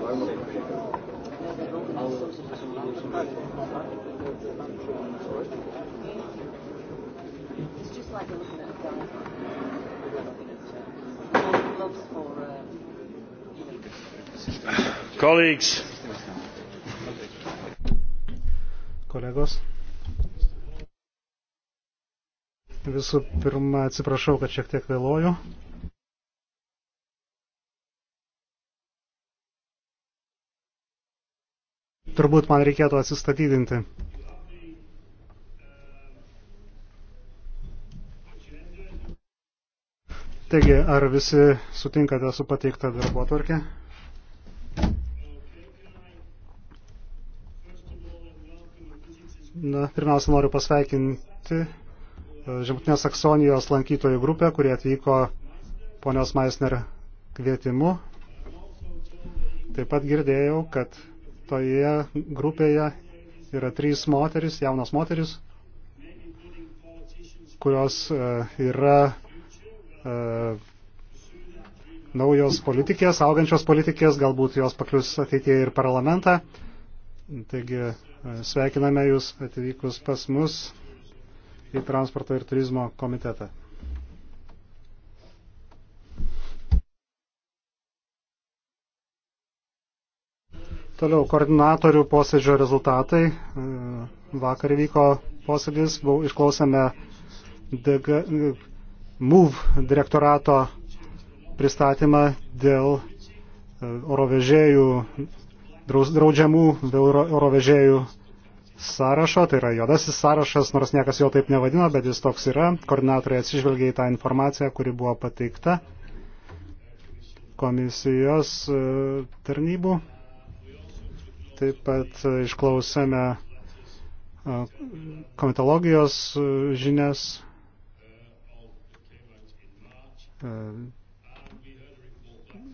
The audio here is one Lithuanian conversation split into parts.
It's just like looking at a diagram. Gloves for, uh, you know. Colleagues. Kolegos. Visų pirma, atsiprašau, kad šiek tiek vėluoju. Turbūt man reikėtų atsistatydinti. Taigi, ar visi sutinkate su pateikta darbo tvarkė? Na, pirmiausia, noriu pasveikinti e, Žemutinės Saksonijos lankytojų grupę, kurie atvyko ponios Maisner kvietimu. Taip pat girdėjau, kad toje grupėje yra trys moteris, jaunos moteris, kurios e, yra e, naujos politikės, augančios politikės, galbūt jos paklius ateitie ir parlamentą. Taigi e, sveikiname Jūs atvykus pas mus į transporto ir turizmo komitetą. Toliau koordinatorių posėdžio rezultatai. Vakar vyko posėdis, buvo, išklausėme DG, MOVE direktorato pristatymą dėl oro e, vežėjų, draudžiamų oro vežėjų sąrašo, tai yra juodasis sąrašas, nors niekas jo taip nevadina, bet jis toks yra. Koordinatoriai atsižvelgia į tą informaciją, kuri buvo pateikta komisijos e, tarnybų. Taip pat išklausėme komitologijos žinias.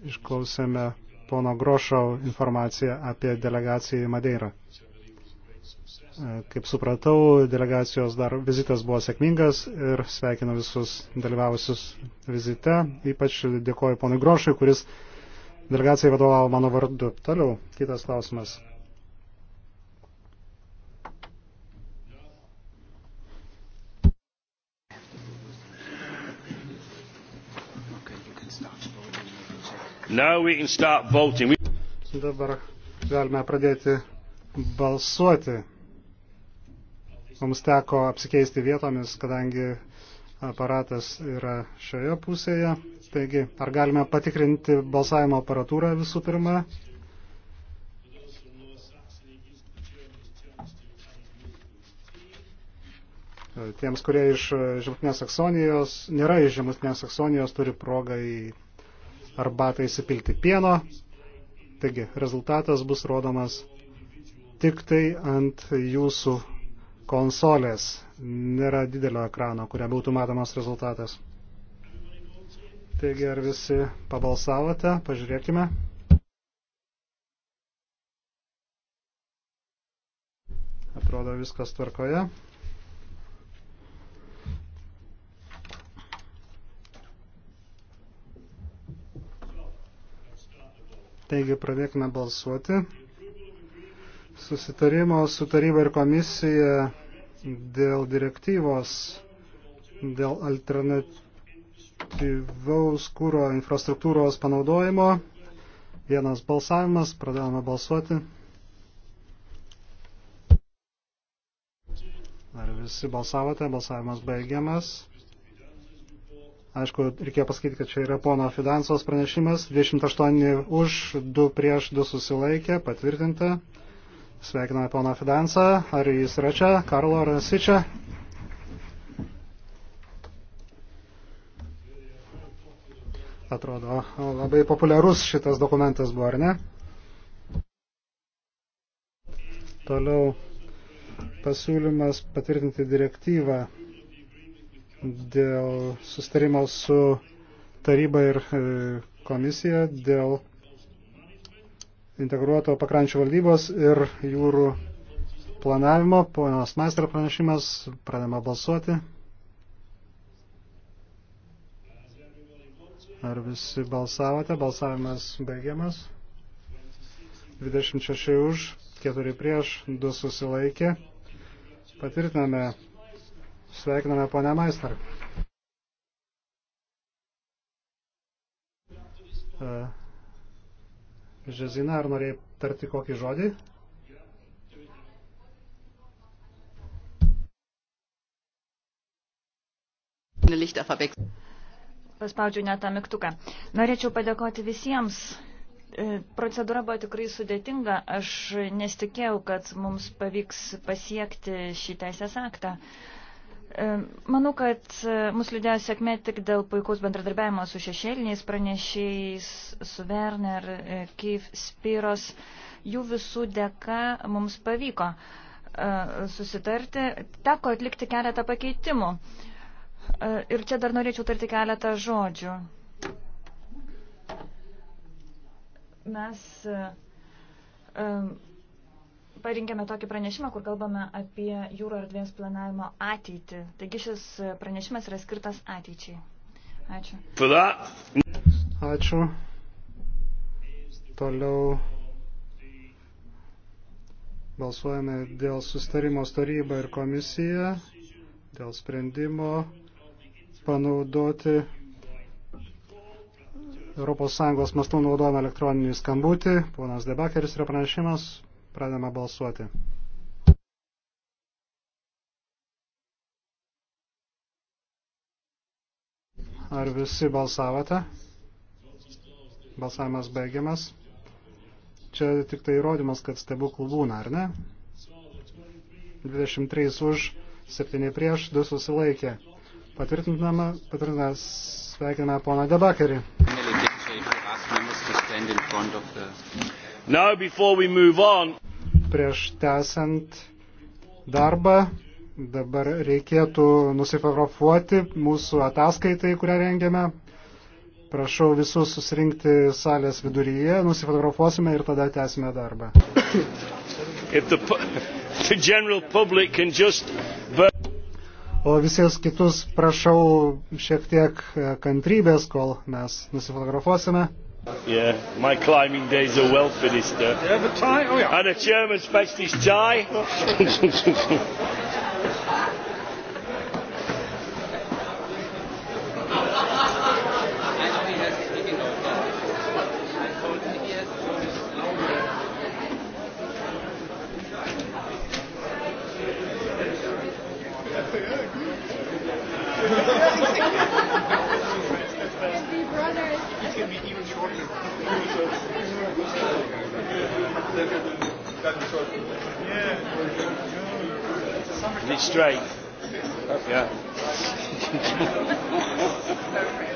Išklausėme pono Grošo informaciją apie delegaciją į Madeirą. Kaip supratau, delegacijos dar vizitas buvo sėkmingas ir sveikinu visus dalyvavusius vizite. Ypač dėkoju ponui Grošui, kuris delegacijai vadovavo mano vardu. Toliau, kitas klausimas. Dabar galime pradėti balsuoti. Mums teko apsikeisti vietomis, kadangi aparatas yra šioje pusėje. Taigi, ar galime patikrinti balsavimo aparatūrą visų pirma? Tiems, kurie iš Žemutinės Saksonijos, nėra iš Žemutinės Saksonijos, turi progą į arbatą įsipilti pieno. Taigi rezultatas bus rodomas tik tai ant jūsų konsolės. Nėra didelio ekrano, kuria būtų matomas rezultatas. Taigi, ar visi pabalsavote? Pažiūrėkime. Atrodo viskas tvarkoje. Taigi pradėkime balsuoti. Susitarimo su taryba ir komisija dėl direktyvos, dėl alternatyvaus kūro infrastruktūros panaudojimo. Vienas balsavimas, pradėjome balsuoti. Ar visi balsavote? Balsavimas baigiamas. Aišku, reikėjo pasakyti, kad čia yra pono Fidansos pranešimas. 28 už, 2 prieš, 2 susilaikė, patvirtinta. Sveikiname pono Fidansą. Ar jis yra čia? Karlo, ar esi čia? Atrodo, labai populiarus šitas dokumentas buvo, ar ne? Toliau pasiūlymas patvirtinti direktyvą dėl sustarimo su taryba ir e, komisija dėl integruoto pakrančių valdybos ir jūrų planavimo. Ponas Maestro pranešimas, pradama balsuoti. Ar visi balsavote? Balsavimas baigiamas. 26 už, 4 prieš, 2 susilaikė. Patvirtiname Sveikiname ponę Maistar. E, Žezina, ar norėjai tarti kokį žodį? Paspaudžiu ne tą mygtuką. Norėčiau padėkoti visiems. E, procedūra buvo tikrai sudėtinga. Aš nesitikėjau, kad mums pavyks pasiekti šį teisės aktą. Uh, Manau, kad e, mus liūdėjo sėkmė tik dėl puikaus bendradarbiavimo su šešėliniais pranešėjais, su Werner, e, Keif, Spiros. Jų visų dėka mums pavyko e, susitarti. Teko atlikti keletą pakeitimų. Ir čia dar norėčiau tarti keletą žodžių. Mes parinkėme tokį pranešimą, kur kalbame apie jūro erdvės planavimo ateitį. Taigi šis pranešimas yra skirtas ateičiai. Ačiū. Tada. Ačiū. Toliau balsuojame dėl sustarimo taryba ir komisija, dėl sprendimo panaudoti ES mastų naudojamą elektroninį skambutį. Ponas Debakeris yra pranešimas. Pradame balsuoti. Ar visi balsavote? Balsavimas baigiamas. Čia tik tai įrodymas, kad stebuklų būna, ar ne? 23 už, 7 prieš, 2 susilaikė. Patvirtiname, patvirtiname, sveikiname poną Debakerį. Now, before we move on, prieš tęsant darbą. Dabar reikėtų nusifotografuoti mūsų ataskaitai, kurią rengiame. Prašau visus susirinkti salės viduryje, nusifotografuosime ir tada tęsime darbą. The, the just... O visies kitus prašau šiek tiek kantrybės, kol mes nusifotografuosime. Yeah, my climbing days are well finished. Uh. Do you have a tie? Oh, yeah. And a chairman fetched his tie. Brothers. It's gonna be Be straight. Yeah.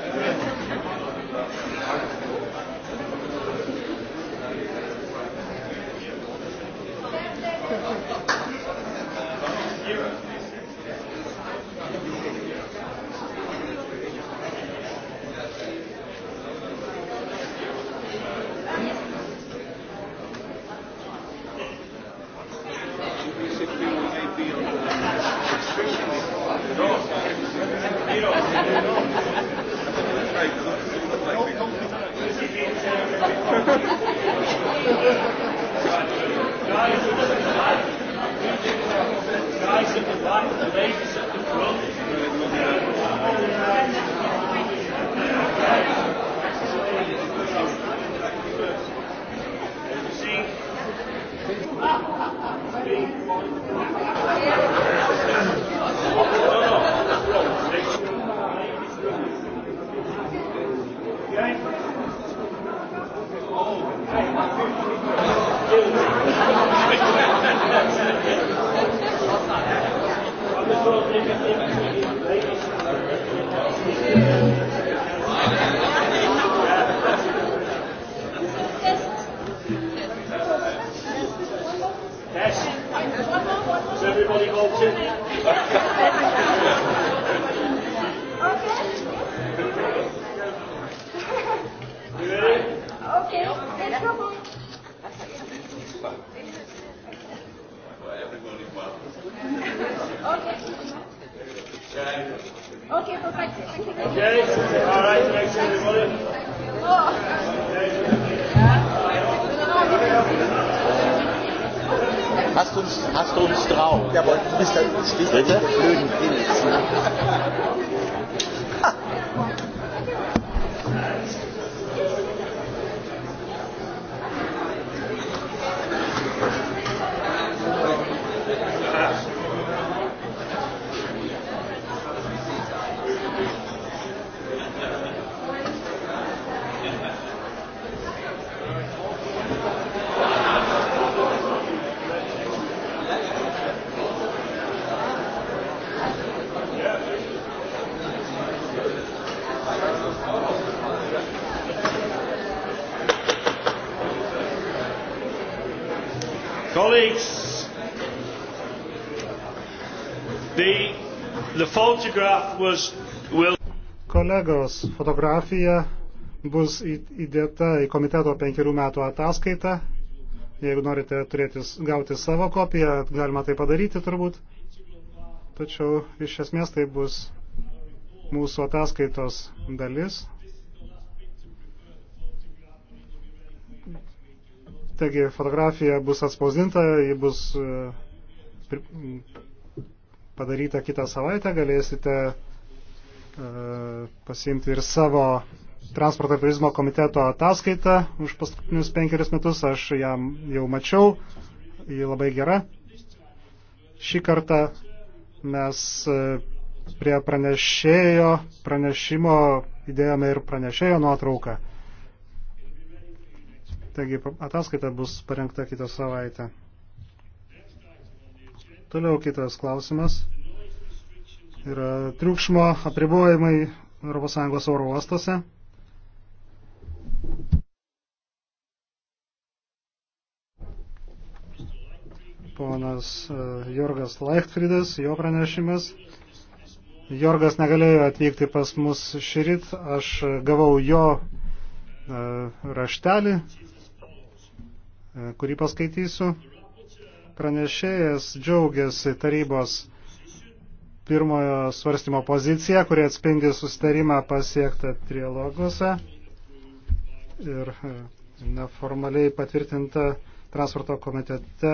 Was... Will... Kolegos, fotografija bus įdėta į komiteto penkerių metų ataskaitą. Jeigu norite turėti, gauti savo kopiją, galima tai padaryti turbūt. Tačiau iš esmės tai bus mūsų ataskaitos dalis. Taigi fotografija bus atspausdinta, ji bus e, padaryta kitą savaitę, galėsite e, pasiimti ir savo transporto ir turizmo komiteto ataskaitą už paskutinius penkerius metus. Aš jam jau mačiau, ji labai gera. Šį kartą mes e, prie pranešėjo, pranešimo įdėjome ir pranešėjo nuotrauką. Taigi ataskaita bus parengta kitą savaitę. Toliau kitas klausimas yra triukšmo apribojimai ES oro uostose. Ponas e, Jorgas Leichtfriedas, jo pranešimas. Jorgas negalėjo atvykti pas mus šyrit, aš gavau jo e, raštelį, e, kurį paskaitysiu pranešėjas džiaugiasi tarybos pirmojo svarstymo poziciją, kurie atspindi susitarimą pasiektą trialoguose ir e, neformaliai patvirtinta transporto komitete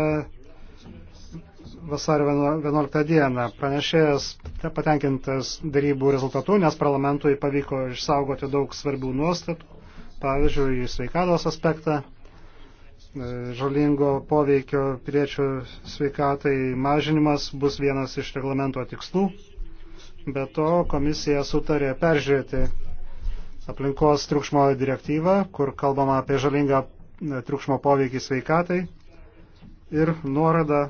vasario 11 dieną. Pranešėjas patenkintas darybų rezultatų, nes parlamentui pavyko išsaugoti daug svarbių nuostatų, pavyzdžiui, sveikatos aspektą žalingo poveikio piliečių sveikatai mažinimas bus vienas iš reglamento tikslų. Be to, komisija sutarė peržiūrėti aplinkos triukšmo direktyvą, kur kalbama apie žalingą e, triukšmo poveikį sveikatai ir nuorada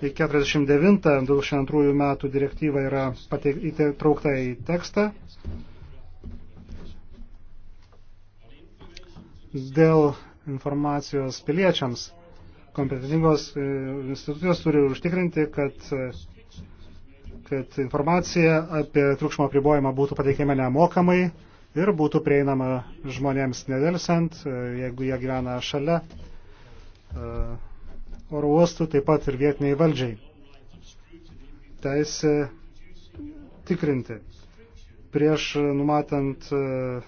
į 49-2002 metų direktyvą yra įtraukta į tekstą. Dėl informacijos piliečiams. Kompetitingos e, institucijos turi užtikrinti, kad, kad informacija apie triukšmo apribojimą būtų pateikiama nemokamai ir būtų prieinama žmonėms nedelsiant, e, jeigu jie gyvena šalia e, oro uostų, taip pat ir vietiniai valdžiai. Teisė tikrinti. Prieš numatant uh,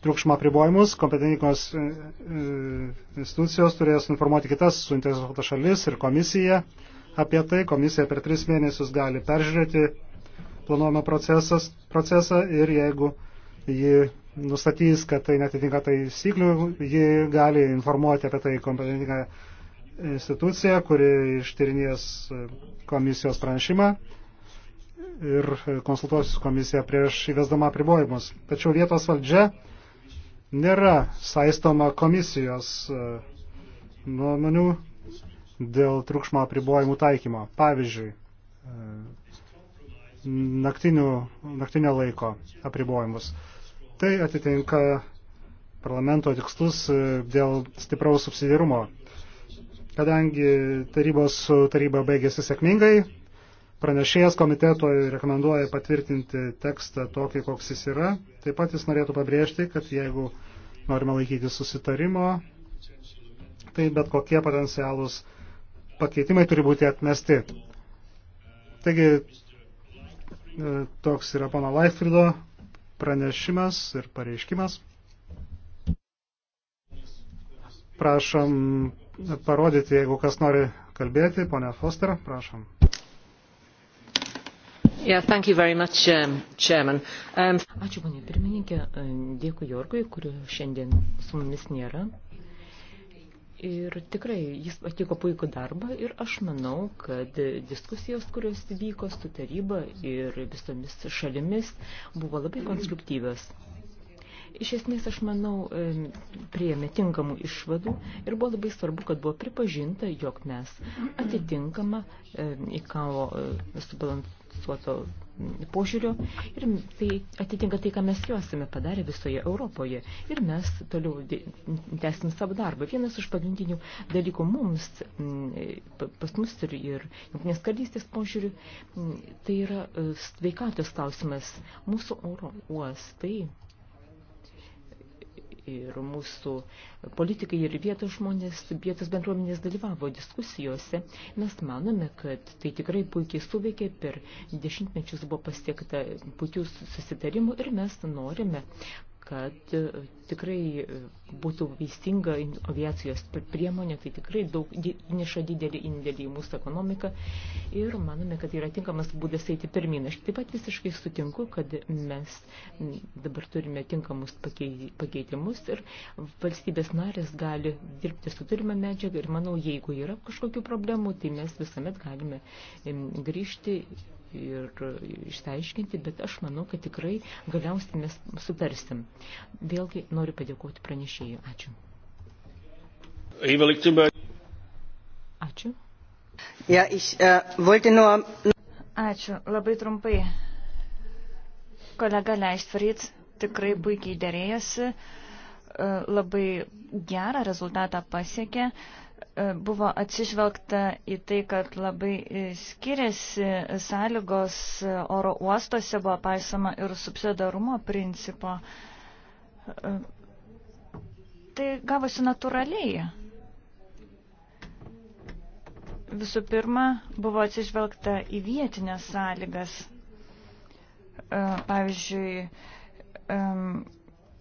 triukšmo apribojimus, kompetentingos e, e, institucijos turės informuoti kitas suinteresuotas šalis ir komisiją apie tai. Komisija per tris mėnesius gali peržiūrėti planuojamą procesą ir jeigu ji nustatys, kad tai netitinka taisyklių, ji gali informuoti apie tai kompetentingą instituciją, kuri ištyrinės komisijos pranešimą ir konsultuosius komisiją prieš įvesdama pribojimus. Tačiau vietos valdžia nėra saistoma komisijos e, nuomonių dėl triukšmo apribojimų taikymo. Pavyzdžiui, e, naktinių, naktinio laiko apribojimus. Tai atitinka parlamento tikslus e, dėl stipraus subsidirumo. Kadangi tarybos su taryba baigėsi sėkmingai, Pranešėjas komitetoje rekomenduoja patvirtinti tekstą tokį, koks jis yra. Taip pat jis norėtų pabrėžti, kad jeigu norime laikyti susitarimo, tai bet kokie potencialūs pakeitimai turi būti atmesti. Taigi, e, toks yra pono Laifrido pranešimas ir pareiškimas. Prašom parodyti, jeigu kas nori kalbėti, ponia Foster, prašom. Yeah, much, um, um... Ačiū, ponė pirmininkė. Um, dėkui Jorgui, kurio šiandien su mumis nėra. Ir tikrai jis atliko puikų darbą ir aš manau, kad diskusijos, kurios vyko su taryba ir visomis šalimis, buvo labai konstruktyvios. Iš esmės, aš manau, um, prieėmė tinkamų išvadų ir buvo labai svarbu, kad buvo pripažinta, jog mes atitinkamą įkavo um, uh, subalansuotą subalansuoto mm, požiūrio ir tai atitinka tai, ką mes jau esame padarę visoje Europoje ir mes toliau tęsim savo darbą. Vienas iš pagrindinių dalykų mums, mm, pas mus ir, ir jungtinės karalystės požiūrių, mm, tai yra e, sveikatos klausimas mūsų oro uostai. Tai ir mūsų politikai ir vietos žmonės, vietos bendruomenės dalyvavo diskusijose. Mes manome, kad tai tikrai puikiai suveikė, per dešimtmečius buvo pasiekta puikių susitarimų ir mes norime kad e, tikrai e, būtų vystinga aviacijos priemonė, tai tikrai daug neša didelį indėlį į mūsų ekonomiką ir manome, kad yra tinkamas būdas eiti pirmin. Aš taip pat visiškai sutinku, kad mes dabar turime tinkamus pakeitimus ir valstybės narės gali dirbti su turima medžiaga ir manau, jeigu yra kažkokių problemų, tai mes visuomet galime grįžti ir išteiškinti, bet aš manau, kad tikrai galiausiai mes sutarsim. Vėlgi noriu padėkoti pranešėjui. Ačiū. Ačiū. Ja, ich, uh, wollte nur... Ačiū. Labai trumpai. Kolega Leistfried tikrai puikiai dėrėjosi, äh, labai gerą rezultatą pasiekė. Uh, E, buvo atsižvelgta į tai, kad labai e, skiriasi sąlygos e, oro uostose, buvo paisama ir subsidarumo principo. Tai gavosi natūraliai. Visų pirma, buvo atsižvelgta į vietinės sąlygas. Pavyzdžiui,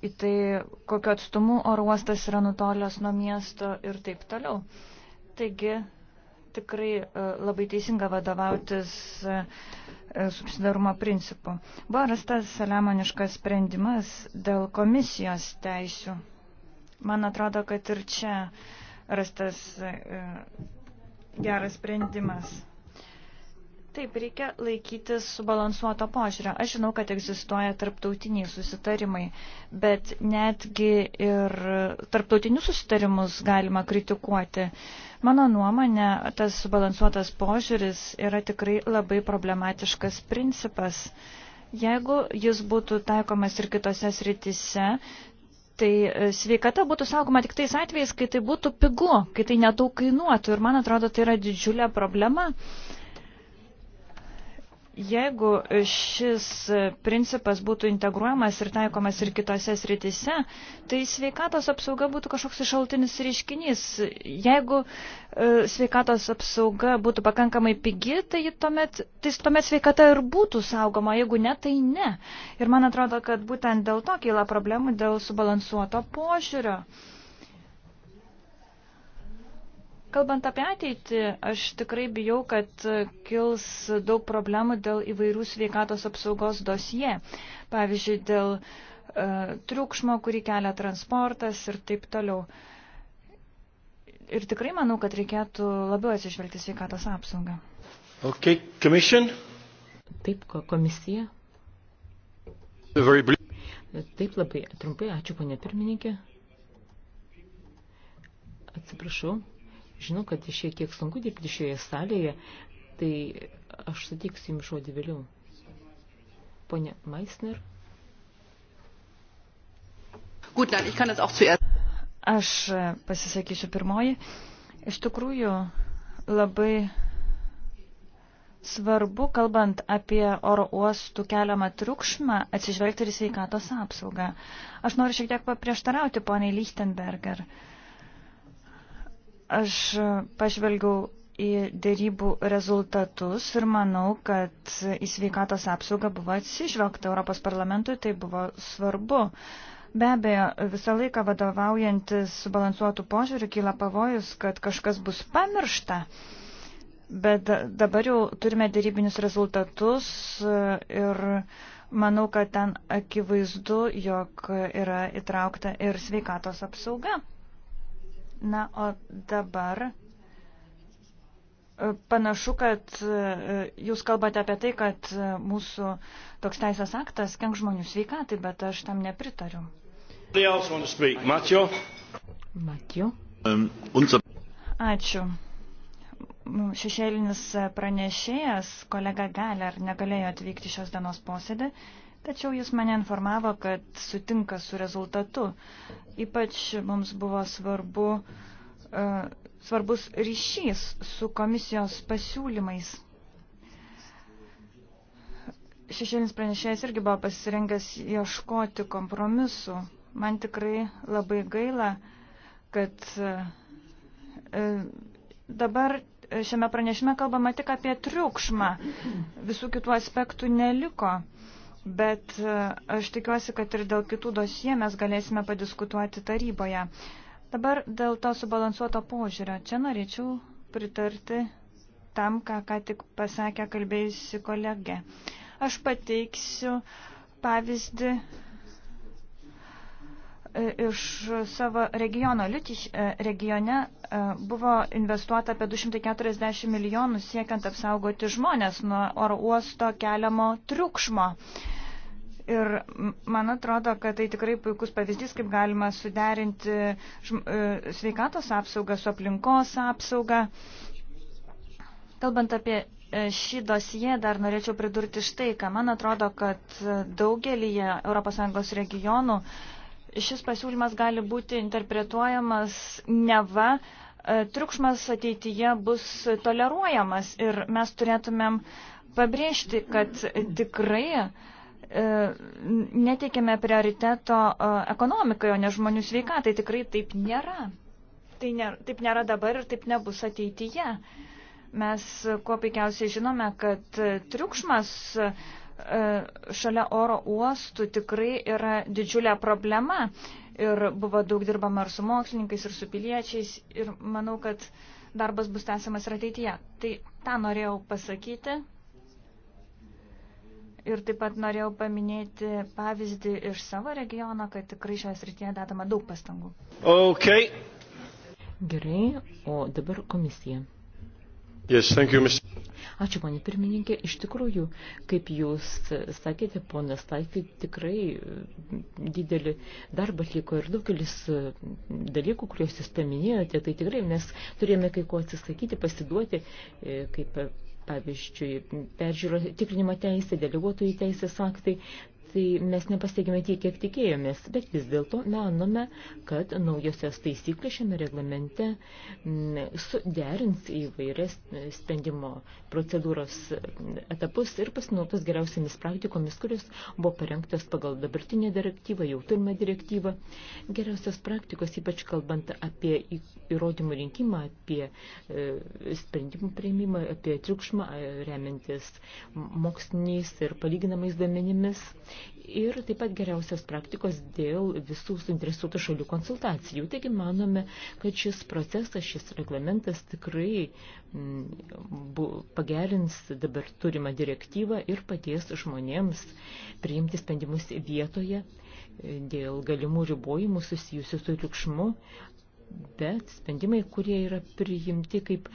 į tai, kokiu atstumu oro uostas yra nutolęs nuo miesto ir taip toliau. Taigi tikrai e, labai teisinga vadovautis e, e, subsidarumo principu. Buvo rastas salemoniškas sprendimas dėl komisijos teisių. Man atrodo, kad ir čia rastas geras sprendimas. Taip, reikia laikytis subalansuoto požiūrio. Aš žinau, kad egzistuoja tarptautiniai susitarimai, bet netgi ir tarptautinius susitarimus galima kritikuoti. Mano nuomonė, tas subalansuotas požiūris yra tikrai labai problematiškas principas. Jeigu jis būtų taikomas ir kitose sritise, tai e, sveikata būtų saugoma tik tais atvejais, kai tai būtų pigu, kai tai nedaug kainuotų. Ir man atrodo, tai yra didžiulė problema. Uh, Jeigu šis principas būtų integruojamas ir taikomas ir kitose sritise, tai sveikatos apsauga būtų kažkoks šaltinis reiškinys. Jeigu e, sveikatos apsauga būtų pakankamai pigi, tai tuomet, tai tuomet sveikata ir būtų saugoma, jeigu ne, tai ne. Ir man atrodo, kad būtent dėl to keila problemų dėl subalansuoto požiūrio. Uh, Kalbant apie ateitį, aš tikrai bijau, kad kils daug problemų dėl įvairių sveikatos apsaugos dosie. Pavyzdžiui, dėl e, triukšmo, kurį kelia transportas ir taip toliau. Ir tikrai manau, kad reikėtų labiau atsižvelgti sveikatos apsaugą. Okay, commission. Taip, komisija. Taip labai trumpai, ačiū ponė pirmininkė. Atsiprašau žinau, kad šiek tiek sunku dirbti šioje salėje, tai aš sutiksiu jums žodį vėliau. Pone Meisner. Gut, nein, ich kann das auch zuerst. Aš pasisakysiu pirmoji. Iš tikrųjų, labai svarbu, kalbant apie oro uostų keliamą triukšmą, atsižvelgti ir sveikatos apsaugą. Aš noriu šiek tiek paprieštarauti poniai Lichtenberger. Uh, Aš pažvelgiau į dėrybų rezultatus ir manau, kad į sveikatos apsaugą buvo atsižvelgta Europos parlamentui, tai buvo svarbu. Be abejo, visą laiką vadovaujantis subalansuotų požiūrių kyla pavojus, kad kažkas bus pamiršta. Bet dabar jau turime dėrybinius rezultatus ir manau, kad ten akivaizdu, jog yra įtraukta ir sveikatos apsauga. Na, o dabar e, panašu, kad e, jūs kalbate apie tai, kad e, mūsų toks teisės aktas kenk žmonių sveikatai, bet aš tam nepritariu. Matijo. Um, Ačiū. Nu, šešėlinis pranešėjas, kolega Galer, negalėjo atvykti šios dienos posėdį. Tačiau jis mane informavo, kad sutinka su rezultatu. Ypač mums buvo svarbu, uh, svarbus ryšys su komisijos pasiūlymais. Šešėlinis pranešėjas irgi buvo pasirengęs ieškoti kompromisų. Man tikrai labai gaila, kad uh, dabar šiame pranešime kalbama tik apie triukšmą. Visų kitų aspektų neliko. Uh, bet e, aš tikiuosi, kad ir dėl kitų dosie mes galėsime padiskutuoti taryboje. Dabar dėl to subalansuoto požiūrio. Čia norėčiau pritarti tam, ką ką tik pasakė kalbėjusi kolegė. Aš pateiksiu pavyzdį e, iš savo regiono. Liutiš e, regione buvo investuota apie 240 milijonų siekiant apsaugoti žmonės nuo oro uosto keliamo triukšmo. Ir man atrodo, kad tai tikrai puikus pavyzdys, kaip galima suderinti e, sveikatos apsaugą su aplinkos apsauga. Kalbant apie e, šį dosiją, dar norėčiau pridurti štai, ką man atrodo, kad daugelį ES regionų šis pasiūlymas gali būti interpretuojamas neva e, triukšmas ateityje bus toleruojamas ir mes turėtumėm pabrėžti, kad tikrai uh, E, netikėme prioriteto e, ekonomikai, o ne žmonių sveikatai. Tikrai taip nėra. Tai nėra, taip nėra dabar ir taip nebus ateityje. Mes e, kuo puikiausiai žinome, kad triukšmas šalia oro uostų tikrai yra didžiulė problema. Ir buvo daug dirbama ir su mokslininkais, ir su piliečiais. Ir manau, kad darbas bus tęsiamas ir ateityje. Tai tą norėjau pasakyti. Ir taip pat norėjau paminėti pavyzdį iš savo regiono, kad tikrai šioje srityje dedama daug pastangų. Okay. Gerai, o dabar komisija. Yes, thank you, Mr. Ačiū, ponė pirmininkė. Iš tikrųjų, kaip jūs sakėte, ponas Taifi tikrai didelį darbą atliko ir daugelis e, dalykų, kuriuos jūs paminėjote, tai tikrai mes turėjome kai ko atsisakyti, pasiduoti, e, kaip pavyzdžiui, peržiūro tikrinimo teisė, deleguotojų teisės aktai, tai mes nepasiekime tiek, kiek tikėjomės, bet vis dėlto manome, kad naujosios taisyklės šiame reglamente mm, suderins įvairias sprendimo procedūros mm, etapus ir pasinaudos geriausiamis praktikomis, kurios buvo parengtas pagal dabartinę direktyvą, jau turimą direktyvą. Geriausios praktikos, ypač kalbant apie įrodymų rinkimą, apie e, sprendimų prieimimą, apie triukšmą, e, remiantis moksliniais ir palyginamais duomenimis ir taip pat geriausios praktikos dėl visų suinteresuotų šalių konsultacijų. Taigi manome, kad šis procesas, šis reglamentas tikrai mm, pagerins dabar turimą direktyvą ir paties žmonėms priimti sprendimus vietoje e, dėl galimų ribojimų susijusių su triukšmu bet sprendimai, kurie yra priimti kaip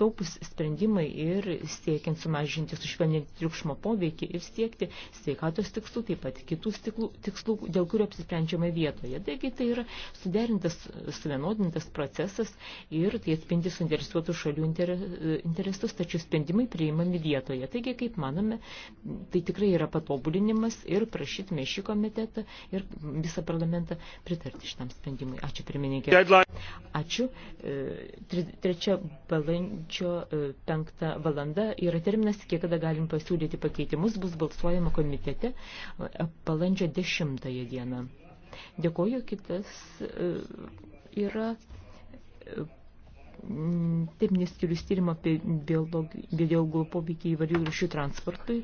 taupus sprendimai ir siekiant sumažinti, sušvelninti triukšmo poveikį ir siekti sveikatos tikslų, taip pat kitų stiklų, tikslų, dėl kurių apsisprendžiama vietoje. Taigi tai yra suderintas, suvienodintas procesas ir tai atspindi suinteresuotų šalių interesus, tačiau sprendimai priimami vietoje. Taigi, kaip manome, tai tikrai yra patobulinimas ir prašytume šį komitetą ir visą parlamentą pritarti šitam sprendimui. Ačiū pirmininkė. Ačiū. E, trečia balandžio e, penktą valandą yra terminas, kiek kada galim pasiūlyti pakeitimus, bus balsuojama komitete e, balandžio dešimtąją dieną. Dėkoju, kitas yra teminės kelius tyrimo apie biologų poveikį įvarių ryšių transportui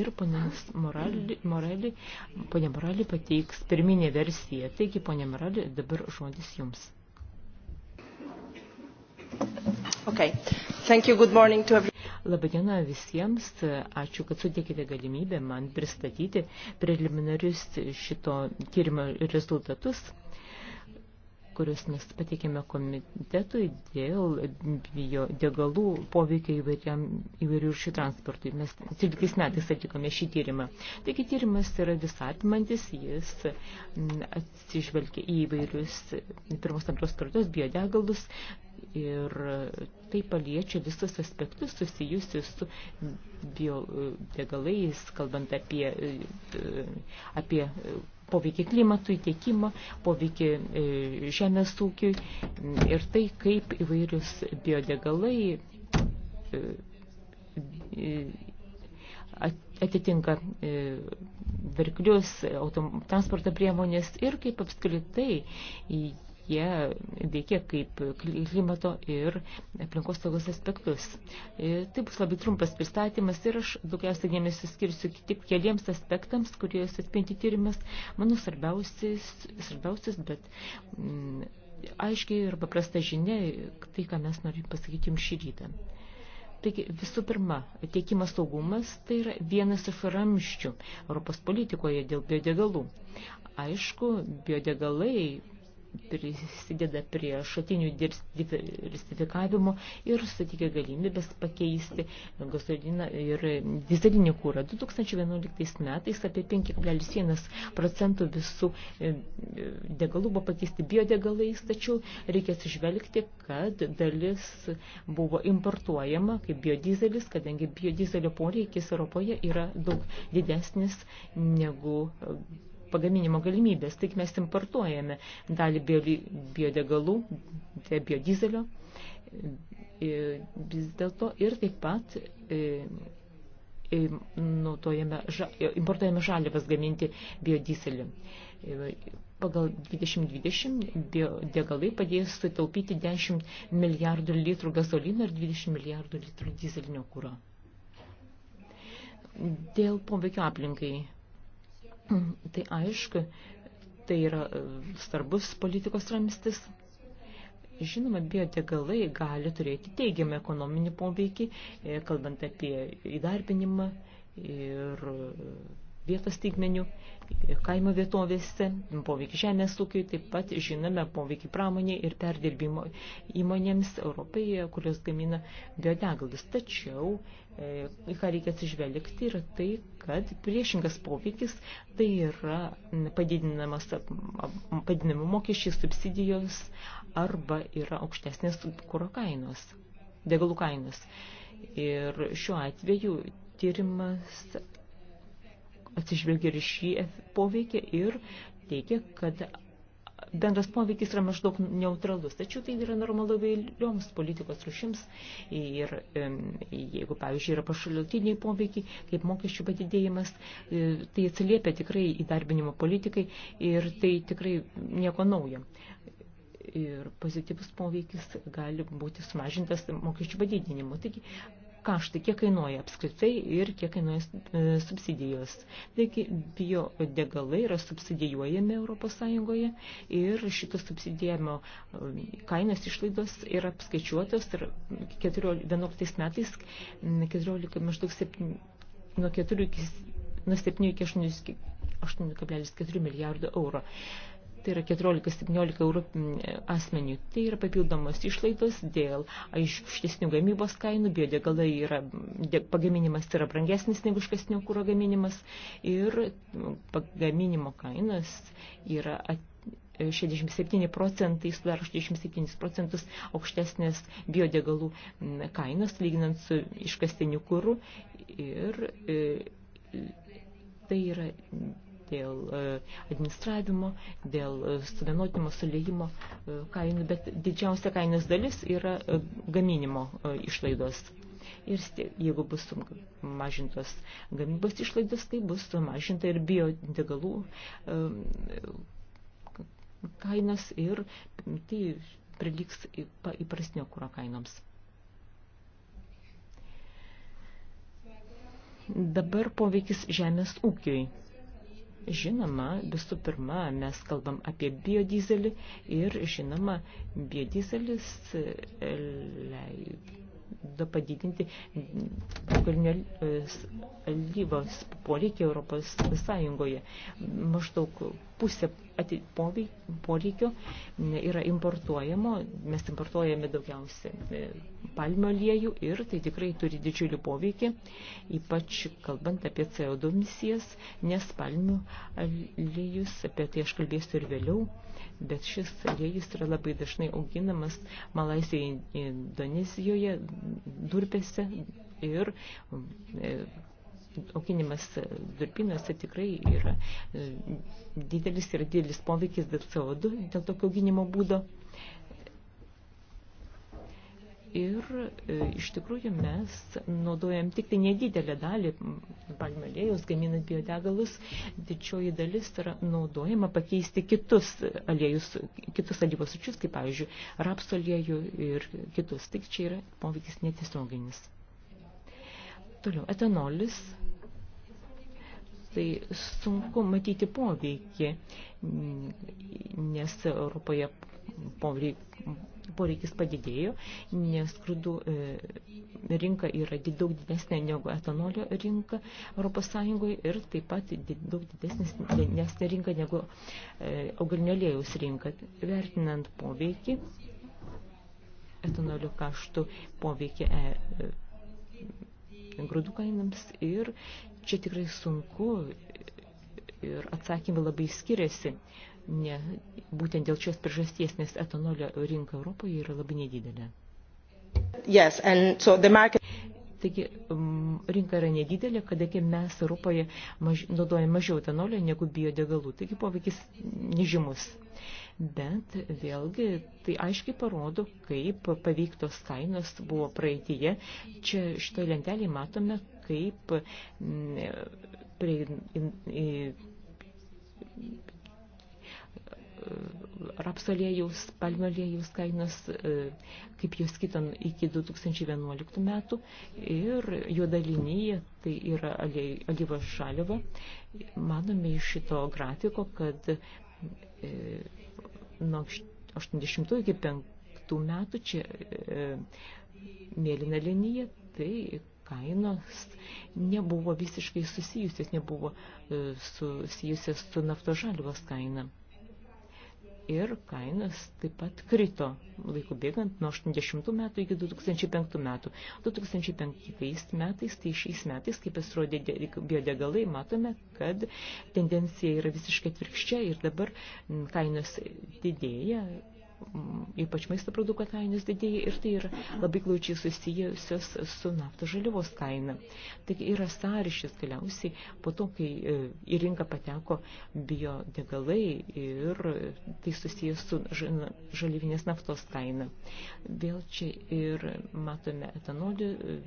ir ponas Morali, Morali, ponė Morali pateiks pirminę versiją. Taigi, ponė Morali, dabar žodis jums. Okay. Thank you. Good morning to everyone. Labadiena visiems, ačiū, kad sudėkite galimybę man pristatyti preliminarius šito tyrimo rezultatus kuriuos mes pateikėme komitetui dėl biodegalų poveikio įvairių šių transportui. Mes 13 metais atlikome šį tyrimą. Taigi tyrimas yra visatmantis, jis mm, atsižvelgia į įvairius pirmos antros kartos biodegalus ir tai paliečia visus aspektus susijusius su biodegalais, kalbant apie, e, e, apie poveikį klimatui, tiekimą, poveikį e, žemės ūkiui ir tai, kaip įvairius biodegalai e, e, atitinka verklius, transporto priemonės ir kaip apskritai jie veikia kaip klimato ir aplinkos saugos aspektus. E, tai bus labai trumpas pristatymas ir aš daugiausiai dėmesio skirsiu tik keliems aspektams, kuriuos atspinti tyrimas, mano svarbiausias, svarbiausias bet m, mm, aiškiai ir paprasta žinia, tai ką mes norim pasakyti jums šį rytą. Taigi visų pirma, tiekimas saugumas tai yra vienas iš ramščių Europos politikoje dėl biodegalų. Aišku, biodegalai prisideda prie šatinių diversifikavimo ir suteikia galimybės pakeisti gasoliną ir dizelinį kūrą. 2011 metais apie 5,1 procentų visų e, degalų buvo pakeisti biodegalais, tačiau reikia atsižvelgti, kad dalis buvo importuojama kaip biodizelis, kadangi biodizelio poreikis Europoje yra daug didesnis negu pagaminimo galimybės, tik mes importuojame dalį biodegalų, biodizelio e, vis dėlto ir taip pat e, e, naudojame, importuojame žaliavas gaminti biodizelį. Pagal 2020 biodegalai padės sutaupyti 10 milijardų litrų gasolino ir 20 milijardų litrų dizelinio kūro. Dėl poveikio aplinkai Tai aišku, tai yra e, svarbus politikos ramstis. Žinoma, biodegalai gali turėti teigiamą ekonominį poveikį, e, kalbant apie įdarbinimą ir e, vietos teigmenių, kaimo vietovėse, poveikį žemės ūkiui, taip pat žinome poveikį pramonė ir perdirbimo įmonėms Europoje, kurios gamina biodegalus. Tačiau E, į ką reikia atsižvelgti, yra tai, kad priešingas poveikis tai yra padidinamas, padidinami mokesčiai, subsidijos arba yra aukštesnės kuro kainos, degalų kainos. Ir šiuo atveju tyrimas atsižvelgia ir šį poveikį ir teigia, kad bendras poveikis yra maždaug neutralus. Tačiau tai yra normalu vėlioms politikos rušims ir jeigu, pavyzdžiui, yra pašalutiniai poveikiai, kaip mokesčių padidėjimas, e, tai atsiliepia tikrai įdarbinimo politikai ir tai tikrai nieko naujo. Ir pozityvus poveikis gali būti sumažintas mokesčių padidinimu. Taigi kaštai, kiek kainuoja apskritai ir kiek kainuoja e, subsidijos. Taigi biodegalai yra subsidijuojami Europos Sąjungoje ir šito subsidijavimo e, kainos išlaidos yra apskaičiuotos ir 2011 metais 14, maždaug 7, nuo 4 iki nuo 7 iki 8,4 milijardo eurų tai yra 14-17 eurų asmenių. Tai yra papildomos išlaidos dėl aiškštesnių gamybos kainų, biodegalai yra, pagaminimas yra brangesnis negu iškasnio kūro gaminimas ir pagaminimo kainos yra 67 procentai, sudaro 67 procentus aukštesnės biodegalų kainos, lyginant su iškastiniu kūru ir e, tai yra dėl e, administravimo, dėl e, suvienotimo, sulėjimo e, kainų, bet didžiausia kainos dalis yra gaminimo išlaidos. Ir jeigu bus mažintos gamybos išlaidos, tai bus sumažinta ir biodegalų kainas ir tai priliks įprasnio kūro kainoms. Dabar poveikis žemės ūkiui. Žinoma, visų pirma, mes kalbam apie biodizelį ir, žinoma, biodizelis e, leido padidinti augalinio e, alyvos poreikį Europos Sąjungoje. Maždaug pusė poreikio yra importuojamo, mes importuojame daugiausia e, palmių aliejų ir tai tikrai turi didžiulį poveikį, ypač kalbant apie CO2 misijas, nes palmių aliejus, apie tai aš kalbėsiu ir vėliau, bet šis aliejus yra labai dažnai auginamas Malaisijoje, Indonezijoje, durpėse ir e, auginimas durpinuose tikrai yra e, didelis ir didelis poveikis dėl CO2 dėl tokio auginimo būdo. Ir e, iš tikrųjų mes naudojam tik tai nedidelę dalį palmių aliejus, gaminant biodegalus. Didžioji dalis yra naudojama pakeisti kitus aliejus, kitus alyvos ručius, kaip pavyzdžiui, rapsų aliejų ir kitus. Tik čia yra poveikis netiesioginis. Toliau, etanolis tai sunku matyti poveikį, nes Europoje poreikis padidėjo, nes grūdų e, rinka yra daug didesnė negu etanolio rinka Europos Sąjungoje ir taip pat daug didesnė rinka negu e, augalinėlėjaus rinka. Vertinant poveikį, etanolio kaštų poveikį e, e grūdų kainams ir Čia tikrai sunku ir atsakymai labai skiriasi. Ne, būtent dėl šios priežasties, nes etanolio rinka Europoje yra labai nedidelė. Yes, and so the market... Taigi rinka yra nedidelė, kadangi mes Europoje maž, naudojame mažiau etanolio negu biodegalų, taigi poveikis nežymus. Bet vėlgi tai aiškiai parodo, kaip paveiktos kainos buvo praeityje. Čia šitoje lentelėje matome, kaip mm, prie rapsalėjaus, palmalėjaus kainos, e, kaip jos kitam iki 2011 metų ir jo dalinyje, tai yra alyvos šaliva, manome iš šito grafiko, kad e, nuo 80 iki 5 metų čia e, mėlyna linija, tai kainos nebuvo visiškai susijusios, nebuvo e, susijusios su naftos žalvos kaina. Ir kainas taip pat krito laiku bėgant nuo 80 metų iki 2005 metų. 2005 metais, tai šiais metais, kaip pasirodė biodegalai, matome, kad tendencija yra visiškai atvirkščia ir dabar kainos didėja Mm, ypač maisto produktų kainos didėja ir tai yra labai glaučiai susijusios su naftos žaliavos kaina. Taigi yra sąryšis galiausiai po to, kai e, į rinką pateko biodegalai ir tai susijęs su žalivinės naftos kaina. Vėl čia ir matome etanolį e,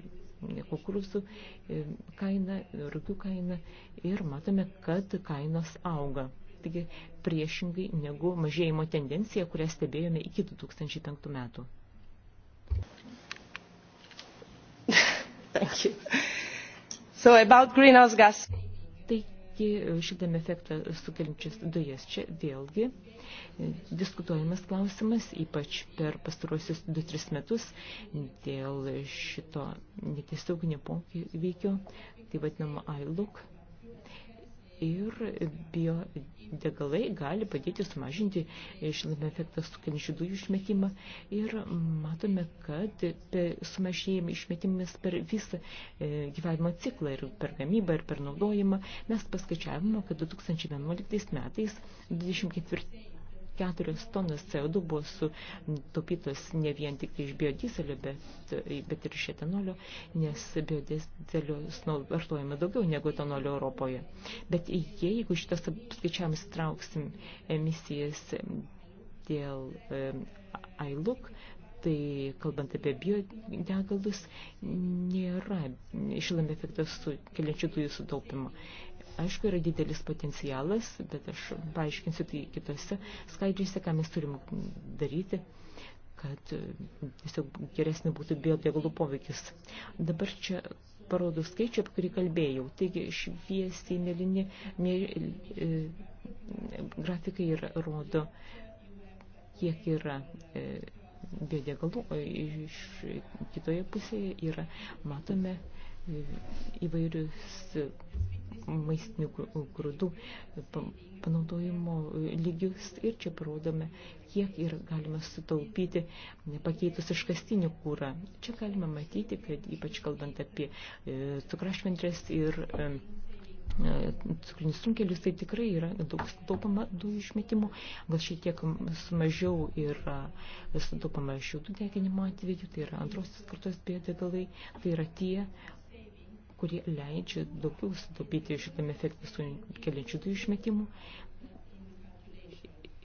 kukurūzų e, kainą, rūkių kainą ir matome, kad kainos auga taigi priešingai negu mažėjimo tendencija, kurią stebėjome iki 2005 metų. Thank you. So about greenhouse gas. Taigi šitame efektą sukeliančias dujas čia vėlgi diskutuojamas klausimas, ypač per pastarosius 2-3 metus dėl šito netiesioginio poveikio, tai vadinamo ILUK ir biodegalai gali padėti sumažinti šiltnamio efektą sukeliančių dujų išmetimą ir matome, kad sumažėjimai išmetimis per visą e, gyvenimo ciklą ir per gamybą ir per naudojimą mes paskaičiavome, kad 2011 metais 24 keturios tonas CO2 buvo sutaupytos ne vien tik iš biodizelio, bet, bet ir iš etanolio, nes biodizelio vartojame daugiau negu etanolio Europoje. Bet jeigu šitas skaičiavimus trauksim emisijas dėl e, ILUK, tai kalbant apie biodegalus, nėra šilame efektą sukeliančių dujų sutaupimo. Aišku, yra didelis potencialas, bet aš paaiškinsiu tai kitose skaidžiuose, ką mes turim daryti kad e, tiesiog geresnė būtų biodegalų poveikis. Dabar čia parodų skaičių, apie kurį kalbėjau. Taigi šviesiai mėlyni mė, e, grafikai ir rodo, kiek yra e, biodegalų, o iš kitoje pusėje yra, matome, e, įvairius maistinių grūdų panaudojimo lygius ir čia parodome, kiek ir galima sutaupyti pakeitus iškastinį kūrą. Čia galima matyti, kad ypač kalbant apie e, cukrašventrės ir e, e, cukrinis sunkelius, tai tikrai yra daug sutaupama dujų išmetimo, gal šiek tiek sumažiau yra sutaupama šių dujų deginimo atveju, tai yra antrosios kartos biodegalai, tai yra tie, kurie leidžia daugiau sutaupyti šitame efekte sukeliančių dujų išmetimų.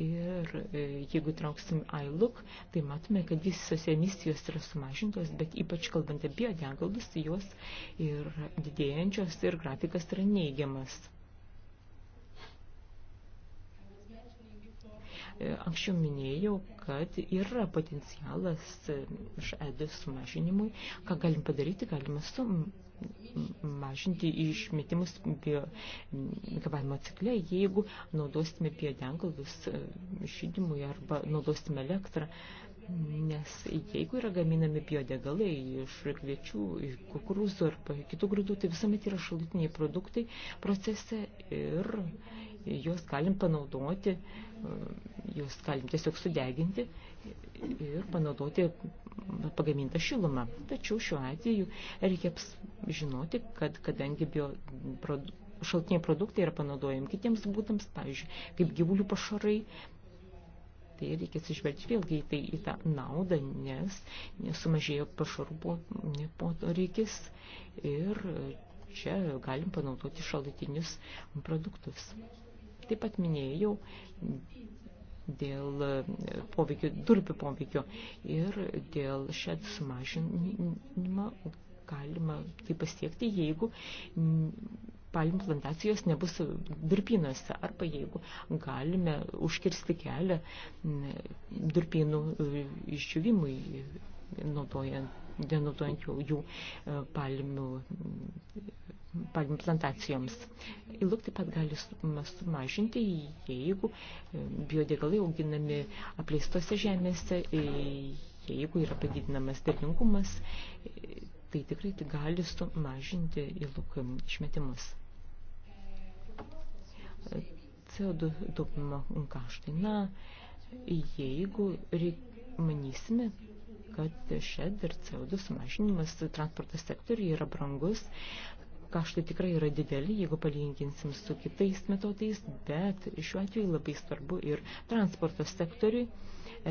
Ir e, jeigu trauksim iLook, tai matome, kad visos emisijos yra sumažintos, bet ypač kalbant apie degalus, jos ir didėjančios ir grafikas yra neigiamas. E, anksčiau minėjau, kad yra potencialas e, iš EDIS sumažinimui. Ką galim padaryti? Galime sum, mažinti išmetimus kvavimo cikle, jeigu naudosime biodengalus šydymui e, arba naudosime elektrą. Nes jeigu yra gaminami biodegalai iš kviečių, iš kukurūzų ar kitų grūdų, tai visuomet yra šalutiniai produktai procese ir juos galim panaudoti, e, juos galim tiesiog sudeginti ir panaudoti pagamintą šilumą. Tačiau šiuo atveju reikia žinoti, kad kadangi bio produ, šaltiniai produktai yra panaudojami kitiems būdams, pavyzdžiui, kaip gyvulių pašarai, tai reikia atsižvelgti vėlgi į, tai, į tą naudą, nes sumažėjo pašarų poreikis ir čia galim panaudoti šaltinius produktus. Taip pat minėjau dėl e, poveikio, durpių poveikio ir dėl šią sumažinimą galima tai pasiekti, jeigu palmių plantacijos nebus durpynuose arba jeigu galime užkirsti kelią durpynų e, išdžiūvimui, naudojant, denutuojant jų, jų e, palmių plantacijoms. Iluk taip pat gali sumažinti, jeigu e, biodegalai auginami apleistose žemėse, e, jeigu yra padidinamas derlingumas, e, tai tikrai tai gali sumažinti iluk išmetimus. CO2 taupimo kaštai. Na, jeigu reikia, manysime, kad šed ir CO2 sumažinimas transporto sektoriui yra brangus, kaštai tikrai yra dideli, jeigu palyginsim su kitais metodais, bet šiuo atveju labai svarbu ir transporto sektoriui,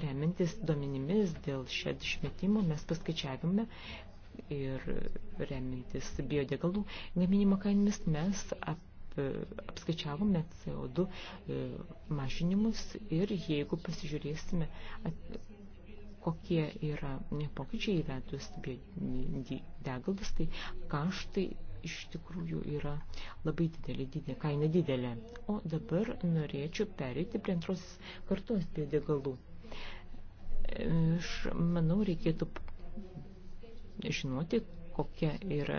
remintis duomenimis dėl šed išmetimo, mes paskaičiavime ir remintis biodegalų gaminimo kainomis mes apie apskaičiavome CO2 e, mažinimus ir jeigu pasižiūrėsime, kokie yra pokyčiai įvedus biodegalus, tai kaštai iš tikrųjų yra labai didelė, didelė kaina didelė. O dabar norėčiau perėti prie antros kartos biodegalų. Aš manau, reikėtų žinoti, kokia yra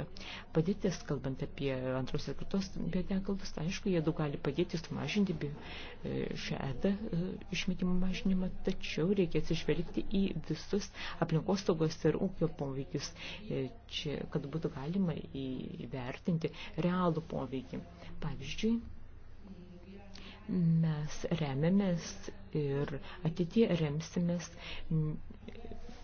padėtis, kalbant apie antros ir kartos biodegalus. Tai aišku, jie daug gali padėti sumažinti e, šią edą e, išmetimo mažinimą, tačiau reikia atsižvelgti į visus aplinkos saugos ir ūkio poveikius, e, čia, kad būtų galima įvertinti realų poveikį. Pavyzdžiui, mes remiamės ir ateitie remsimės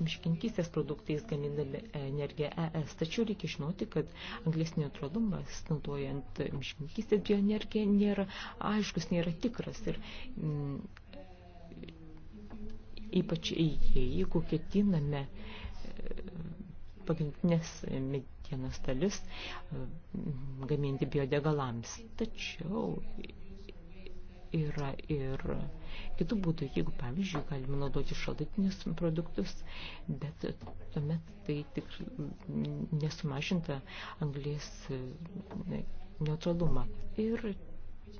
miškinkystės produktais gaminami energiją ES. Tačiau reikia žinoti, kad anglės neutralumas, naudojant miškinkystės bioenergiją, nėra aiškus, nėra tikras. Ir, m, mm, ypač jeigu ketiname e, pagrindinės medienos dalis e, gaminti biodegalams. Tačiau yra ir kitų būdų, jeigu, pavyzdžiui, galima naudoti šalutinius produktus, bet tuomet tai tik nesumažinta anglės e, neutralumą. Ir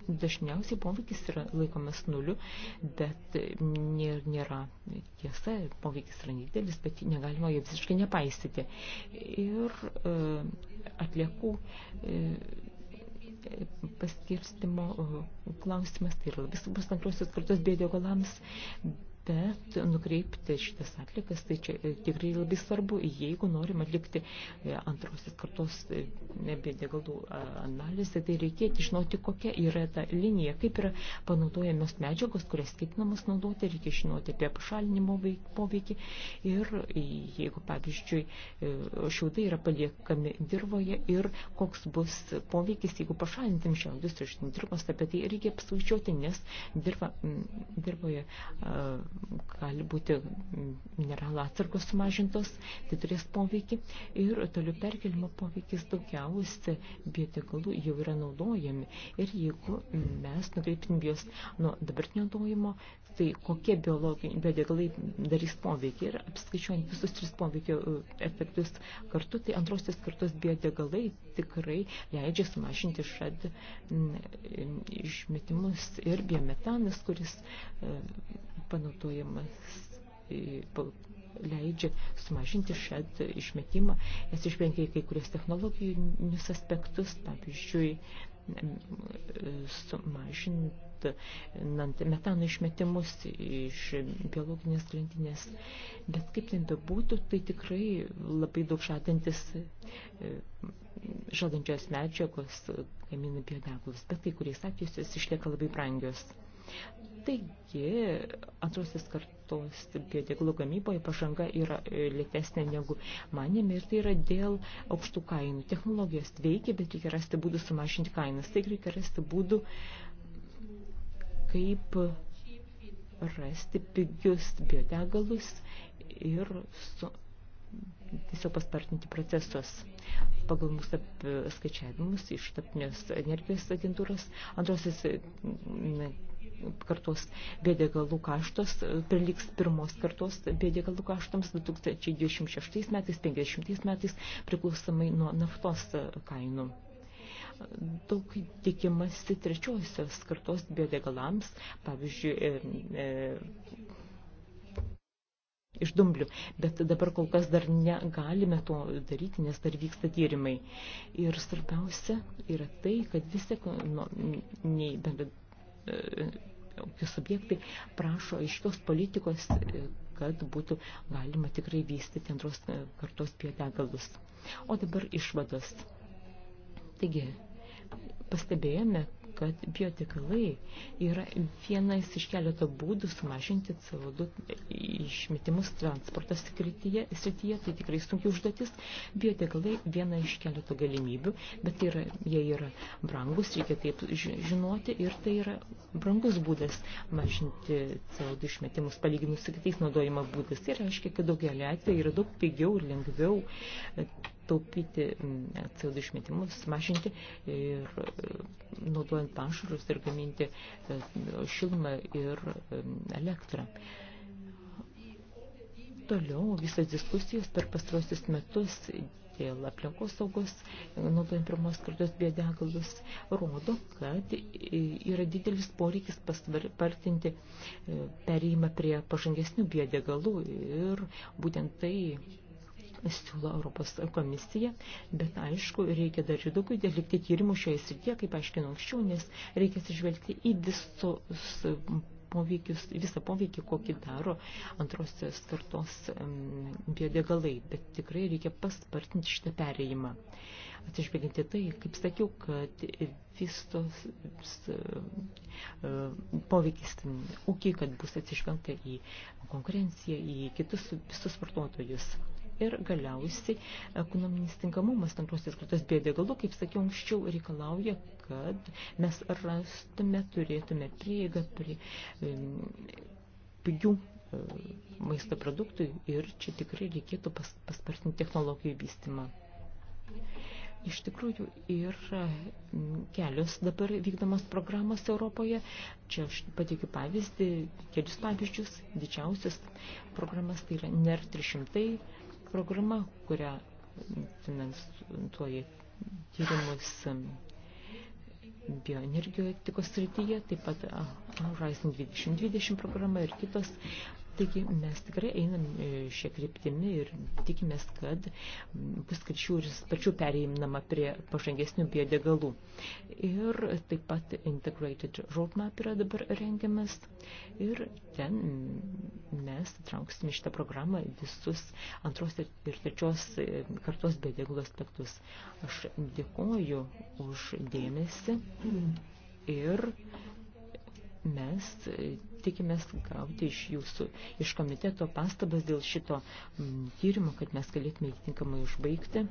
dažniausiai poveikis yra laikomas nuliu, bet nėra tiesa, poveikis yra nedidelis, bet negalima jo visiškai nepaisyti. Ir e, atliekų e, paskirstimo e, klausimas, tai yra labai svarbus antrosios kartos biodegalams, bet nukreipti šitas atlikas, tai čia e, tikrai labai svarbu, jeigu norim atlikti e, antrosios kartos e, biodegalų analizę, tai reikėtų žinoti, kokia yra ta linija, kaip yra panaudojamos medžiagos, kurias ketinamos naudoti, reikia žinoti apie pašalinimo poveikį ir jeigu, pavyzdžiui, šiaudai yra paliekami dirboje ir koks bus poveikis, jeigu pašalintim šiaudus iš tai dirbos, apie tai reikia apskaičiuoti, nes dirba, dirboje uh, gali būti mineralų atsargos sumažintos, tai turės poveikį ir toliau perkelimo poveikis daugiausia biotekalų jau yra naudojami ir jeigu mes nukreipim juos nuo dabartinio naudojimo, tai kokie biodegalai darys poveikį ir apskaičiuojant visus tris poveikio e, efektus kartu, tai antrosios kartos biodegalai tikrai leidžia sumažinti šad išmetimus ir biometanas, kuris e, panaudojimas e, leidžia sumažinti šią išmetimą, nes išvengia kai kurios technologinius aspektus, pavyzdžiui, e, sumažinant metano išmetimus iš biologinės grandinės. Bet kaip ten bebūtų, tai tikrai labai daug žadantis e, žadančios medžiagos gamina biodegalus, bet kai kuriais atvejais jos išlieka labai brangios. Taigi, antrasis kartos biodegalų gamyboje pažanga yra e, lėtesnė negu manėme ir tai yra dėl aukštų kainų. Technologijos veikia, bet reikia rasti būdų sumažinti kainas. Taigi reikia rasti būdų, kaip rasti pigius biodegalus ir su, tiesiog paspartinti procesus. Pagal mūsų skaičiavimus iš tapnės energijos agentūros antrasis kartos bėdėgalų kaštos priliks pirmos kartos bėdėgalų kaštams 2026 metais, 50 metais priklausomai nuo naftos kainų. Daug tikimasi trečiosios kartos biodegalams, pavyzdžiui, e, e, iš dumblių, bet dabar kol kas dar negalime to daryti, nes dar vyksta tyrimai. Ir svarbiausia yra tai, kad visi ekonominiai nu, bendradarbiavimai E, subjektai prašo aiškios politikos, e, kad būtų galima tikrai vystyti antros e, kartos biodegalus. O dabar išvados. Taigi, pastebėjome, kad biotikalai yra vienas iš keletą būdų sumažinti CO2 išmetimus transporto srityje, srityje, tai tikrai sunkiai užduotis. Biotikalai viena iš keletą galimybių, bet tai yra, jie yra brangus, reikia taip žinoti ir tai yra brangus būdas mažinti CO2 išmetimus palyginus su kitais naudojimo būdais. Tai reiškia, kad daugelį atveju yra daug pigiau ir lengviau taupyti mm, CO2 išmetimus, mažinti ir e, naudojant pašarus ir gaminti e, šilumą ir e, elektrą. Toliau visas diskusijos per pastrosius metus dėl aplinkos saugos, naudojant pirmos kartos biodegalus, rodo, kad yra didelis poreikis paspartinti perėjimą prie pažangesnių biodegalų ir būtent tai siūlo Europos komisija, bet aišku, reikia dar ir daugiau dėlikti tyrimų šioje srityje, kaip aiškinau anksčiau, nes reikia atsižvelgti į visus poveikius, visą poveikį, kokį daro antrosios kartos biodegalai, bet tikrai reikia paspartinti šitą perėjimą. Atsižvelginti tai, kaip sakiau, kad vistos vis, e, poveikis ūkiai, kad bus atsižvelgta į konkurenciją, į kitus visus vartotojus ir galiausiai ekonominis tinkamumas tam tos skirtos biodegalų, kaip sakiau anksčiau, reikalauja, kad mes rastume, turėtume prieigą prie pigių e, maisto produktų ir čia tikrai reikėtų pas, paspartinti technologijų vystimą. Iš tikrųjų yra kelios dabar vykdomas programos Europoje. Čia aš pateikiu pavyzdį, kelius pavyzdžius. Didžiausias programas tai yra NER 300, programa, kurią finansuoja tyrimus um, bioenergetikos srityje, taip pat uh, Horizon 2020 programa ir kitos Taigi mes tikrai einam e, šią kryptimį ir tikimės, kad bus skačių ir sparčių pereinama prie pažangesnių biodegalų. Ir taip pat Integrated Roadmap yra dabar rengiamas ir ten mes trauksime šitą programą visus antros ir trečios e, kartos biodegalų aspektus. Aš dėkoju už dėmesį ir mes e, tikimės gauti iš jūsų, iš komiteto pastabas dėl šito tyrimo, kad mes galėtume įtinkamai užbaigti.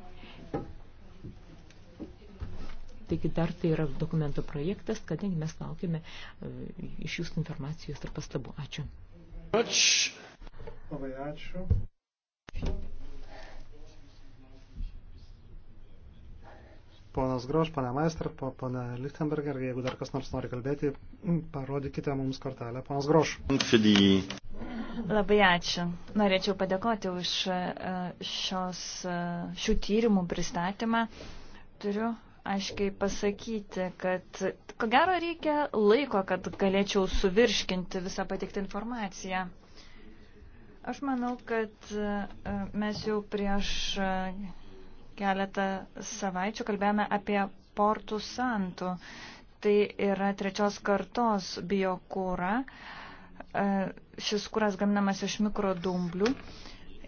Taigi dar tai yra dokumento projektas, kadangi mes laukime e, iš jūsų informacijos ir pastabų. Ačiū. Ačiū. Labai ačiū. ponas Groš, pana Maestrat, pana Lichtenberger, jeigu dar kas nors nori kalbėti, parodykite mums kortelę. Ponas Groš. Labai ačiū. Norėčiau padėkoti už e, šios, e, šių tyrimų pristatymą. Turiu aiškiai pasakyti, kad ko gero reikia laiko, kad galėčiau suvirškinti visą patiktą informaciją. Aš manau, kad e, mes jau prieš keletą savaičių kalbėjome apie portų santų. Tai yra trečios kartos biokūra. E, šis kūras gaminamas iš mikrodumblių.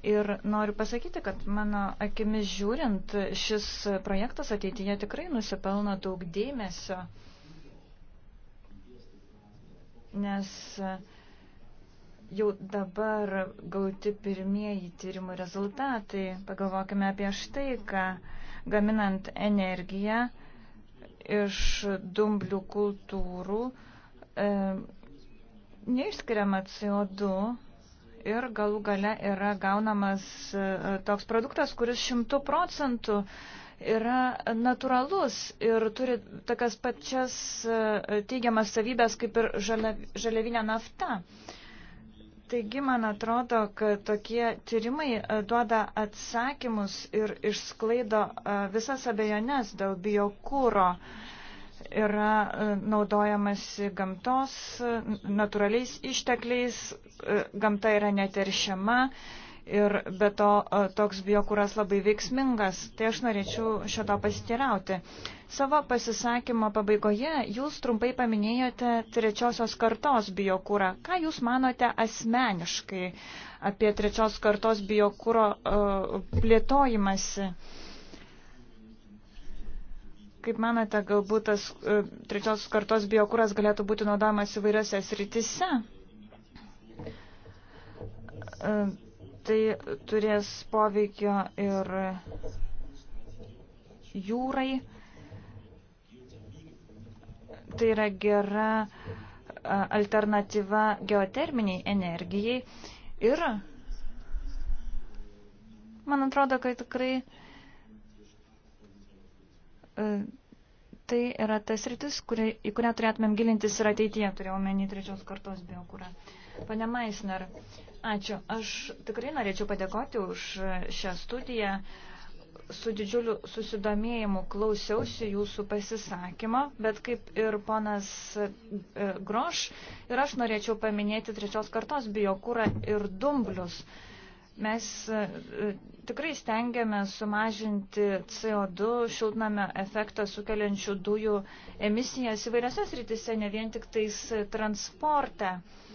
Ir noriu pasakyti, kad mano akimis žiūrint, šis projektas ateityje tikrai nusipelno daug dėmesio, nes uh, jau dabar gauti pirmieji tyrimų rezultatai. Pagalvokime apie štai, ką gaminant energiją iš dumblių kultūrų e, neišskiriama CO2 ir galų gale yra gaunamas e, toks produktas, kuris šimtų procentų yra natūralus ir turi tokias pačias e, teigiamas savybės kaip ir žaliavinė nafta. E, Taigi, man atrodo, kad tokie tyrimai e, duoda atsakymus ir išsklaido e, visas abejonės dėl biokūro. Yra e, naudojamas gamtos, natūraliais ištekliais, gamta yra neteršiama, ir be to e, toks biokūras labai veiksmingas, tai aš norėčiau šito pasitirauti. Savo pasisakymo pabaigoje jūs trumpai paminėjote trečiosios kartos biokūrą. Ką jūs manote asmeniškai apie trečios kartos biokūro uh, e, plėtojimąsi? Kaip manote, galbūt tas uh, trečios kartos biokūras galėtų būti naudojamas įvairiose sritise? Uh, tai turės poveikio ir jūrai. Tai yra gera alternatyva geoterminiai energijai. Ir man atrodo, kad tikrai tai yra tas rytis, kuri, į kurią turėtumėm gilintis ir ateityje, turėjau menį trečios kartos biokūrą. Pane Maisner, Ačiū. Aš tikrai norėčiau padėkoti už šią studiją. Su didžiuliu susidomėjimu klausiausi jūsų pasisakymo, bet kaip ir ponas e, Groš, ir aš norėčiau paminėti trečios kartos biokūrą ir dumblius. Mes e, e, tikrai stengiame sumažinti CO2 šiltnamio efektą sukeliančių dujų emisijas įvairiose srityse, ne vien tik tais transporte. Uh,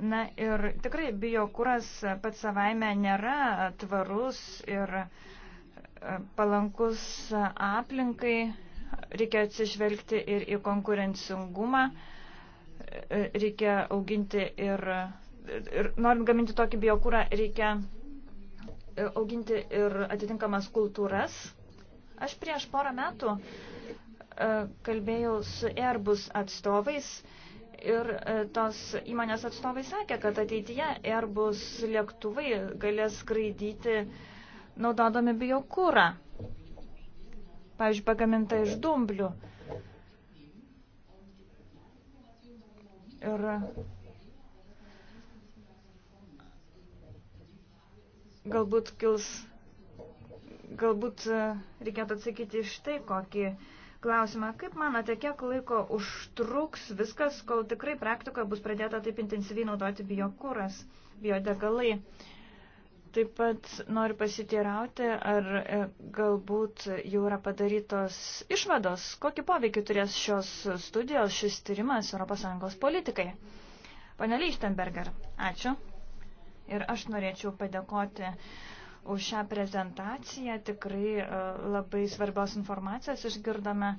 Na ir tikrai biokuras pats savaime nėra tvarus ir e, palankus aplinkai, reikia atsižvelgti ir į konkurencingumą, e, reikia auginti ir, ir norint gaminti tokį biokūrą, reikia e, auginti ir atitinkamas kultūras. Aš prieš porą metų kalbėjau su Airbus atstovais Ir e, tos įmonės atstovai sakė, kad ateityje Airbus lėktuvai galės skraidyti naudodami biokūrą. Pavyzdžiui, pagaminta iš dumblių. Ir galbūt kils, galbūt e, reikėtų atsakyti iš tai, kokį klausimą, kaip manote, kiek laiko užtruks viskas, kol tikrai praktikoje bus pradėta taip intensyviai naudoti biokūras, biodegalai? Taip pat noriu pasiteirauti, ar e, galbūt jau yra padarytos išvados, kokį poveikį turės šios studijos, šis tyrimas ES politikai. Pane Leichtenberger, ačiū. Ir aš norėčiau padėkoti uh, už šią prezentaciją. Tikrai e, labai svarbios informacijos išgirdome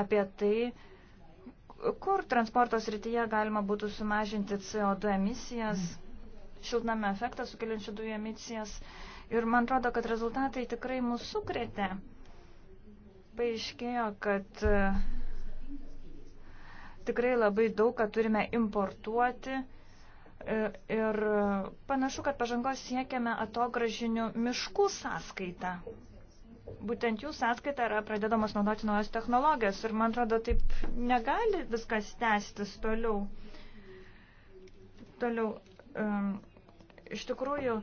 apie tai, kur transporto srityje galima būtų sumažinti CO2 emisijas, šiltnamio efektą sukeliančių dujų emisijas. Ir man atrodo, kad rezultatai tikrai mūsų sukrėtė. Paaiškėjo, kad e, tikrai labai daug, kad turime importuoti E, ir panašu, kad pažangos siekiame atogražinių miškų sąskaitą. Būtent jų sąskaita yra pradedamos naudoti naujos technologijos ir man atrodo taip negali viskas tęstis toliau. Toliau, um, iš tikrųjų,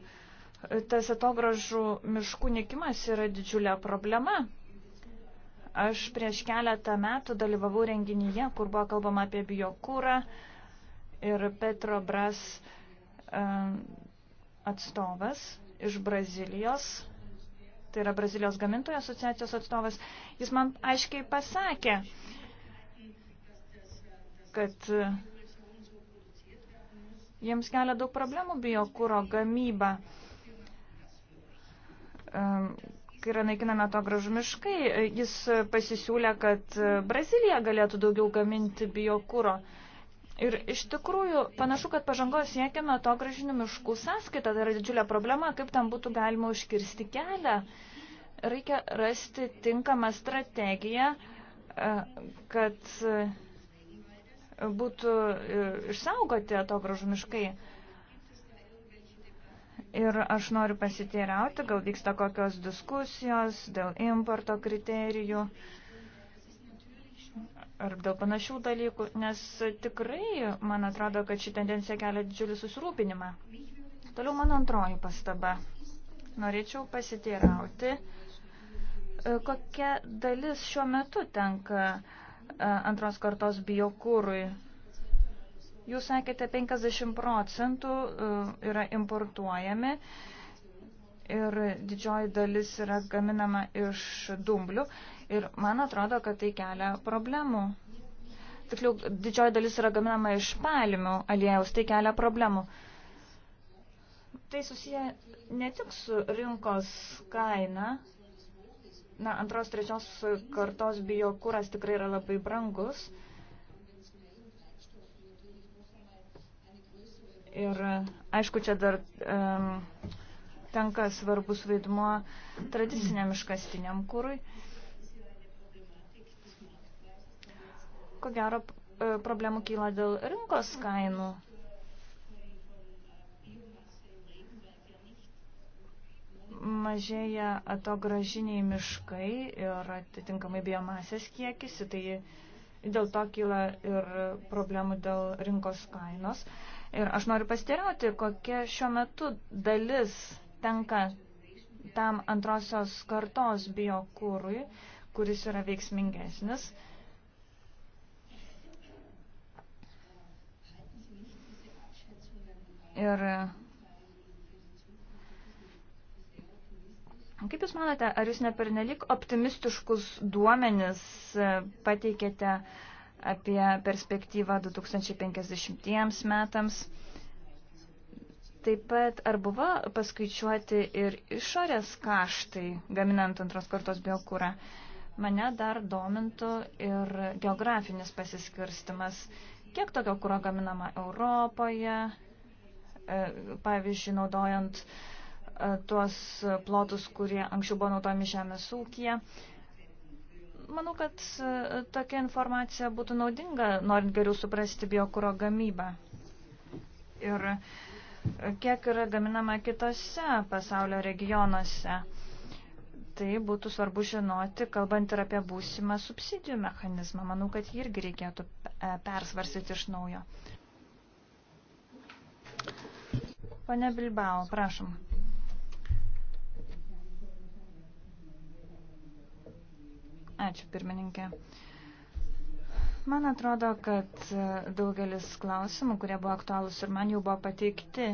tas atogražų miškų nikimas yra didžiulė problema. Aš prieš keletą metų dalyvavau renginyje, kur buvo kalbama apie biokūrą. Uh, ir Petrobras atstovas iš Brazilijos, tai yra Brazilijos gamintojų asociacijos atstovas, jis man aiškiai pasakė, kad e, jiems kelia daug problemų biokūro gamyba. Kai yra naikinami to gražu miškai, e, jis pasisiūlė, kad e, Brazilija galėtų daugiau gaminti biokūro. Ir iš tikrųjų panašu, kad pažangos siekiame to gražinių miškų sąskaitą, tai yra didžiulė problema, kaip tam būtų galima užkirsti kelią. Reikia rasti tinkamą strategiją, e, kad e, būtų e, išsaugoti to gražų miškai. Ir aš noriu pasiteirauti, gal vyksta kokios diskusijos dėl importo kriterijų. Uh, ar dėl panašių dalykų, nes tikrai, man atrodo, kad ši tendencija kelia didžiulį susirūpinimą. Toliau mano antroji pastaba. Norėčiau pasiteirauti, e, kokia dalis šiuo metu tenka e, antros kartos biokūrui. Jūs sakėte, 50 procentų e, yra importuojami ir didžioji dalis yra gaminama iš dumblių. Ir man atrodo, kad tai kelia problemų. Tikliau, didžioji dalis yra gaminama iš palmių aliejaus, tai kelia problemų. Tai susiję ne tik su rinkos kaina, na, antros, trečios kartos biokūras tikrai yra labai brangus. Ir aišku, čia dar um, tenka svarbus vaidmuo tradiciniam iškastiniam kūrui. Uh, ko gero e, problemų kyla dėl rinkos kainų. Mažėja atogražiniai miškai ir atitinkamai biomasės kiekis, tai dėl to kyla ir problemų dėl rinkos kainos. Ir aš noriu pasiteirauti, kokia šiuo metu dalis tenka tam antrosios kartos biokūrui, kuris yra veiksmingesnis. Ir kaip Jūs manote, ar Jūs nepernelik optimistiškus duomenis e, pateikėte apie perspektyvą 2050 metams? Taip pat, ar buvo paskaičiuoti ir išorės kaštai, gaminant antros kartos biokūrą? Mane dar domintų ir geografinis pasiskirstimas. Kiek tokio kūro gaminama Europoje, E, pavyzdžiui, naudojant e, tuos plotus, kurie anksčiau buvo naudojami žemės ūkija. Manau, kad e, tokia informacija būtų naudinga, norint geriau suprasti biokuro gamybą. Ir kiek yra gaminama kitose pasaulio regionuose. Tai būtų svarbu žinoti, kalbant ir apie būsimą subsidijų mechanizmą. Manau, kad jį irgi reikėtų persvarsyti iš naujo. Pane Bilbao, prašom. Ačiū, pirmininkė. Man atrodo, kad daugelis klausimų, kurie buvo aktualūs ir man jau buvo pateikti,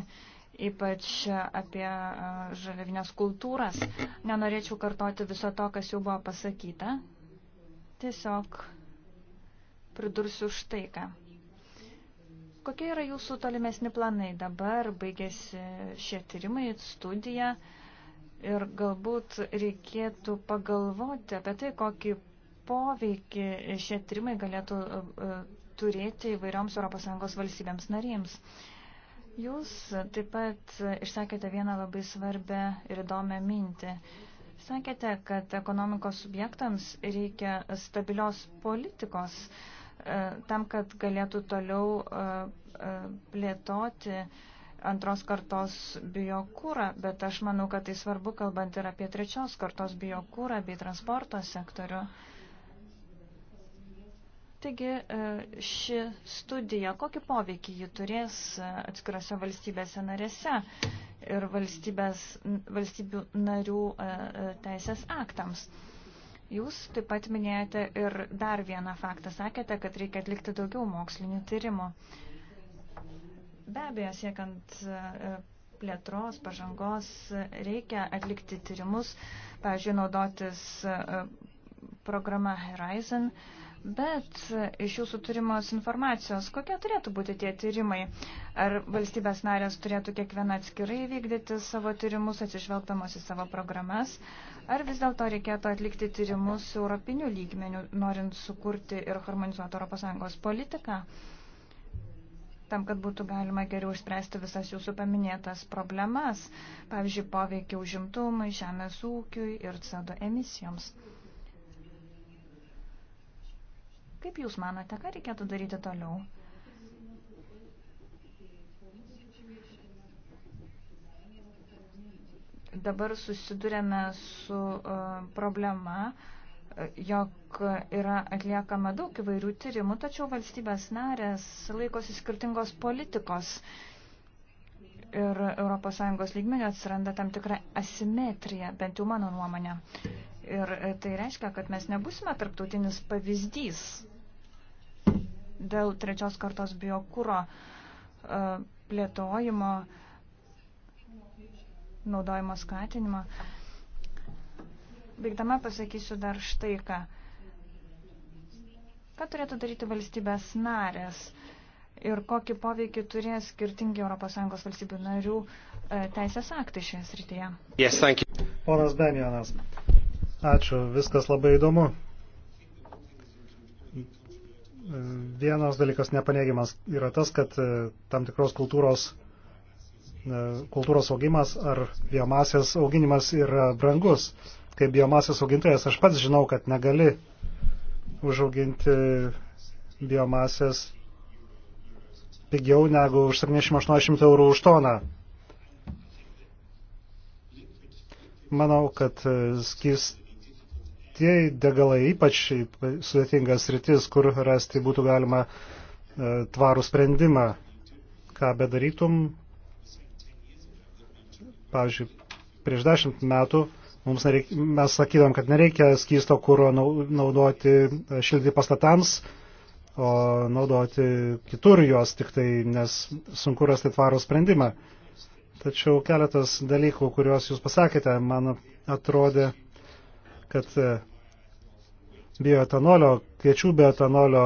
ypač apie žaliavinės kultūras, nenorėčiau kartoti viso to, kas jau buvo pasakyta. Tiesiog pridursiu štai ką. Kokie yra jūsų tolimesni planai? Dabar baigėsi šie tyrimai, studija ir galbūt reikėtų pagalvoti apie tai, kokį poveikį šie tyrimai galėtų e, e, turėti įvairioms ES valstybėms narėms. Jūs taip pat išsakėte vieną labai svarbę ir įdomią mintį. Sakėte, kad ekonomikos subjektams reikia stabilios politikos. Uh, E, tam, kad galėtų toliau e, e, plėtoti antros kartos biokūrą, bet aš manau, kad tai svarbu, kalbant ir apie trečios kartos biokūrą bei transporto sektorių. Taigi ši studija, kokį poveikį ji turės atskirose valstybėse narėse ir valstybės, valstybių narių teisės aktams? Jūs taip pat minėjote ir dar vieną faktą. Sakėte, kad reikia atlikti daugiau mokslinių tyrimų. Be abejo, siekant e, plėtros, pažangos, reikia atlikti tyrimus, pavyzdžiui, naudotis e, programa Horizon. Bet e, iš jūsų turimos informacijos, kokie turėtų būti tie tyrimai? Ar valstybės narės turėtų kiekviena atskirai vykdyti savo tyrimus, atsižvelgdamos į savo programas? Uh, Ar vis dėlto reikėtų atlikti tyrimus europinių lygmenių, norint sukurti ir harmonizuoti ES politiką, tam, kad būtų galima geriau išspręsti visas jūsų paminėtas problemas, pavyzdžiui, poveikia užimtumui, žemės ūkiui ir CO2 emisijoms. Kaip Jūs manote, ką reikėtų daryti toliau? dabar susidurėme su e, problema, e, jog yra atliekama daug įvairių tyrimų, tačiau valstybės narės laikosi skirtingos politikos ir ES lygmenio atsiranda tam tikra asimetrija, bent jau mano nuomonė. Ir e, tai reiškia, kad mes nebusime tarptautinis pavyzdys dėl trečios kartos biokūro plėtojimo. Uh, naudojimo skatinimo. Baigdama pasakysiu dar štai ką. Ką turėtų daryti valstybės narės ir kokį poveikį turės skirtingi ES valstybių narių e, teisės aktai šioje srityje? Yes, Ponas Benjonas, ačiū, viskas labai įdomu. Vienas dalykas nepaneigiamas yra tas, kad e, tam tikros kultūros kultūros augimas ar biomasės auginimas yra brangus. Kaip biomasės augintojas aš pats žinau, kad negali užauginti biomasės pigiau negu už 780 eurų už toną. Manau, kad e, skistieji degalai ypač sudėtingas rytis, kur rasti būtų galima e, tvarų sprendimą. Ką bedarytum, pavyzdžiui, prieš dešimt metų mums nereik, mes sakydom, kad nereikia skysto kūro naudoti e, šildyti pastatams, o naudoti kitur juos tik tai, nes sunku rasti tvarų sprendimą. Tačiau keletas dalykų, kuriuos jūs pasakėte, man atrodė, kad e, bioetanolio, kviečių bioetanolio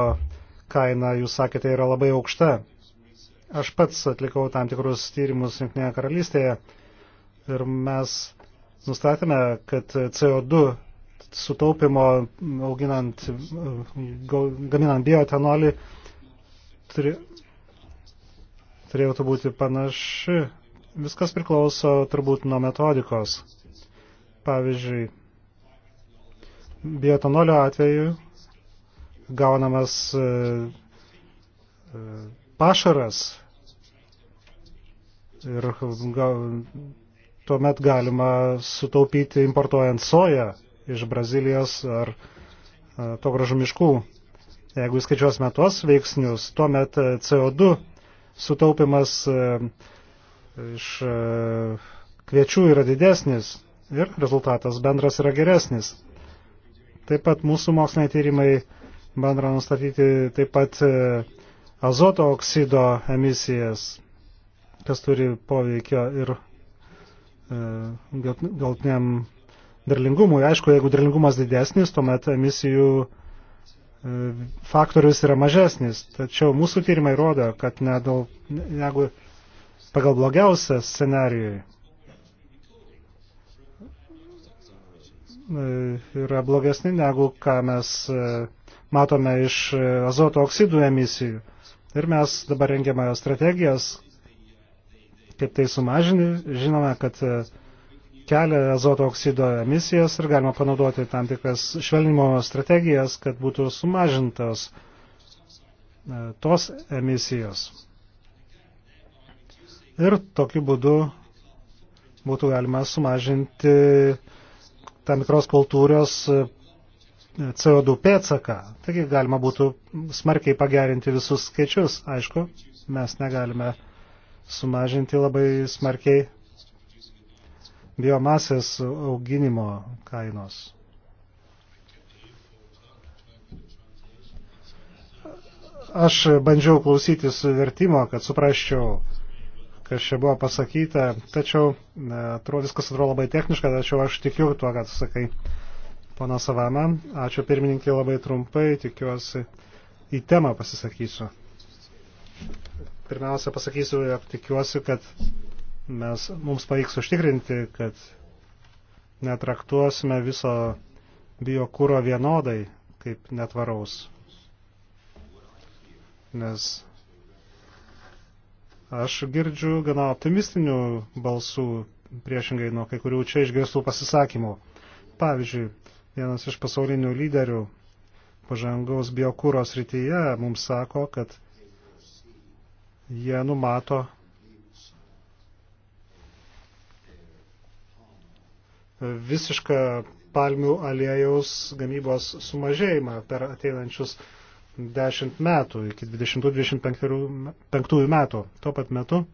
kaina, jūs sakėte, yra labai aukšta. Aš pats atlikau tam tikrus tyrimus Junktinėje karalystėje ir mes nustatėme, kad CO2 sutaupimo auginant, gaminant bioetanolį turėtų būti panaši. Viskas priklauso turbūt nuo metodikos. Pavyzdžiui, bioetanolio atveju gaunamas e, e, pašaras ir tuomet galima sutaupyti importuojant soją iš Brazilijos ar e, to gražų miškų. Jeigu skaičiuosime tuos veiksnius, tuomet e, CO2 sutaupimas e, iš kviečių yra didesnis ir rezultatas bendras yra geresnis. Taip pat mūsų moksliniai tyrimai bandra nustatyti taip pat azoto oksido emisijas, kas turi poveikio ir E, galtiniam derlingumui. Aišku, jeigu derlingumas didesnis, tuomet emisijų e, faktorius yra mažesnis. Tačiau mūsų tyrimai rodo, kad ne dėl, negu pagal blogiausią scenarijų e, yra blogesni negu ką mes matome iš azoto oksidų emisijų. Ir mes dabar rengiame strategijas, kaip tai sumažinti. Žinome, kad e, kelia azoto oksido emisijas ir galima panaudoti tam tikras švelnimo strategijas, kad būtų sumažintos e, tos emisijos. Ir tokiu būdu būtų galima sumažinti tam tikros kultūros e, CO2 pėtsaką. Taigi galima būtų smarkiai pagerinti visus skaičius. Aišku, mes negalime sumažinti labai smarkiai biomasės auginimo kainos. Aš bandžiau klausytis vertimo, kad suprasčiau, kas čia buvo pasakyta, tačiau atrodo, viskas atrodo labai techniška, tačiau aš tikiu tuo, ką sakai. Pana Savama, ačiū pirmininkė labai trumpai, tikiuosi į temą pasisakysiu. Pirmiausia, pasakysiu, jog tikiuosi, kad mes, mums pavyks užtikrinti, kad netraktuosime viso biokūro vienodai kaip netvaraus. Nes aš girdžiu gana optimistinių balsų priešingai nuo kai kurių čia išgirstų pasisakymų. Pavyzdžiui, vienas iš pasaulinių lyderių pažangaus biokūros rytyje mums sako, kad jie numato visišką palmių aliejaus gamybos sumažėjimą per ateinančius 10 metų iki 2025 metų. Tuo pat metu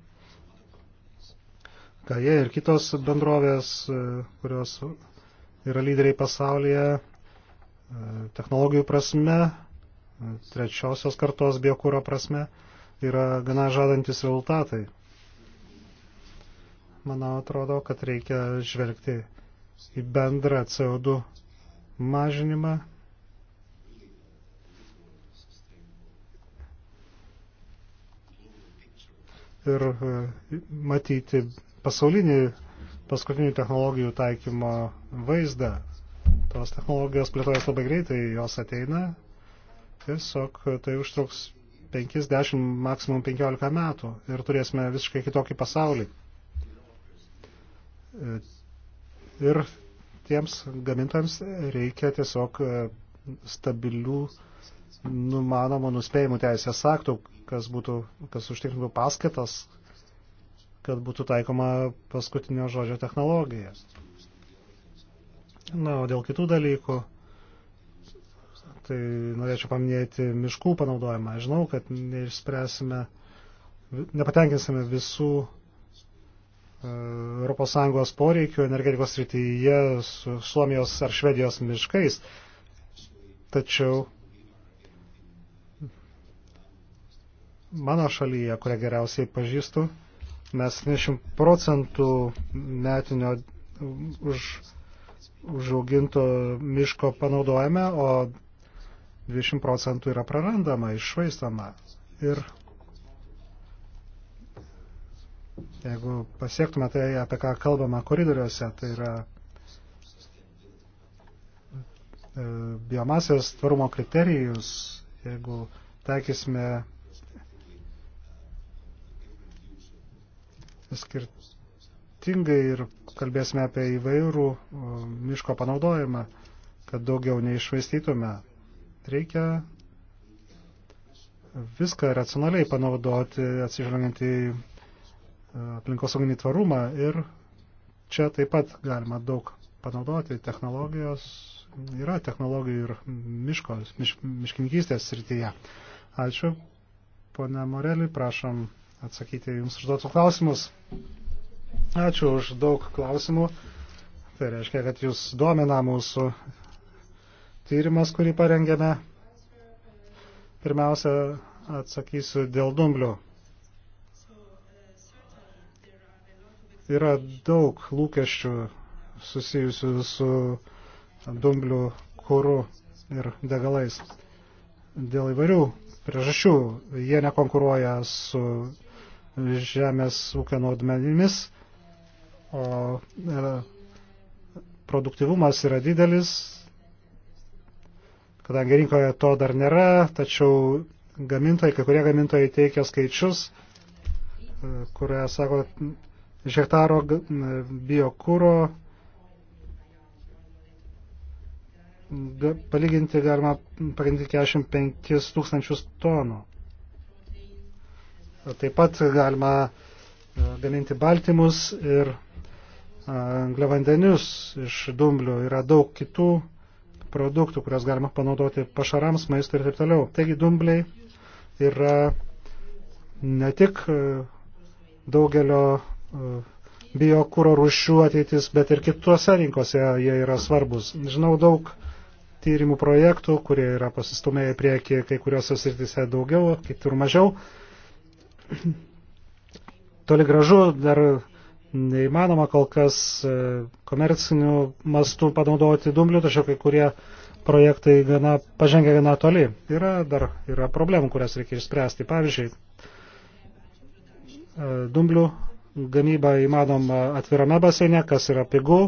Kaje ir kitos bendrovės, e, kurios yra lyderiai pasaulyje e, technologijų prasme, e, trečiosios kartos biokūro prasme, tai yra gana žadantis rezultatai. Manau, atrodo, kad reikia žvelgti į bendrą CO2 mažinimą. Ir e, matyti pasaulinį paskutinių technologijų taikymo vaizdą. Tos technologijos plėtojas labai greitai, jos ateina. Tiesiog tai užtruks 50, maksimum 15 metų ir turėsime visiškai kitokį pasaulį. E, ir tiems gamintojams reikia tiesiog e, stabilių numanomų nuspėjimų teisės aktų, kas, būtų, kas užtikrintų paskatas, kad būtų taikoma paskutinio žodžio technologija. Na, o dėl kitų dalykų tai norėčiau paminėti miškų panaudojimą. Žinau, kad neišspręsime, nepatenkinsime visų ES poreikių energetikos srityje su Suomijos ar Švedijos miškais, tačiau mano šalyje, kurią geriausiai pažįstu, mes 70 procentų metinio už, užauginto miško panaudojame, o 20 procentų yra prarandama, išvaistama. Ir jeigu pasiektume tai, apie ką kalbama koridoriuose, tai yra e, biomasės tvarumo kriterijus, jeigu taikysime skirtingai ir kalbėsime apie įvairų miško panaudojimą, kad daugiau neišvaistytume Reikia viską racionaliai panaudoti, atsižvelgiant į e, aplinkosauginį tvarumą ir čia taip pat galima daug panaudoti technologijos, yra technologijų ir miškos, miš, miškininkystės srityje. Ačiū, pone Morelį, prašom atsakyti jums užduotus klausimus. Ačiū už daug klausimų. Tai reiškia, kad jūs domina mūsų tyrimas, kurį parengėme. Pirmiausia, atsakysiu dėl dumblių. Yra daug lūkesčių susijusių su dumblių kūru ir degalais. Dėl įvairių priežasčių jie nekonkuruoja su žemės ūkio naudmenimis, o e, produktivumas yra didelis, kadangi rinkoje to dar nėra, tačiau gamintojai, kai kurie gamintojai teikia skaičius, e, kurie sako, iš hektaro biokūro palyginti galima palyginti 45 tūkstančius tonų. E, taip pat galima e, gaminti baltymus ir angliavandenius iš dumblių. Yra daug kitų produktų, kurias galima panaudoti pašarams, maistui ir taip toliau. Taigi dumbliai yra ne tik e, daugelio e, biokūro rušių ateitis, bet ir kitose rinkose jie yra svarbus. Žinau daug tyrimų projektų, kurie yra pasistumėję į priekį kai kuriuose srityse daugiau, kitur mažiau. Toli gražu dar neįmanoma kol kas e, komercinių mastų panaudoti dumblių, tačiau kai kurie projektai gana, pažengia gana toli. Yra dar yra problemų, kurias reikia išspręsti. Pavyzdžiui, e, dumblių gamyba įmanoma atvirame baseine, kas yra pigu.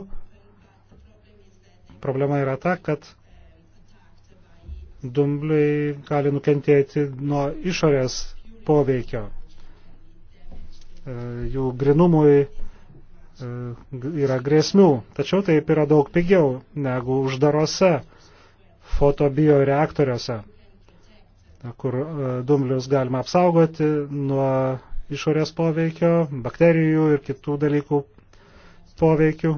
Problema yra ta, kad dumbliai gali nukentėti nuo išorės poveikio e, jų grinumui E, yra grėsmių. Tačiau taip yra daug pigiau negu uždarose fotobioreaktoriuose, kur e, dumblius galima apsaugoti nuo išorės poveikio, bakterijų ir kitų dalykų poveikių.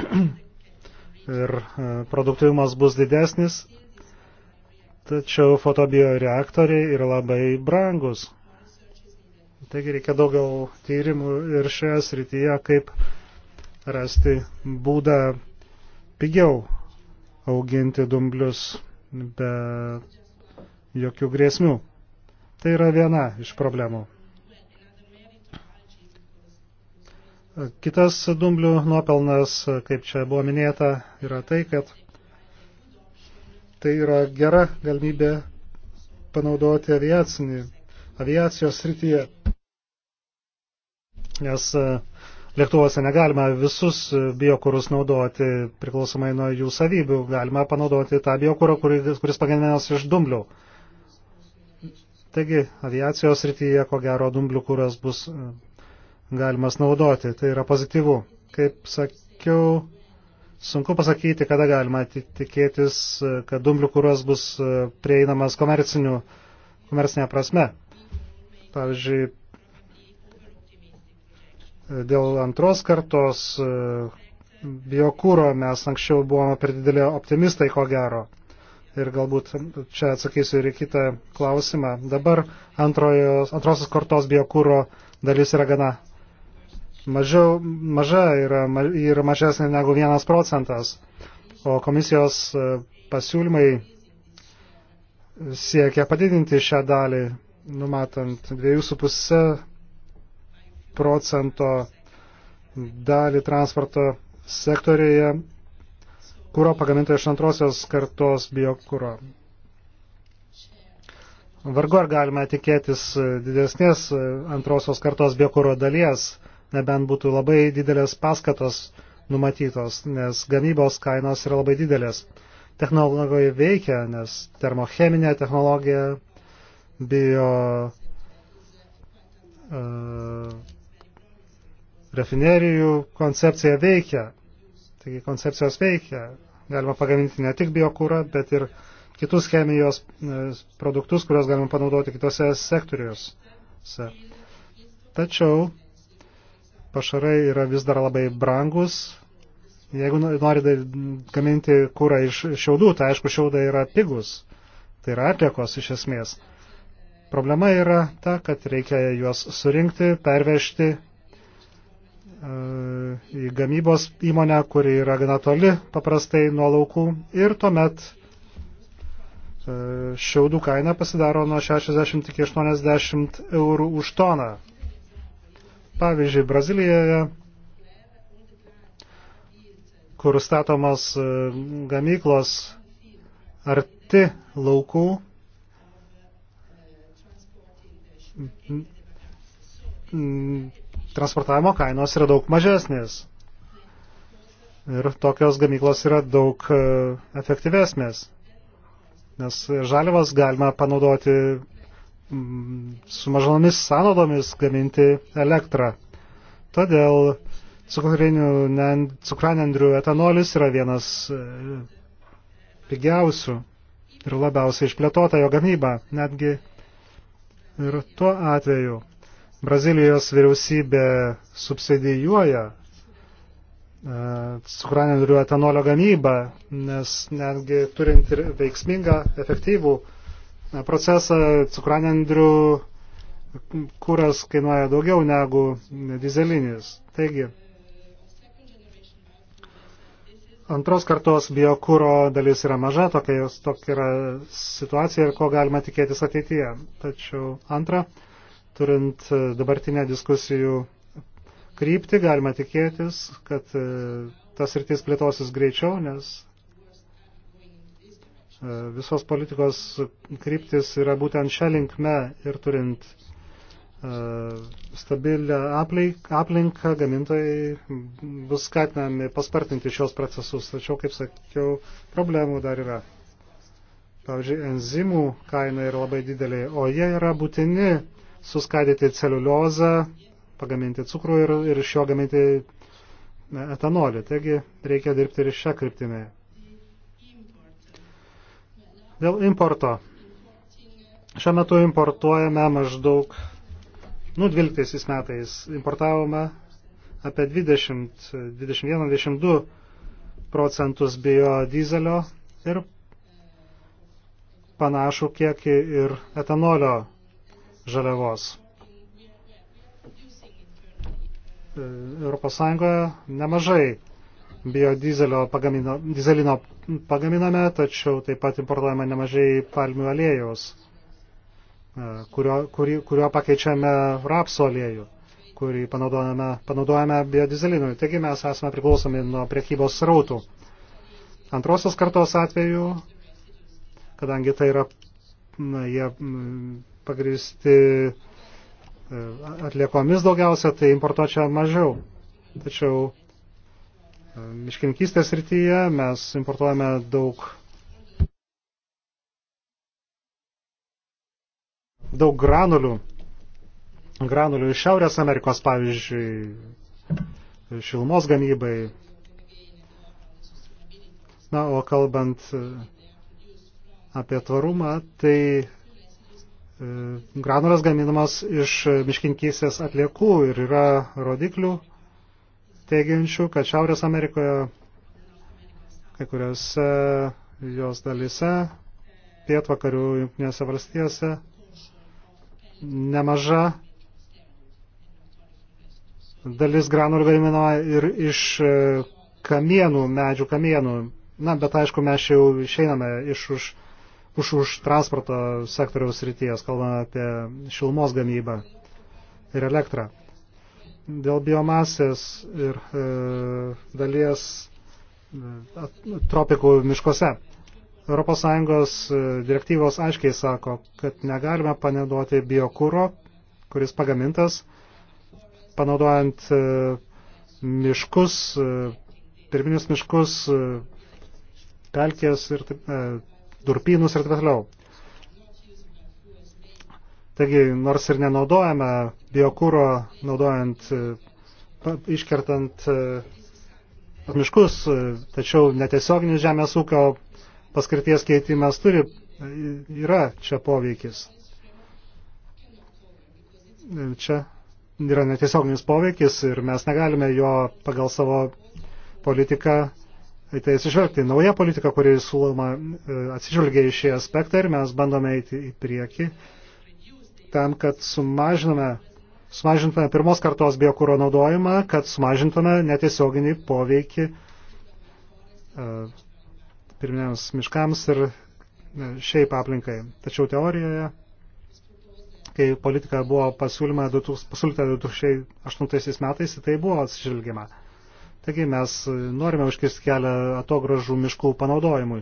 ir e, produktyvumas bus didesnis, tačiau fotobioreaktoriai yra labai brangus. Taigi reikia daugiau tyrimų ir šioje srityje, kaip rasti būdą pigiau auginti dumblius be jokių grėsmių. Tai yra viena iš problemų. Kitas dumblių nuopelnas, kaip čia buvo minėta, yra tai, kad tai yra gera galimybė panaudoti aviacinį, aviacijos srityje nes e, lėktuvuose negalima visus e, biokurus naudoti priklausomai nuo jų savybių. Galima panaudoti tą biokurą, kuris pagaminamas iš dumblių. Taigi aviacijos rytyje, ko gero, dumblių kuras bus e, galimas naudoti. Tai yra pozityvu. Kaip sakiau, sunku pasakyti, kada galima tikėtis, kad dumblių kuras bus prieinamas komercinė prasme. Pavyzdžiui, Dėl antros kartos e, biokūro mes anksčiau buvome per didelį optimistai, ko gero. Ir galbūt čia atsakysiu ir į kitą klausimą. Dabar antrojo, antrosios kartos biokūro dalis yra gana mažiau, maža, yra, yra mažesnė negu vienas procentas. O komisijos e, pasiūlymai siekia padidinti šią dalį, numatant 2,5 procento dalį transporto sektorėje kūro pagaminto iš antrosios kartos biokūro. Vargu ar galime tikėtis didesnės antrosios kartos biokūro dalies, nebent būtų labai didelės paskatos numatytos, nes gamybos kainos yra labai didelės. Technologija veikia, nes termocheminė technologija, bio uh, rafinerijų koncepcija veikia. Taigi koncepcijos veikia. Galima pagaminti ne tik biokūrą, bet ir kitus chemijos e, produktus, kuriuos galima panaudoti kitose sektoriuose. Tačiau pašarai yra vis dar labai brangus. Jeigu nori gaminti kūrą iš šiaudų, tai aišku, šiaudai yra pigus. Tai yra atliekos iš esmės. Problema yra ta, kad reikia juos surinkti, pervežti į gamybos įmonę, kuri yra gana toli paprastai nuo laukų ir tuomet e, šiaudų kaina pasidaro nuo 60 iki 80 eurų už toną. Pavyzdžiui, Brazilijoje, kur statomos e, gamyklos arti laukų, transportavimo kainos yra daug mažesnės. Ir tokios gamyklos yra daug e, efektyvesnės, nes žalivas galima panaudoti su mažomis sąnaudomis gaminti elektrą. Todėl cukranendrių etanolis yra vienas e, pigiausių ir labiausiai išplėtota jo gamyba, netgi ir tuo atveju Brazilijos vyriausybė subsidijuoja cukranendrių e, etanolio gamybą, nes netgi turint ir veiksmingą, efektyvų e, procesą, cukranendrių kuras kainuoja daugiau negu dizelinis. Taigi, antros kartos biokūro dalis yra maža, tokia, tokia yra situacija ir ko galima tikėtis ateityje. Tačiau antra, turint e, dabartinę diskusijų kryptį, galima tikėtis, kad e, tas rytis plėtosis greičiau, nes e, visos politikos kryptis yra būtent šią linkme ir turint stabilią aplinką, gamintojai bus skatinami paspartinti šios procesus, tačiau, kaip sakiau, problemų dar yra. Pavyzdžiui, enzimų kaina yra labai didelė, o jie yra būtini suskaidyti celiuliozą, pagaminti cukrų ir, ir iš jo gaminti etanolį. Taigi reikia dirbti ir šią kryptimį. Dėl importo. Šiuo metu importuojame maždaug, nu, 12 metais importavome apie 20, 21-22 procentus biodizelio ir panašų kiekį ir etanolio žaliavos. Europos Sąjungoje nemažai biodizelio pagamino, dizelino pagaminame, tačiau taip pat importuojame nemažai palmių aliejaus, e, kurio, kurio, kurio pakeičiame rapso aliejų, kurį panaudojame, panaudojame biodizelinui. Taigi mes esame priklausomi nuo priekybos srautų. Antrosios kartos atveju, kadangi tai yra, na, jie pagristi e, atliekomis daugiausia, tai importuočia mažiau. Tačiau e, miškininkystės rytyje mes importuojame daug, daug granulių. Granulių iš Šiaurės Amerikos, pavyzdžiui, šilumos gamybai. Na, o kalbant e, apie tvarumą, tai E, granulas gaminamas iš miškinkysės atliekų ir yra rodiklių teigiančių, kad Šiaurės Amerikoje kai kuriuose jos dalise, pietvakarių jungtinėse valstijose, nemaža dalis granulių gaminama ir iš e, kamienų, medžių kamienų. Na, bet aišku, mes jau išeiname iš už už, už transporto sektoriaus ryties, kalbame apie šilumos gamybą ir elektrą. Dėl biomasės ir e, dalies at, e, tropikų miškuose. ES e, direktyvos aiškiai sako, kad negalime panaudoti biokūro, kuris pagamintas, panaudojant e, miškus, e, pirminius miškus, e, pelkės ir taip, e, durpynus ir taip toliau. Taigi, nors ir nenaudojame biokūro, naudojant, e, iškertant e, miškus, e, tačiau netiesioginis žemės ūkio paskirties keitimas turi, yra čia poveikis. Čia yra netiesioginis poveikis ir mes negalime jo pagal savo politiką į tai atsižvelgti. Nauja politika, kuri siūloma, e, atsižvelgia į šį aspektą ir mes bandome eiti į priekį tam, kad sumažiname, sumažintume pirmos kartos biokūro naudojimą, kad sumažintume netiesioginį poveikį e, pirminiams miškams ir e, šiaip aplinkai. Tačiau teorijoje, kai politika buvo pasiūlyta 2008 metais, tai buvo atsižvelgiama. Taigi mes norime užkirsti kelią atogražų miškų panaudojimui.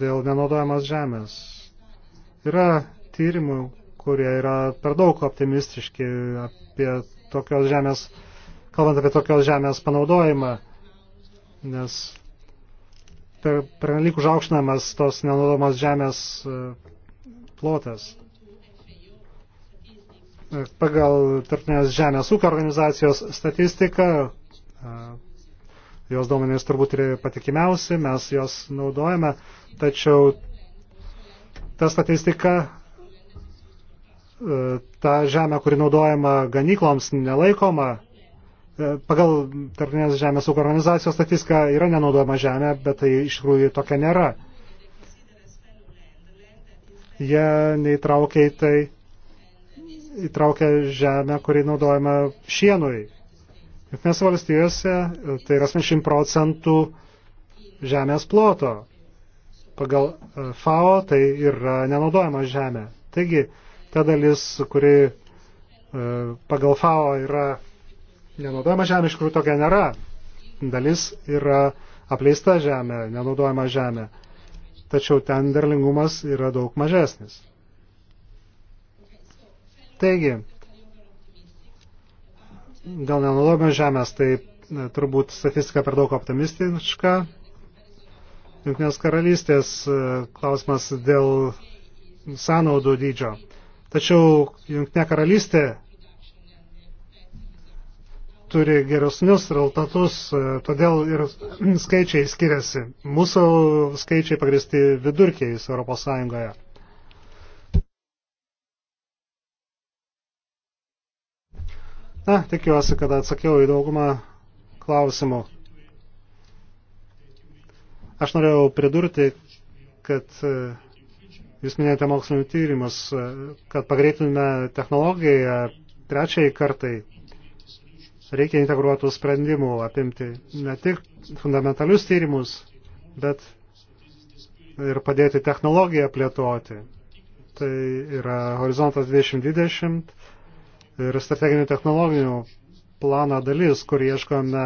Dėl nenaudojamas žemės. Yra tyrimų, kurie yra per daug optimistiški apie tokios žemės, kalbant apie tokios žemės panaudojimą, nes per, per nelik užaukšnamas tos nenaudomas žemės e, plotas. Pagal tarptinės žemės ūkio organizacijos statistiką, jos duomenys turbūt yra patikimiausi, mes jos naudojame, tačiau ta statistika, e, ta žemė, kuri naudojama ganykloms, nelaikoma e, pagal Tarptautinės žemės ūkio organizacijos statistiką yra nenaudojama žemė, bet tai iš tikrųjų tokia nėra. Jie neįtraukia į tai įtraukia žemę, kurį naudojame šienui. Jungtinės valstijose e, tai yra 80 procentų žemės ploto. Pagal e, FAO tai yra nenaudojama žemė. Taigi, ta dalis, kuri e, pagal FAO yra nenaudojama žemė, iš tikrųjų tokia nėra. Dalis yra apleista žemė, nenaudojama žemė. Tačiau ten derlingumas yra daug mažesnis. Taigi, gal nenaudojame žemės, tai turbūt statistika per daug optimistiška. Junktinės karalystės e, klausimas dėl sąnaudų dydžio. Tačiau Junktinė karalystė turi geresnius rezultatus, e, todėl ir skaičiai skiriasi. Mūsų skaičiai pagristi vidurkiais Europos Sąjungoje. Na, tikiuosi, kad atsakiau į daugumą klausimų. Aš norėjau pridurti, kad e, jūs minėjote mokslinių tyrimus, e, kad pagreitinime technologiją trečiai kartai reikia integruotų sprendimų apimti ne tik fundamentalius tyrimus, bet ir padėti technologiją plėtoti. Tai yra horizontas 2020 ir strateginių technologijų planą dalis, kur ieškome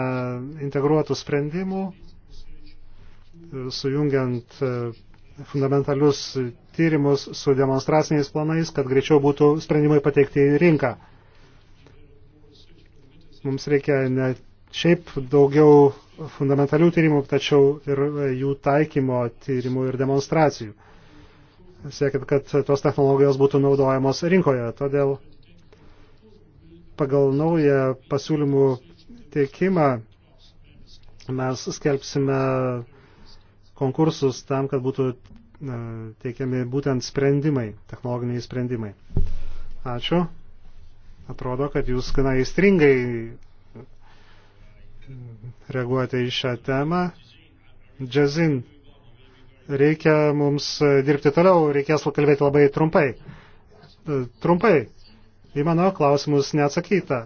integruotų sprendimų, sujungiant e, fundamentalius tyrimus su demonstraciniais planais, kad greičiau būtų sprendimai pateikti į rinką. Mums reikia ne šiaip daugiau fundamentalių tyrimų, tačiau ir e, jų taikymo tyrimų ir demonstracijų. Siekit, kad tos technologijos būtų naudojamos rinkoje. Todėl pagal naują pasiūlymų teikimą mes skelbsime konkursus tam, kad būtų teikiami būtent sprendimai, technologiniai sprendimai. Ačiū. Atrodo, kad jūs gana įstringai reaguojate į šią temą. Džazin, reikia mums dirbti toliau, reikės kalbėti labai trumpai. Trumpai į mano klausimus neatsakyta.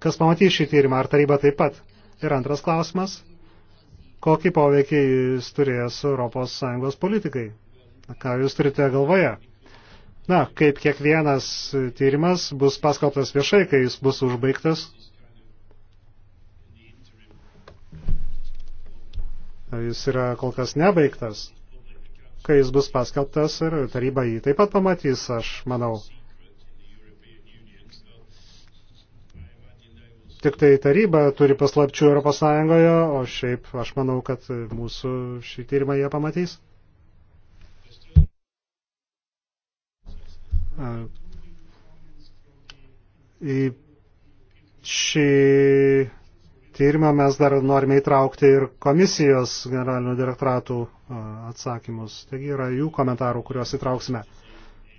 Kas pamatys šį tyrimą, ar taryba taip pat? Ir antras klausimas, kokį poveikį jis turės ES politikai? Ką jūs turite galvoje? Na, kaip kiekvienas tyrimas bus paskaltas viešai, kai jis bus užbaigtas. Jis yra kol kas nebaigtas. Kai jis bus paskelbtas ir taryba jį taip pat pamatys, aš manau. tik tai taryba turi paslapčių ES, o šiaip aš manau, kad mūsų šį tyrimą jie pamatys. Į šį tyrimą mes dar norime įtraukti ir komisijos generalinių direktoratų atsakymus. Taigi yra jų komentarų, kuriuos įtrauksime.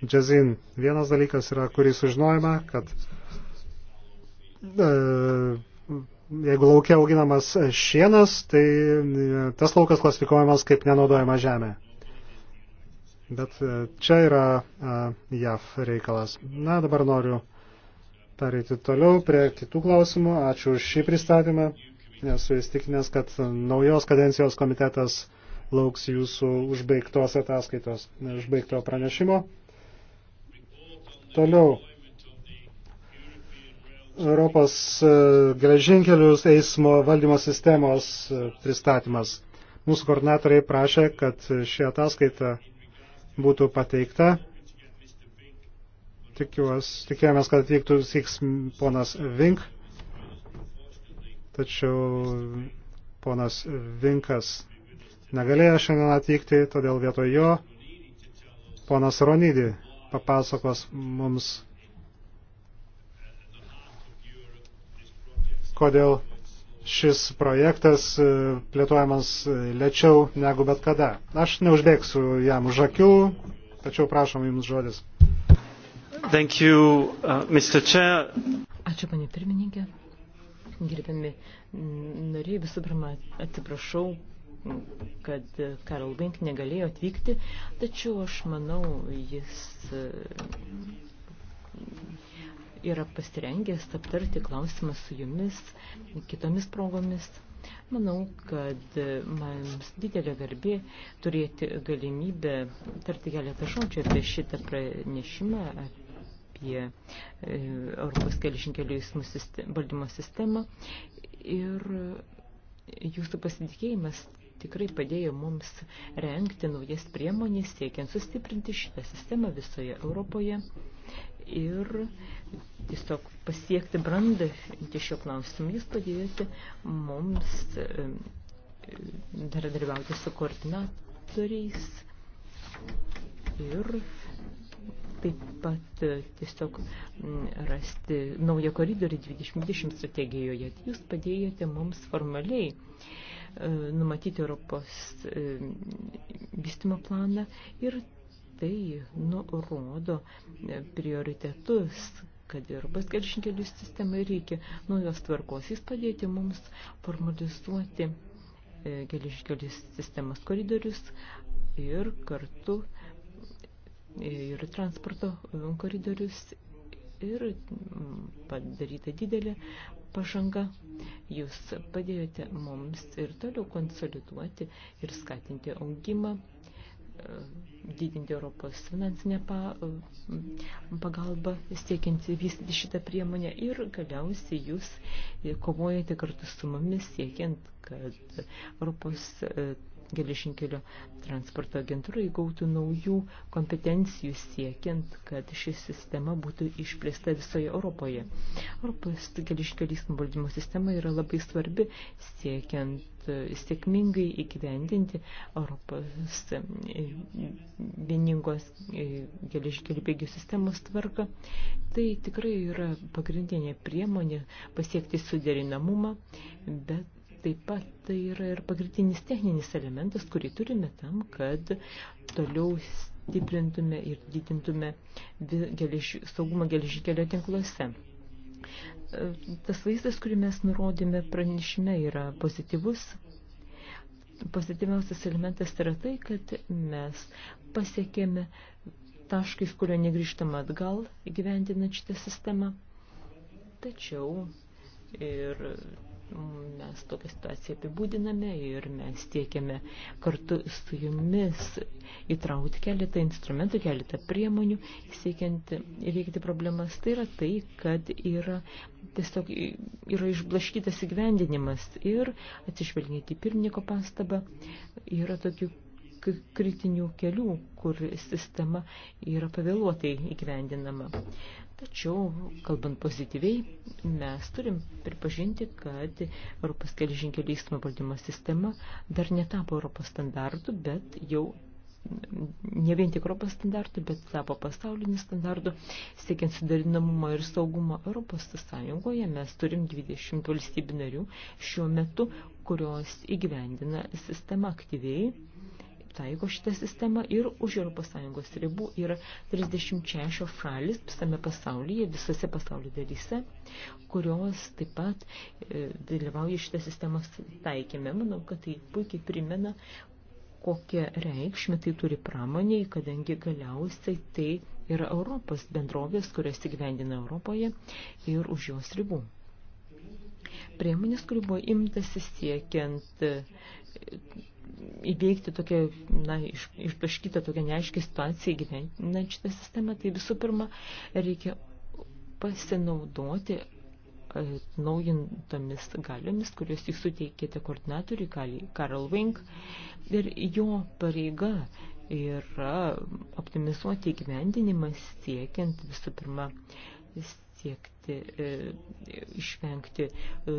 Džezin, vienas dalykas yra, kurį sužinojame, kad E, jeigu laukia auginamas šienas, tai e, tas laukas klasifikuojamas kaip nenaudojama žemė. Bet e, čia yra JAF reikalas. Na, dabar noriu pereiti toliau prie kitų klausimų. Ačiū už šį pristatymą. Esu įstikinęs, kad naujos kadencijos komitetas lauks jūsų užbaigtos ataskaitos, užbaigto pranešimo. Toliau Europos e, geležinkelius eismo valdymo sistemos e, pristatymas. Mūsų koordinatoriai prašė, kad ši ataskaita būtų pateikta. Tikiuos, tikėjomės, kad atvyktų siks ponas Vink, tačiau ponas Vinkas negalėjo šiandien atvykti, todėl vietoj jo ponas Ronydį papasakos mums kodėl šis projektas e, plėtojamas e, lėčiau negu bet kada. Aš neužbėgsiu jam už akių, tačiau prašom jums žodis. Thank you, uh, Mr. Chair. Ačiū, panė pirmininkė. Gerbiami nariai, visų pirma, atsiprašau, kad Karl Vink negalėjo atvykti, tačiau aš manau, jis yra pasirengęs aptarti klausimą su jumis kitomis progomis. Manau, kad man didelė garbė turėti galimybę tarti keletą žodžių apie šitą pranešimą, apie e, Europos kelišinkelių eismų valdymo sistemą. Ir jūsų pasitikėjimas tikrai padėjo mums renkti naujas priemonės, siekiant sustiprinti šitą sistemą visoje Europoje ir tiesiog pasiekti brandą šio klausimu. Jūs padėjote mums dar dalyvauti su koordinatoriais ir taip pat e, tiesiog rasti naują koridorį 2020 strategijoje. Jūs padėjote mums formaliai e, numatyti Europos e, vystimo planą ir tai nurodo prioritetus kad ir paskelšinkelių sistemai reikia naujos tvarkos. Jis padėti mums formalizuoti e, geležinkelių sistemas koridorius ir kartu e, ir transporto e, koridorius ir padaryta didelė pažanga. Jūs padėjote mums ir toliau konsoliduoti ir skatinti augimą didinti Europos finansinę pagalbą, siekiant vystyti šitą priemonę ir galiausiai jūs e, kovojate kartu su mumis, siekiant, kad Europos e, geležinkelio transporto agentūrai gautų naujų kompetencijų siekiant, kad ši sistema būtų išplėsta visoje Europoje. Europos geležinkelio įstaigų valdymo sistema yra labai svarbi siekiant e, sėkmingai įgyvendinti Europos e, vieningos e, geležinkelių bėgių sistemos tvarką. Tai tikrai yra pagrindinė priemonė pasiekti suderinamumą, bet taip pat tai yra ir pagrindinis techninis elementas, kurį turime tam, kad toliau stiprintume ir didintume geleži, saugumą geležikelio tinkluose. Tas vaizdas, kurį mes nurodėme pranešime, yra pozityvus, pozityviausias elementas yra tai, kad mes pasiekėme taškais, kurio negrįžtama atgal įgyvendinant šitą sistemą. Tačiau ir Mes tokią situaciją apibūdiname ir mes tiekiame kartu su jumis įtraukti keletą instrumentų, keletą priemonių, siekiant įveikti problemas. Tai yra tai, kad yra tiesiog yra išblaškytas įgyvendinimas ir atsižvelgiant į pirmininko pastabą yra tokių kritinių kelių, kur sistema yra pavėluotai įgyvendinama. Tačiau, kalbant pozityviai, mes turim pripažinti, kad Europos keližinkelių eismo valdymo sistema dar netapo Europos standartų, bet jau ne vien tik Europos standartų, bet tapo pasaulinį standartų, siekiant sudarinamumą ir saugumą Europos sąjungoje. Mes turim 20 valstybių narių šiuo metu, kurios įgyvendina sistemą aktyviai taiko šitą sistemą ir už ES ribų yra 36 šalis visame pasaulyje, visose pasaulio dalyse, kurios taip pat e, dalyvauja šitą sistemą taikymę. Manau, kad tai puikiai primena, kokią reikšmę tai turi pramoniai, kadangi galiausiai tai yra Europos bendrovės, kurias įgyvendina Europoje ir už jos ribų. Priemonės, kurių buvo imtasi siekiant e, įveikti tokią, na, iš, išpaškytą tokią neaiškį situaciją gyvenant šitą sistemą, tai visų pirma, reikia pasinaudoti e, naujintomis galiomis, kurios jūs suteikėte koordinatoriui Karl Vink ir jo pareiga yra optimizuoti įgyvendinimą siekiant visų pirma siekti, e, išvengti e,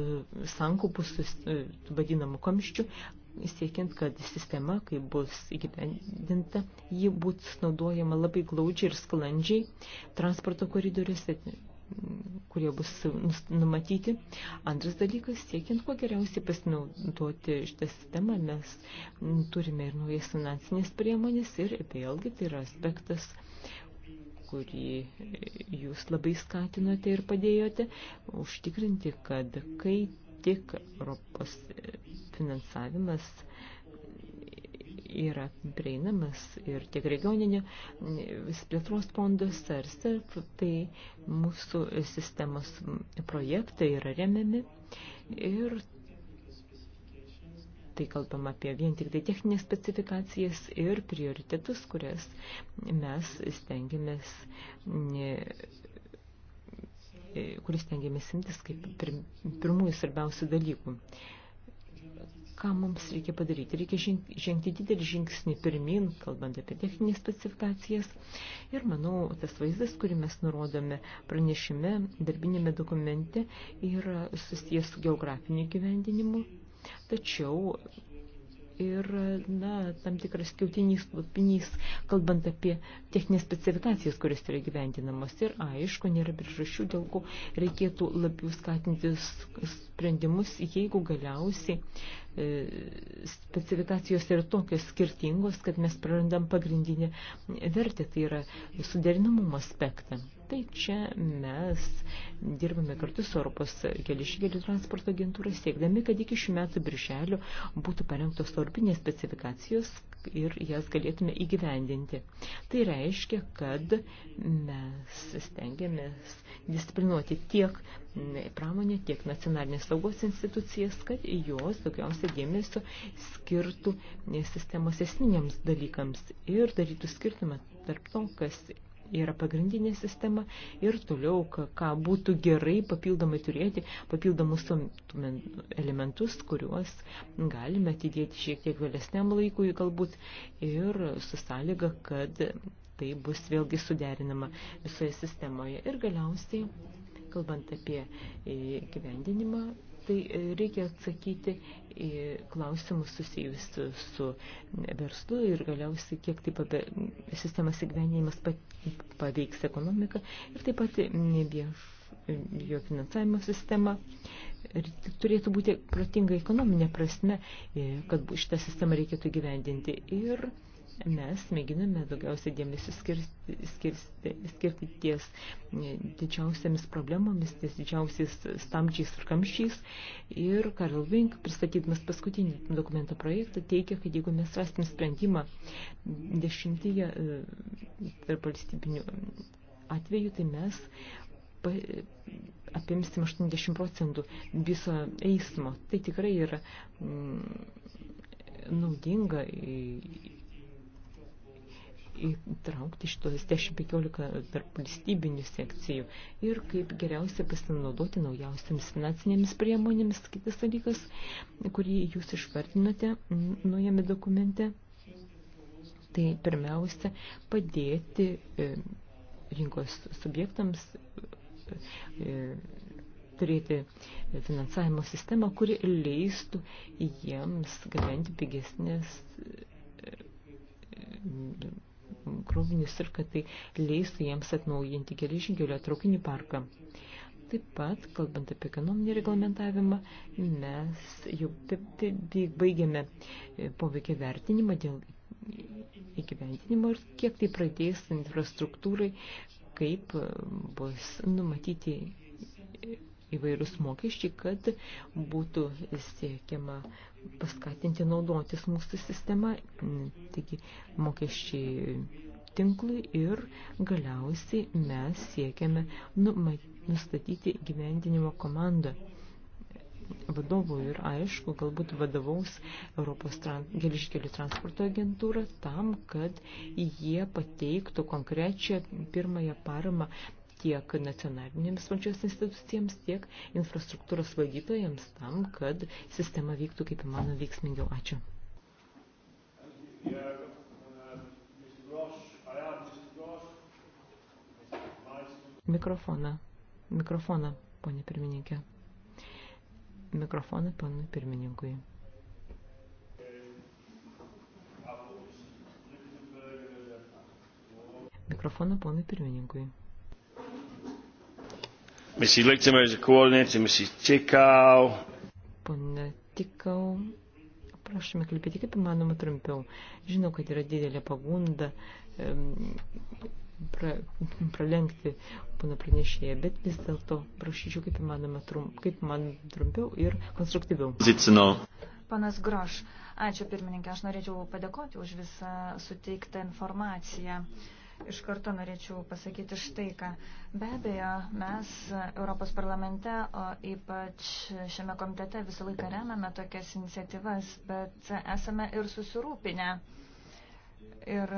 sankaupų su e, vadinamu kamščiu, siekiant, kad sistema, kai bus įgyvendinta, ji būtų naudojama labai glaudžiai ir sklandžiai transporto koridoriuose, kurie bus numatyti. Antras dalykas, siekiant kuo geriausiai pasinaudoti šitą sistemą, mes turime ir naujas finansinės priemonės ir vėlgi tai yra aspektas kurį jūs labai skatinote ir padėjote, užtikrinti, kad kai tik Europos finansavimas yra prieinamas ir tiek regioninio plėtros fondas ar SERP, tai mūsų sistemos projektai yra remiami ir tai kalbam apie vien tik tai techninės specifikacijas ir prioritetus, kurias mes stengiamės E, kuris tengiamės imtis kaip pirmųjų svarbiausių dalykų. Ką mums reikia padaryti? Reikia žengti didelį žingsnį pirmin, kalbant apie techninės specifikacijas. Ir manau, tas vaizdas, kurį mes nurodome pranešime, darbinėme dokumente, yra susijęs su geografiniu gyvendinimu. Tačiau ir na, tam tikras skiautinys plupinys, kalbant apie techninės specifikacijas, kurias yra gyvendinamos. Ir aišku, nėra priežasčių, dėl ko reikėtų labiau skatinti sprendimus, jeigu galiausiai e, specifikacijos yra tokios skirtingos, kad mes prarandam pagrindinę vertę, tai yra suderinamumą aspektą. Tai čia mes dirbame kartu su Europos keliškelių transporto agentūra, siekdami, kad iki šių metų birželio būtų parengtos europinės specifikacijos ir jas galėtume įgyvendinti. Tai reiškia, kad mes stengiamės disciplinuoti tiek pramonę, tiek nacionalinės saugos institucijas, kad jos daugiausia dėmesio skirtų sistemos esminiams dalykams ir darytų skirtumą tarp to, kas yra pagrindinė sistema ir toliau, ką būtų gerai papildomai turėti, papildomus elementus, kuriuos galime atidėti šiek tiek vėlesniam laikui galbūt ir su sąlyga, kad tai bus vėlgi suderinama visoje sistemoje. Ir galiausiai, kalbant apie e, gyvendinimą, tai e, reikia atsakyti į klausimus susijusius su verslu ir galiausiai kiek taip apie sistemos įgyvenimas paveiks ekonomiką ir taip pat e, vieš, e, jo finansavimo sistema. Ir turėtų būti protinga ekonominė prasme, kad šitą sistemą reikėtų gyvendinti. Ir mes mėginame daugiausiai dėmesį skirti, skirti, skirti ties e, didžiausiamis problemomis, ties didžiausiais stamčiais ir kamščiais. Ir Karl Vink, pristatydamas paskutinį dokumento projektą, teigia, kad jeigu mes rasim sprendimą dešimtyje e, tarp valstybinių atvejų, tai mes apimsim 80 procentų viso eismo. Tai tikrai yra mm, naudinga įtraukti šitos 10-15 tarp valstybinių sekcijų ir kaip geriausia pasinaudoti naujausiams finansinėmis priemonėmis. Kitas dalykas, kurį jūs išvardinote naujame dokumente, tai pirmiausia padėti e, rinkos subjektams e, e, turėti finansavimo sistemą, kuri leistų jiems gabenti pigesnės krovinius ir kad tai leis jiems atnaujinti geležinkelio traukinių parką. Taip pat, kalbant apie ekonominį reglamentavimą, mes jau baigėme e, poveikį vertinimą dėl įgyvendinimo ir kiek tai pradės infrastruktūrai, kaip e, bus numatyti įvairius mokesčiai, kad būtų siekiama paskatinti naudotis mūsų sistema, taigi mokesčiai tinklui ir galiausiai mes siekiame nu, nustatyti gyvendinimo komandą vadovų ir aišku, galbūt vadovaus Europos trans, geliškelių transporto agentūra tam, kad jie pateiktų konkrečią pirmąją paramą tiek nacionalinėms valdžios institucijams, tiek infrastruktūros valdytojams tam, kad sistema vyktų kaip įmanoma veiksmingiau. Ačiū. Mikrofoną. Mikrofoną, ponė pirmininkė. Mikrofoną, ponui pirmininkui. Mikrofoną ponui pirmininkui. Mrs. Lichtenberg is a coordinator, Mrs. Tikau. Pone Tikau, prašome kalbėti kaip įmanoma trumpiau. Žinau, kad yra didelė pagunda um, pra, pralenkti pono pranešėją, bet vis dėlto prašyčiau kaip įmanoma trump, kaip man trumpiau ir konstruktyviau. Zicino. Panas Groš, ačiū pirmininkė, aš norėčiau padėkoti už visą suteiktą informaciją. Uh, iš karto norėčiau pasakyti štai ką. Be abejo, mes Europos parlamente, o ypač šiame komitete visą laiką remiame tokias iniciatyvas, bet esame ir susirūpinę. Ir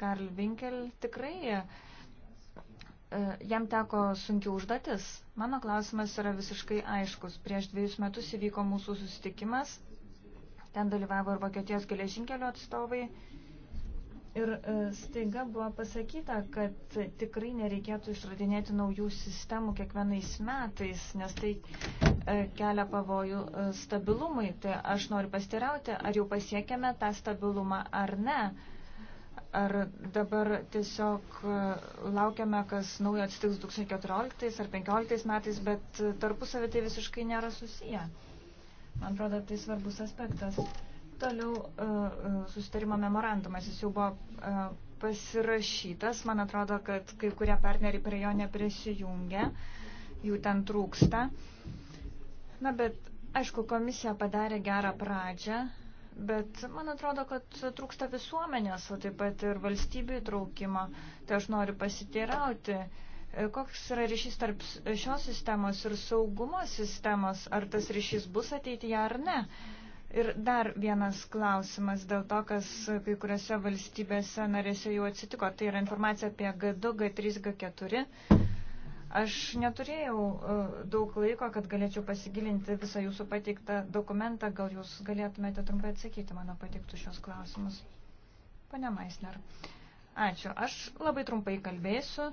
Karl Winkel tikrai, e, jam teko sunki užduotis. Mano klausimas yra visiškai aiškus. Prieš dviejus metus įvyko mūsų susitikimas. Ten dalyvavo ir Vokietijos geležinkelio atstovai Ir e, staiga buvo pasakyta, kad tikrai nereikėtų išradinėti naujų sistemų kiekvienais metais, nes tai e, kelia pavojų e, stabilumui. Tai aš noriu pastirauti, ar jau pasiekėme tą stabilumą ar ne. Ar dabar tiesiog laukiame, kas naujo atsitiks 2014 ar 2015 metais, bet tarpusavį tai visiškai nėra susiję. Man atrodo, tai svarbus aspektas. Toliau e, e, susitarimo memorandumas, jis jau buvo e, pasirašytas, man atrodo, kad kai kurie partneriai prie jo neprisijungia, jų ten trūksta. Na, bet aišku, komisija padarė gerą pradžią, bet man atrodo, kad trūksta visuomenės, o taip pat ir valstybių įtraukimo. Tai aš noriu pasiteirauti, koks yra ryšys tarp šios sistemos ir saugumo sistemos, ar tas ryšys bus ateityje ar ne. Ir dar vienas klausimas dėl to, kas kai kuriuose valstybėse narėse jau atsitiko. Tai yra informacija apie G2, G3, G4. Aš neturėjau e, daug laiko, kad galėčiau pasigilinti visą jūsų pateiktą dokumentą. Gal jūs galėtumėte trumpai atsakyti mano pateiktų šios klausimus. Pane Maisner. Ačiū. Aš labai trumpai kalbėsiu.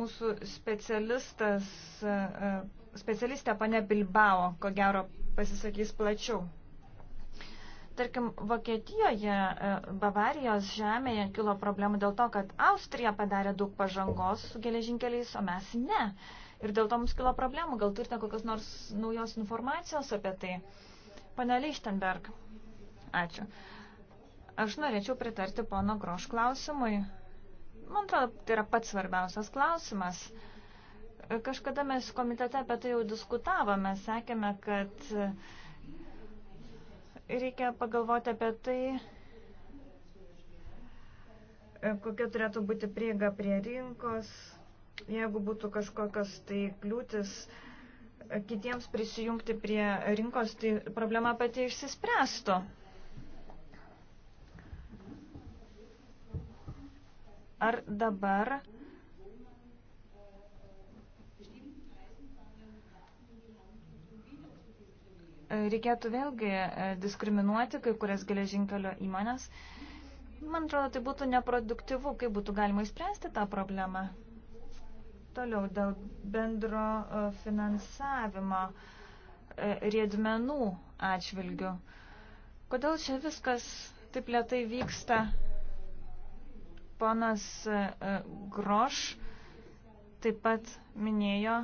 Mūsų specialistas, e, e, specialistė pane Bilbao, ko gero pasisakys plačiau. Tarkim, Vokietijoje, e, Bavarijos žemėje kilo problemų dėl to, kad Austrija padarė daug pažangos su geležinkeliais, o mes ne. Ir dėl to mums kilo problemų. Gal turite kokios nors naujos informacijos apie tai? Pane Lichtenberg. Ačiū. Aš norėčiau pritarti pono Groš klausimui. Man atrodo, tai yra pats svarbiausias klausimas. E, kažkada mes komitete apie tai jau diskutavome, sakėme, kad uh, Reikia pagalvoti apie tai, e, kokia turėtų būti prieiga prie rinkos, jeigu būtų kažkokios tai kliūtis e, kitiems prisijungti prie rinkos, tai problema pati išsispręstų. Ar dabar reikėtų vėlgi e, diskriminuoti kai kurias geležinkelio įmonės. Man atrodo, tai būtų neproduktyvu, kaip būtų galima išspręsti tą problemą. Toliau dėl bendro e, finansavimo e, riedmenų atžvilgių. Kodėl čia viskas taip lietai vyksta? Ponas Groš taip pat minėjo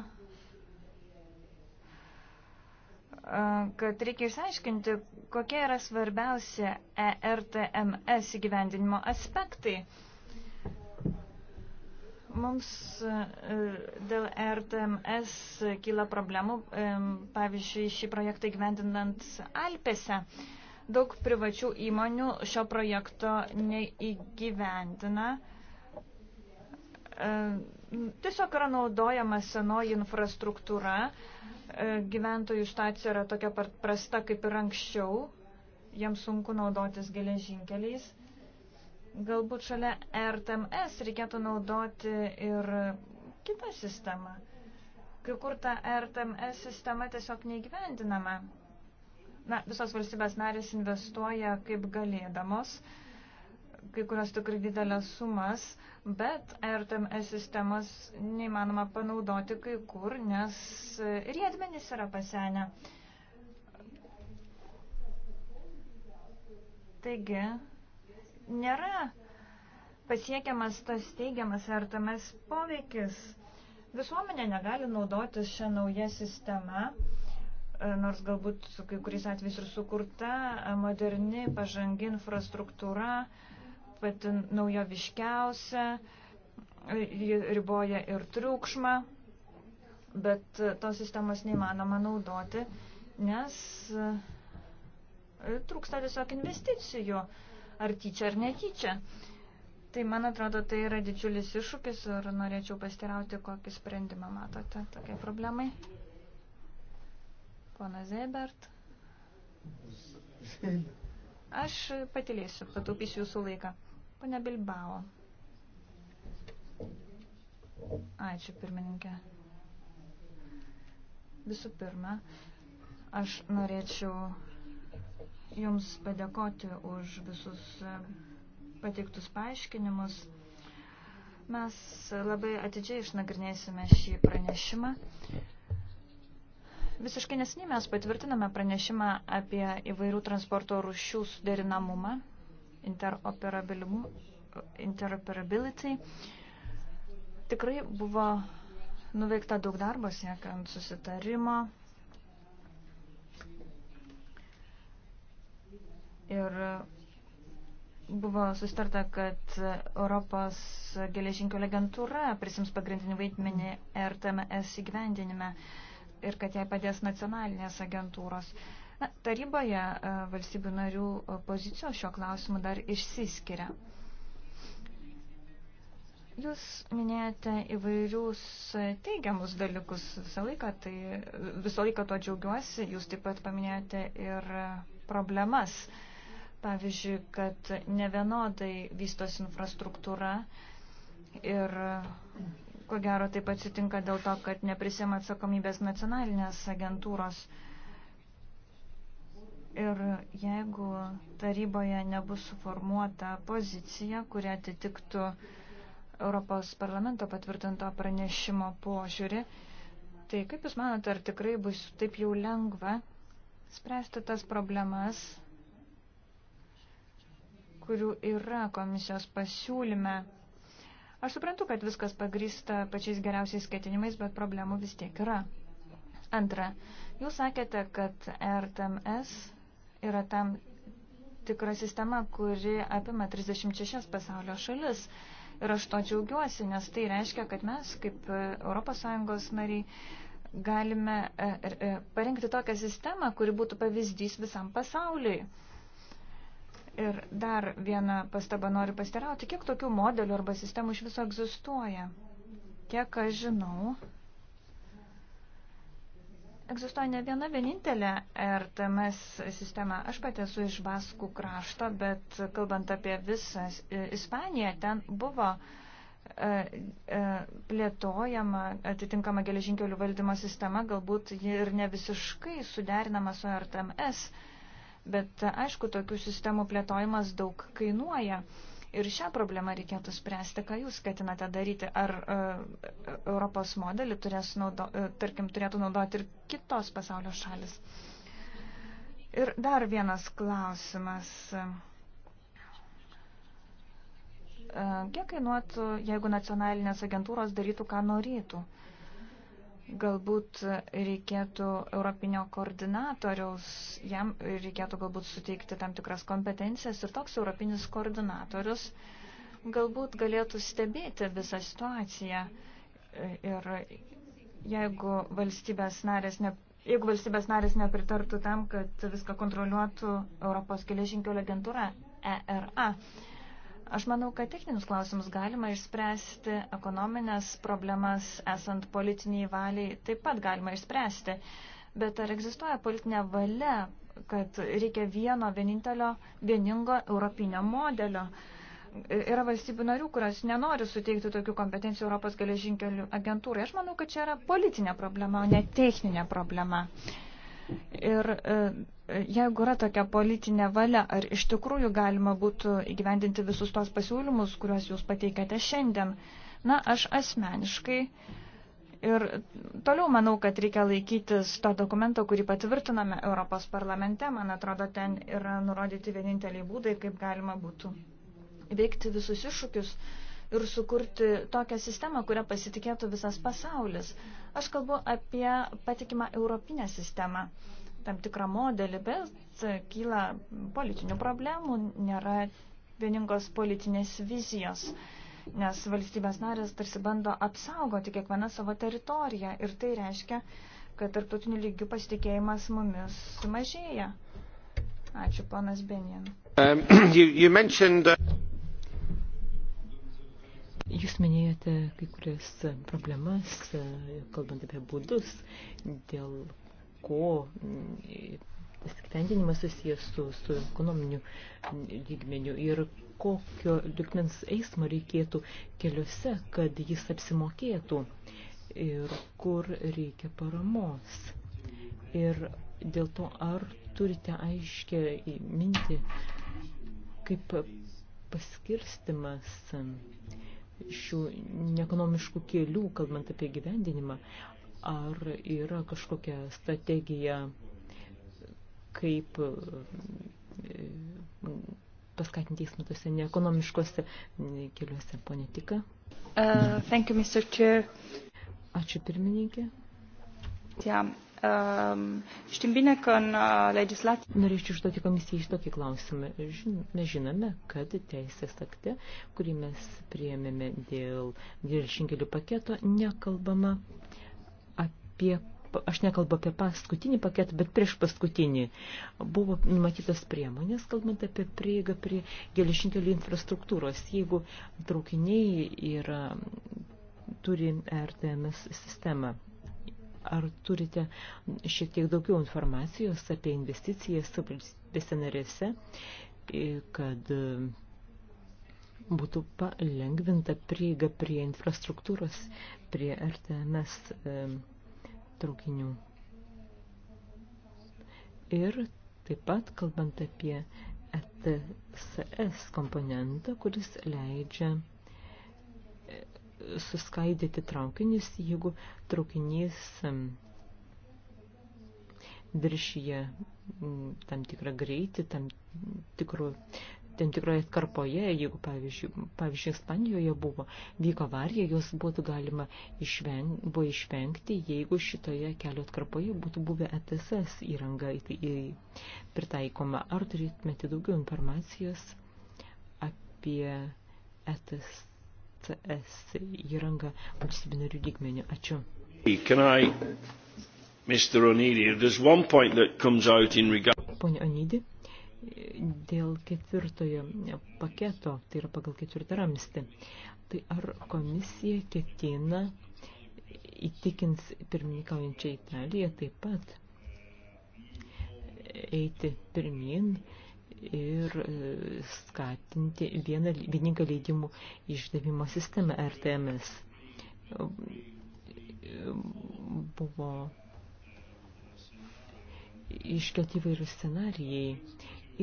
kad reikia išsiaiškinti, kokie yra svarbiausi ERTMS įgyvendinimo aspektai. Mums dėl ERTMS kyla problemų, pavyzdžiui, šį projektą įgyvendinant Alpėse. Daug privačių įmonių šio projekto neįgyvendina tiesiog yra naudojama senoji infrastruktūra, E, gyventojų stacija yra tokia prasta kaip ir anksčiau, jiems sunku naudotis geležinkeliais. Galbūt šalia RTMS reikėtų naudoti ir kitą sistemą. Kai kur ta RTMS sistema tiesiog neįgyvendinama. Na, visos valstybės narės investuoja kaip galėdamos. Uh, kai kurios tikrai didelės sumas, bet RTMS sistemas neįmanoma panaudoti kai kur, nes riedmenys yra pasenę. Taigi, nėra pasiekiamas tas teigiamas RTMS poveikis. Visuomenė negali naudotis šią naują sistemą e, nors galbūt kai kuriais atvejais ir sukurta e, moderni, pažangi infrastruktūra, pati naujoviškiausia, riboja ir triukšmą, bet tos sistemos neįmanoma naudoti, nes e, trūksta tiesiog investicijų, ar tyčia ar netyčia. Tai man atrodo, tai yra didžiulis iššūkis ir norėčiau pastirauti, kokį sprendimą matote tokiai problemai. Pana Zebert. Aš patilėsiu, pataupysiu jūsų laiką. Pane Bilbao. Ačiū, pirmininkė. Visų pirma, aš norėčiau Jums padėkoti už visus pateiktus paaiškinimus. Mes labai atidžiai išnagrinėsime šį pranešimą. Visiškai nesiniai mes patvirtiname pranešimą apie įvairių transporto rušių suderinamumą interoperability. Tikrai buvo nuveikta daug darbo siekiant susitarimo. Ir buvo sustarta, kad Europos geležinkelio agentūra prisims pagrindinį vaidmenį RTMS įgyvendinime ir kad jai padės nacionalinės agentūros. Uh, Na, taryboje e, valstybių narių e, pozicijos šio klausimu dar išsiskiria. Jūs minėjote įvairius teigiamus dalykus visą laiką, tai visą laiką to džiaugiuosi, jūs taip pat paminėjote ir problemas. Pavyzdžiui, kad ne vienodai vystosi infrastruktūra ir ko gero taip atsitinka dėl to, kad neprisima atsakomybės nacionalinės agentūros. Uh, Ir jeigu taryboje nebus suformuota pozicija, kuria atitiktų Europos parlamento patvirtinto pranešimo požiūrį, tai kaip Jūs manote, ar tikrai bus taip jau lengva spręsti tas problemas, kurių yra komisijos pasiūlyme? Aš suprantu, kad viskas pagrįsta pačiais geriausiais ketinimais, bet problemų vis tiek yra. Antra, jūs sakėte, kad RTMS yra tam tikra sistema, kuri apima 36 pasaulio šalis. Ir aš to džiaugiuosi, nes tai reiškia, kad mes, kaip ES nariai, galime e, e, e, parengti tokią sistemą, kuri būtų pavyzdys visam pasauliui. Ir dar vieną pastabą noriu pastirauti, kiek tokių modelių arba sistemų iš viso egzistuoja. Kiek aš žinau, Egzistuoja ne viena vienintelė RTMS sistema. Aš pati esu iš Baskų krašto, bet kalbant apie visą Ispaniją, ten buvo e, e, plėtojama atitinkama geležinkelių valdymo sistema, galbūt ji ir ne visiškai suderinama su RTMS, bet aišku, tokių sistemų plėtojimas daug kainuoja ir šią problemą reikėtų spręsti, ką jūs ketinate daryti. Ar uh, Europos modelį turės naudo, uh, tarkim, turėtų naudoti ir kitos pasaulio šalis? Ir dar vienas klausimas. Uh, kiek kainuotų, jeigu nacionalinės agentūros darytų, ką norėtų? Uh, Galbūt reikėtų europinio koordinatoriaus, jam reikėtų galbūt suteikti tam tikras kompetencijas ir toks europinis koordinatorius galbūt galėtų stebėti visą situaciją. Ir jeigu valstybės narės, ne, jeigu valstybės narės nepritartų tam, kad viską kontroliuotų Europos geležinkelio agentūra ERA, Aš manau, kad techninius klausimus galima išspręsti, ekonominės problemas esant politiniai valiai taip pat galima išspręsti. Bet ar egzistuoja politinė valia, kad reikia vieno vienintelio, vieningo europinio modelio? yra valstybių narių, kurios nenori suteikti tokių kompetencijų Europos geležinkelių agentūrai. Aš manau, kad čia yra politinė problema, o ne techninė problema. Ir e, Jeigu yra tokia politinė valia, ar iš tikrųjų galima būtų įgyvendinti visus tos pasiūlymus, kuriuos jūs pateikėte šiandien? Na, aš asmeniškai ir toliau manau, kad reikia laikytis to dokumento, kurį patvirtiname Europos parlamente. Man atrodo, ten yra nurodyti vieninteliai būdai, kaip galima būtų veikti visus iššūkius ir sukurti tokią sistemą, kurią pasitikėtų visas pasaulis. Aš kalbu apie patikimą europinę sistemą tam tikrą modelį, bet kyla politinių problemų, nėra vieningos politinės vizijos, nes valstybės narės tarsi bando apsaugoti kiekvieną savo teritoriją ir tai reiškia, kad tarptautinių lygių pasitikėjimas mumis sumažėja. Ačiū, ponas Benin. Um, you, you mentioned, uh... Jūs minėjote kai kurias problemas, kalbant apie būdus, dėl ko mm, skvendinimas susijęs su, su ekonominiu mm, lygmeniu ir kokio lygmens eismo reikėtų keliuose, kad jis apsimokėtų ir kur reikia paramos. Ir dėl to, ar turite aiškę mintį, kaip paskirstimas šių neekonomiškų kelių, kalbant apie gyvendinimą, ar yra kažkokia strategija, kaip mm, paskatinti teismą tose neekonomiškose mm, keliuose, ponė Tika. Uh, thank you, Mr. Chair. Ačiū pirmininkė. Yeah. Um, Știm bine că în uh, legislație... Norėčiau užduoti komisijai iš tokį klausimą. Žin, mes žinome, kad teisės akte, kurį mes priėmėme dėl geležinkelių paketo, nekalbama apie, aš nekalbu apie paskutinį paketą, bet prieš paskutinį. Buvo numatytas priemonės, kalbant apie prieigą prie geležinkelių infrastruktūros. Jeigu traukiniai yra, turi RTMS sistemą, ar turite šiek tiek daugiau informacijos apie investicijas valstybėse kad e, būtų palengvinta prieiga prie infrastruktūros, prie RTMS e, traukinių. Ir taip pat kalbant apie ETSS komponentą, kuris leidžia e, suskaidyti traukinius, jeigu traukinys viršyje tam tikrą greitį, tam tikrų tam tikroje atkarpoje, jeigu, pavyzdžiui, pavyzdžiui, Ispanijoje buvo, vyko avarija, jos būtų galima išveng, buvo išvengti, jeigu šitoje kelio atkarpoje būtų buvę ETSS įranga į, į, pritaikoma. Ar turėtumėte daugiau informacijos apie ETSS įrangą valstybinarių lygmenių? Ačiū. Can I, Mr. Onidi, there's one point that comes out in regard... Pone Onidi, dėl ketvirtojo paketo, tai yra pagal ketvirtą ramstį. Tai ar komisija ketina įtikins pirmininkaujančią Italiją taip pat eiti pirmin ir e, skatinti vieną, vieningą leidimų išdavimo sistemą RTMS. Buvo iškelti įvairių scenarijai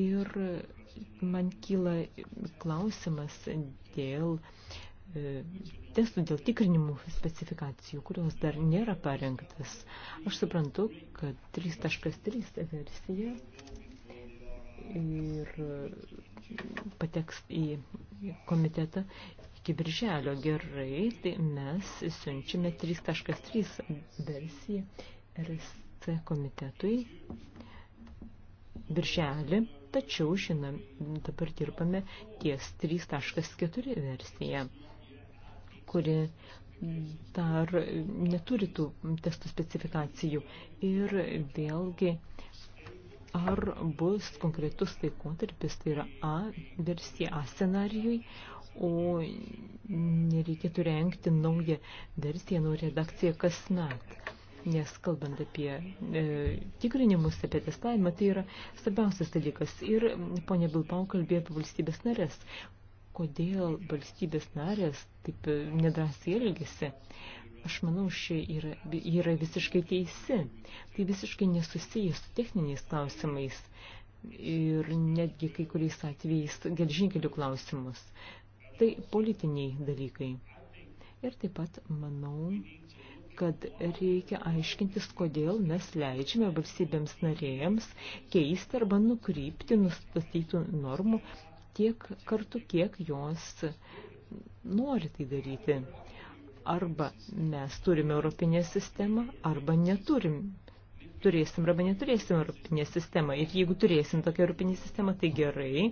Ir man kyla klausimas dėl e, testų, dėl tikrinimų specifikacijų, kurios dar nėra parengtas. Aš suprantu, kad 3.3 versija ir pateks į komitetą iki birželio. Gerai, tai mes siunčiame 3.3 versiją RSC komitetui birželį tačiau žinom, dabar dirbame ties 3.4 versija, kuri dar neturi tų testų specifikacijų. Ir vėlgi, ar bus konkretus taikotarpis, tai yra A versija A scenarijui, o nereikėtų renkti naują versiją, naują redakciją kasmet. Nes kalbant apie e, tikrinimus, apie testavimą, tai yra svarbiausias dalykas. Ir ponė Bilbao kalbėjo apie valstybės narės. Kodėl valstybės narės taip e, nedrąsiai elgesi? Aš manau, ši yra, yra visiškai teisi. Tai visiškai nesusijęs su techniniais klausimais ir netgi kai kuriais atvejais gelžinkelių klausimus. Tai politiniai dalykai. Ir taip pat, manau, kad reikia aiškintis, kodėl mes leidžiame valstybėms narėjams keisti arba nukrypti nustatytų normų tiek kartu, kiek jos nori tai daryti. Arba mes turime europinę sistemą, arba neturim turėsim arba neturėsim europinę sistemą. Ir jeigu turėsim tokią europinę sistemą, tai gerai,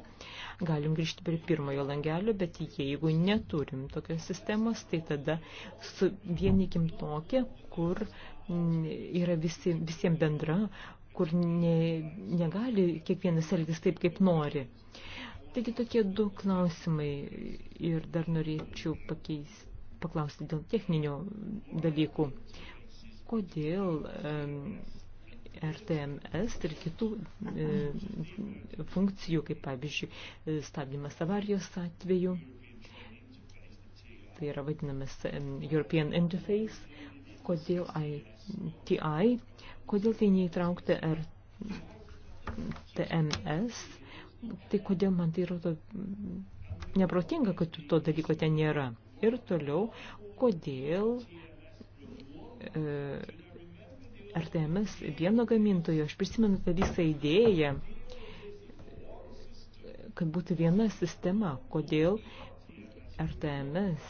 galim grįžti prie pirmojo langelio, bet jeigu neturim tokios sistemos, tai tada suvienikim tokią, kur yra visi, visiems bendra, kur ne, negali kiekvienas elgtis taip, kaip nori. Taigi tokie du klausimai ir dar norėčiau pakeisti, paklausti dėl techninių dalykų. Kodėl um, RTMS ir kitų e, funkcijų, kaip pavyzdžiui e, stabdymas avarijos atveju, tai yra vadinamas e, European Interface, kodėl ITI, kodėl tai neįtraukta RTMS, tai kodėl man tai rodo neprotinga, kad to dalyko ten nėra. Ir toliau, kodėl e, RTMS vieno gamintojo. Aš prisimenu tą visą idėją, kad būtų viena sistema, kodėl RTMS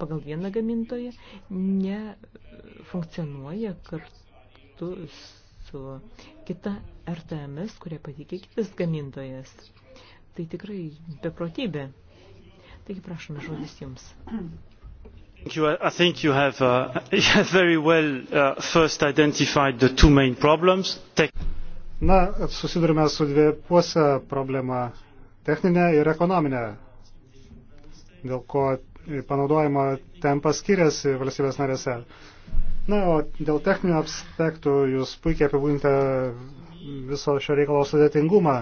pagal vieną gamintoją nefunkcionuoja kartu su kita RTMS, kurią patikė kitas gamintojas. Tai tikrai beprotybė. Taigi prašome žodis jums. i think you have uh, very well uh, first identified the two main problems. na susidurime su dviejuose problema technine ir ekonomine dėl ko panaudojimo tempas skiriasi valstybės narėse. Na, o dėl techninių aspektų jūs puikiai apibūdinte viso šio reikalo sudėtingumą.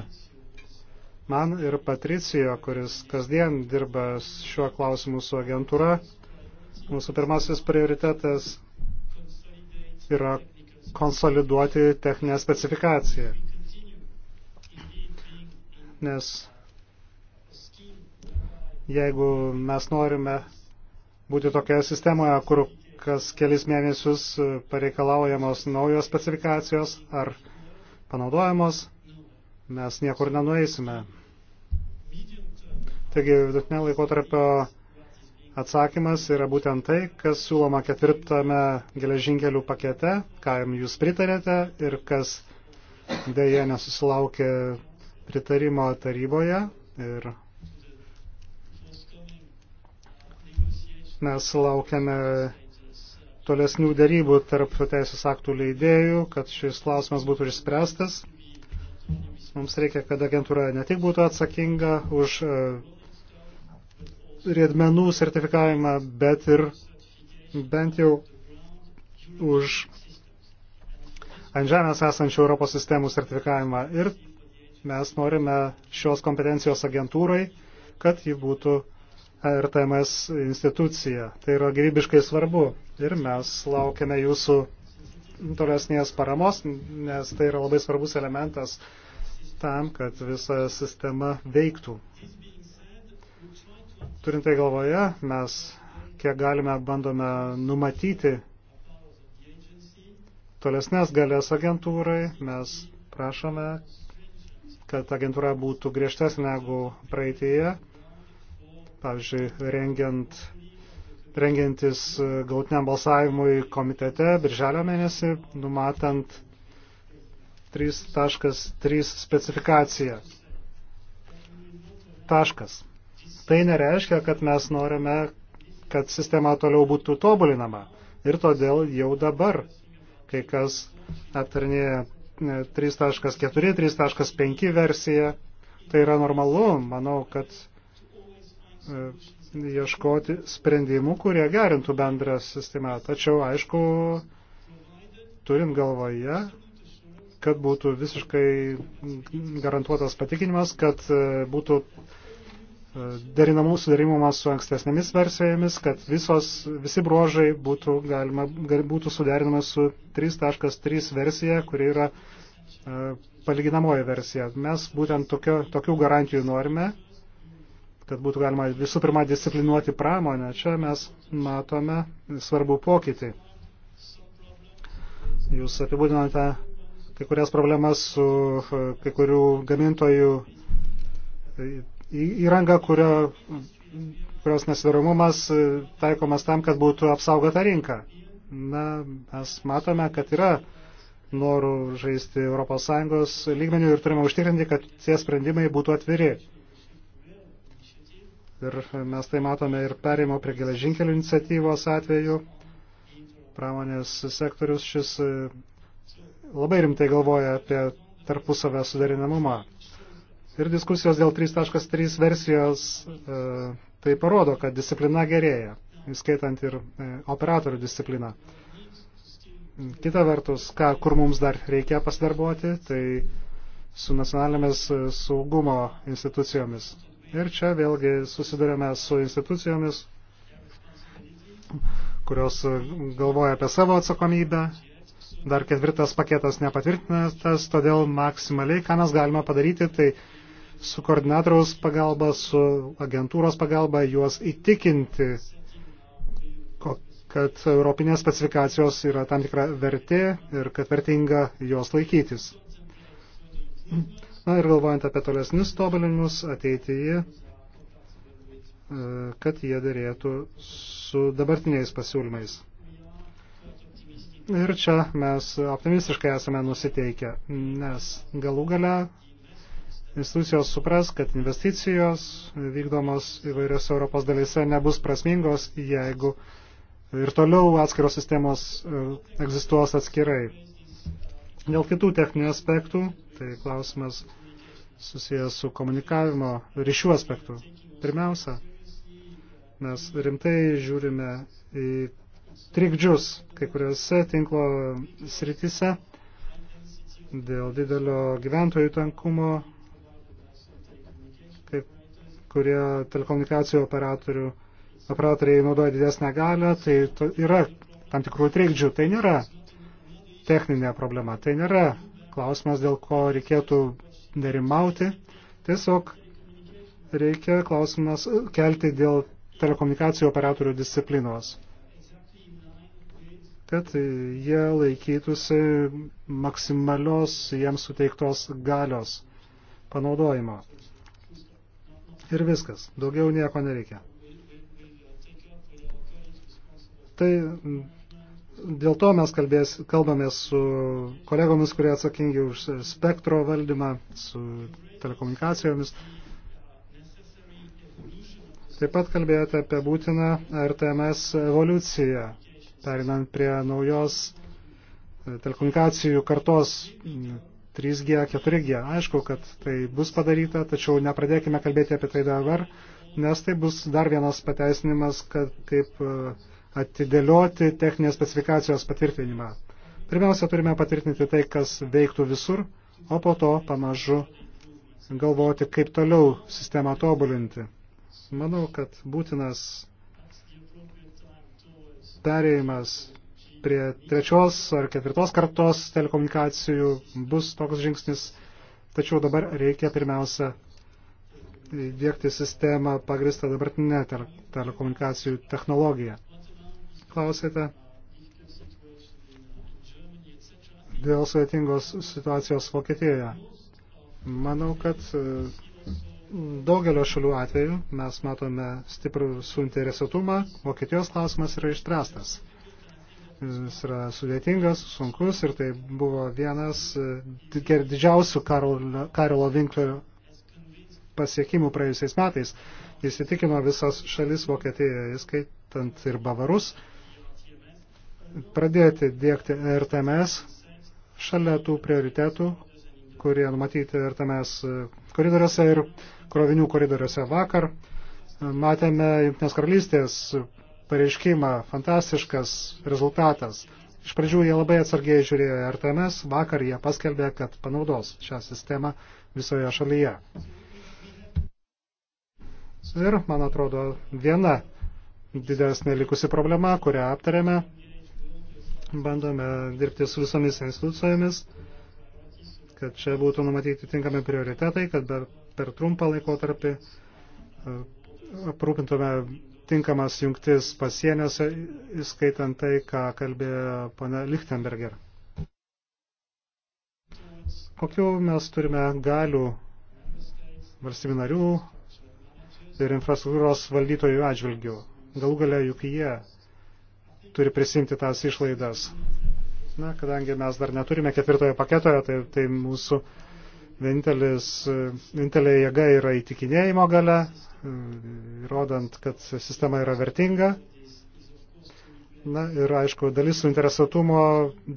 Man ir Patricijo, kuris kasdien dirba šiuo klausimu su agentūra, Mūsų pirmasis prioritetas yra konsoliduoti techninę specifikaciją. Nes jeigu mes norime būti tokioje sistemoje, kur kas kelis mėnesius pareikalaujamos naujos specifikacijos ar panaudojamos, mes niekur nenueisime. Taigi vidutinė laikotarpio Atsakymas yra būtent tai, kas siūloma ketvirtame geležinkelių pakete, kam jūs pritarėte ir kas dėje nesusilaukė pritarimo taryboje. Ir mes laukiame tolesnių darybų tarp teisės aktų leidėjų, kad šis klausimas būtų išspręstas. Mums reikia, kad agentūra ne tik būtų atsakinga už riedmenų sertifikavimą, bet ir bent jau už ant žemės esančių Europos sistemų sertifikavimą. Ir mes norime šios kompetencijos agentūrai, kad ji būtų RTMS institucija. Tai yra gyvybiškai svarbu ir mes laukiame jūsų tolesnės paramos, nes tai yra labai svarbus elementas tam, kad visa sistema veiktų. Turint tai galvoje, mes kiek galime bandome numatyti tolesnės galės agentūrai. Mes prašome, kad agentūra būtų griežtesnė negu praeitėje. Pavyzdžiui, rengiant, rengiantis gautiniam balsavimui komitete birželio mėnesį, numatant 3.3 specifikaciją. Taškas tai nereiškia, kad mes norime, kad sistema toliau būtų tobulinama. Ir todėl jau dabar, kai kas aptarnėja 3.4, 3.5 versiją, tai yra normalu, manau, kad e, ieškoti sprendimų, kurie gerintų bendrą sistemą. Tačiau, aišku, turint galvoje, kad būtų visiškai garantuotas patikinimas, kad e, būtų derinamų sudarimumas su ankstesnėmis versijomis, kad visos, visi bruožai būtų, galima, būtų suderinama su 3.3 versija, kuri yra e, palyginamoji versija. Mes būtent tokio, tokių garantijų norime, kad būtų galima visų pirma disciplinuoti pramonę. Čia mes matome svarbų pokytį. Jūs apibūdinote kai kurias problemas su e, kai kurių gamintojų įranga, kurio, kurios nesviramumas e, taikomas tam, kad būtų apsaugota rinka. Na, mes matome, kad yra norų žaisti ES lygmenių ir turime užtikrinti, kad tie sprendimai būtų atviri. Ir mes tai matome ir perėjimo prie geležinkelių iniciatyvos atveju. Pramonės sektorius šis e, labai rimtai galvoja apie tarpusavę suderinamumą. Ir diskusijos dėl 3.3 versijos e, tai parodo, kad disciplina gerėja, įskaitant ir e, operatorių discipliną. Kita vertus, ką, kur mums dar reikia pasidarbuoti, tai su nacionalinėmis e, saugumo institucijomis. Ir čia vėlgi susidurėme su institucijomis, kurios galvoja apie savo atsakomybę. Dar ketvirtas paketas nepatvirtintas, todėl maksimaliai, ką mes galime padaryti, tai su koordinatoriaus pagalba, su agentūros pagalba juos įtikinti, kad europinės specifikacijos yra tam tikra vertė ir kad vertinga jos laikytis. Na ir galvojant apie tolesnius tobulinimus ateityje, e, kad jie dėrėtų su dabartiniais pasiūlymais. Ir čia mes optimistiškai esame nusiteikę, nes galų gale institucijos supras, kad investicijos vykdomos įvairiose Europos dalyse nebus prasmingos, jeigu ir toliau atskiros sistemos e, egzistuos atskirai. Dėl kitų techninių aspektų, tai klausimas susijęs su komunikavimo ryšių aspektu. Pirmiausia, mes rimtai žiūrime į trikdžius kai kuriuose tinklo srityse dėl didelio gyventojų tankumo kurie telekomunikacijų operatorių, operatoriai naudoja didesnę galę, tai yra tam tikrų trikdžių. Tai nėra techninė problema, tai nėra klausimas, dėl ko reikėtų nerimauti. Tiesiog reikia klausimas kelti dėl telekomunikacijų operatorių disciplinos kad jie laikytųsi maksimalios jiems suteiktos galios panaudojimo. Ir viskas. Daugiau nieko nereikia. Tai dėl to mes kalbės, kalbame su kolegomis, kurie atsakingi už spektro valdymą, su telekomunikacijomis. Taip pat kalbėjote apie būtiną RTMS evoliuciją, perinant prie naujos e, telekomunikacijų kartos 3G, 4G. Aišku, kad tai bus padaryta, tačiau nepradėkime kalbėti apie tai dabar, nes tai bus dar vienas pateisinimas, kad kaip e, atidėlioti techninės specifikacijos patvirtinimą. Pirmiausia, turime patvirtinti tai, kas veiktų visur, o po to pamažu galvoti, kaip toliau sistemą tobulinti. Manau, kad būtinas perėjimas prie trečios ar ketvirtos kartos telekomunikacijų bus toks žingsnis, tačiau dabar reikia pirmiausia įdėkti sistemą pagristą dabartinę tele telekomunikacijų technologiją. Klausėte dėl sudėtingos situacijos Vokietijoje. Manau, kad e, daugelio šalių atveju mes matome stiprų suinteresuotumą, Vokietijos klausimas yra ištrastas jis yra sudėtingas, sunkus ir tai buvo vienas e, didžiausių Karlo Vinklerio pasiekimų praėjusiais metais. Jis įtikino visas šalis Vokietijoje, įskaitant ir Bavarus, pradėti dėkti RTMS šalia tų prioritetų, kurie numatyti RTMS e, koridoriuose ir krovinių koridoriuose vakar. Matėme Junktinės karalystės pareiškimą. Fantastiškas rezultatas. Iš pradžių jie labai atsargiai žiūrėjo RTMS, vakar jie paskelbė, kad panaudos šią sistemą visoje šalyje. Ir, man atrodo, viena didesnė likusi problema, kurią aptarėme, bandome dirbti su visomis institucijomis, kad čia būtų numatyti tinkami prioritetai, kad per trumpą laikotarpį e, aprūpintume tinkamas jungtis pasienėse, įskaitant tai, ką kalbėjo pana Lichtenberger. Kokiu mes turime galių valstybių narių ir infrastruktūros valdytojų atžvilgių. Galų galia juk jie turi prisimti tas išlaidas. Na, kadangi mes dar neturime ketvirtojo paketoje, tai, tai mūsų uh, vienintelė jėga yra įtikinėjimo gale, įrodant, kad sistema yra vertinga. Na ir aišku, dalis suinteresuotumo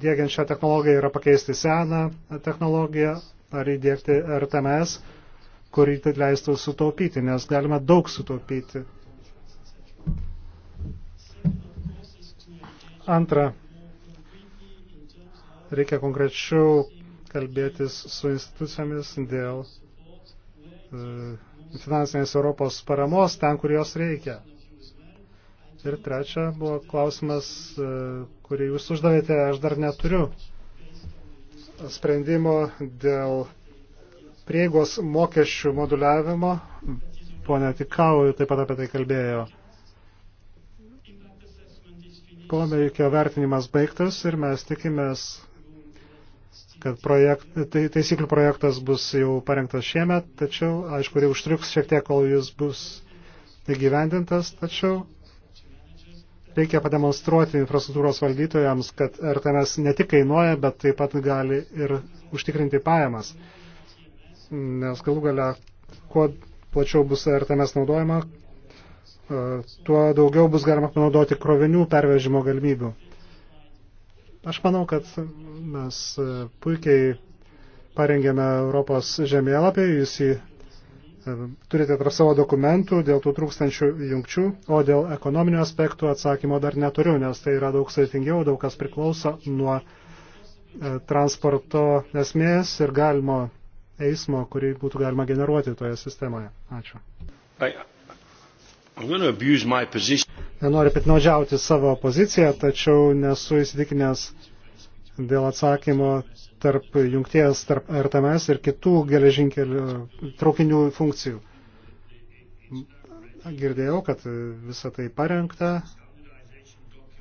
dėgiant šią technologiją yra pakeisti seną technologiją ar įdėkti RTMS, kurį tai leistų sutaupyti, nes galima daug sutaupyti. Antra, reikia konkrečių kalbėtis su institucijomis dėl e, finansinės Europos paramos ten, kur jos reikia. Ir trečia buvo klausimas, e, kurį jūs uždavėte, aš dar neturiu sprendimo dėl prieigos mokesčių moduliavimo. Pone Tikau taip pat apie tai kalbėjo. Poveikio vertinimas baigtas ir mes tikimės kad projekt, tai, taisyklių projektas bus jau parengtas šiemet, tačiau, aišku, tai užtruks šiek tiek, kol jis bus įgyvendintas, tačiau reikia pademonstruoti infrastruktūros valdytojams, kad RTMS ne tik kainuoja, bet taip pat gali ir užtikrinti pajamas. Nes galų gale, kuo plačiau bus RTMS naudojama, tuo daugiau bus galima panaudoti krovinių pervežimo galimybių. Aš manau, kad mes e, puikiai parengėme Europos žemėlapį, jūs jį e, turite tarp savo dokumentų dėl tų trūkstančių jungčių, o dėl ekonominių aspektų atsakymo dar neturiu, nes tai yra daug sveitingiau, daug kas priklauso nuo e, transporto esmės ir galimo eismo, kurį būtų galima generuoti toje sistemoje. Ačiū. Bye. Nenoriu piknaudžiauti savo poziciją, tačiau nesu įsitikinęs dėl atsakymo tarp jungties, tarp RTMS ir kitų geležinkelių traukinių funkcijų. Girdėjau, kad visa tai parengta,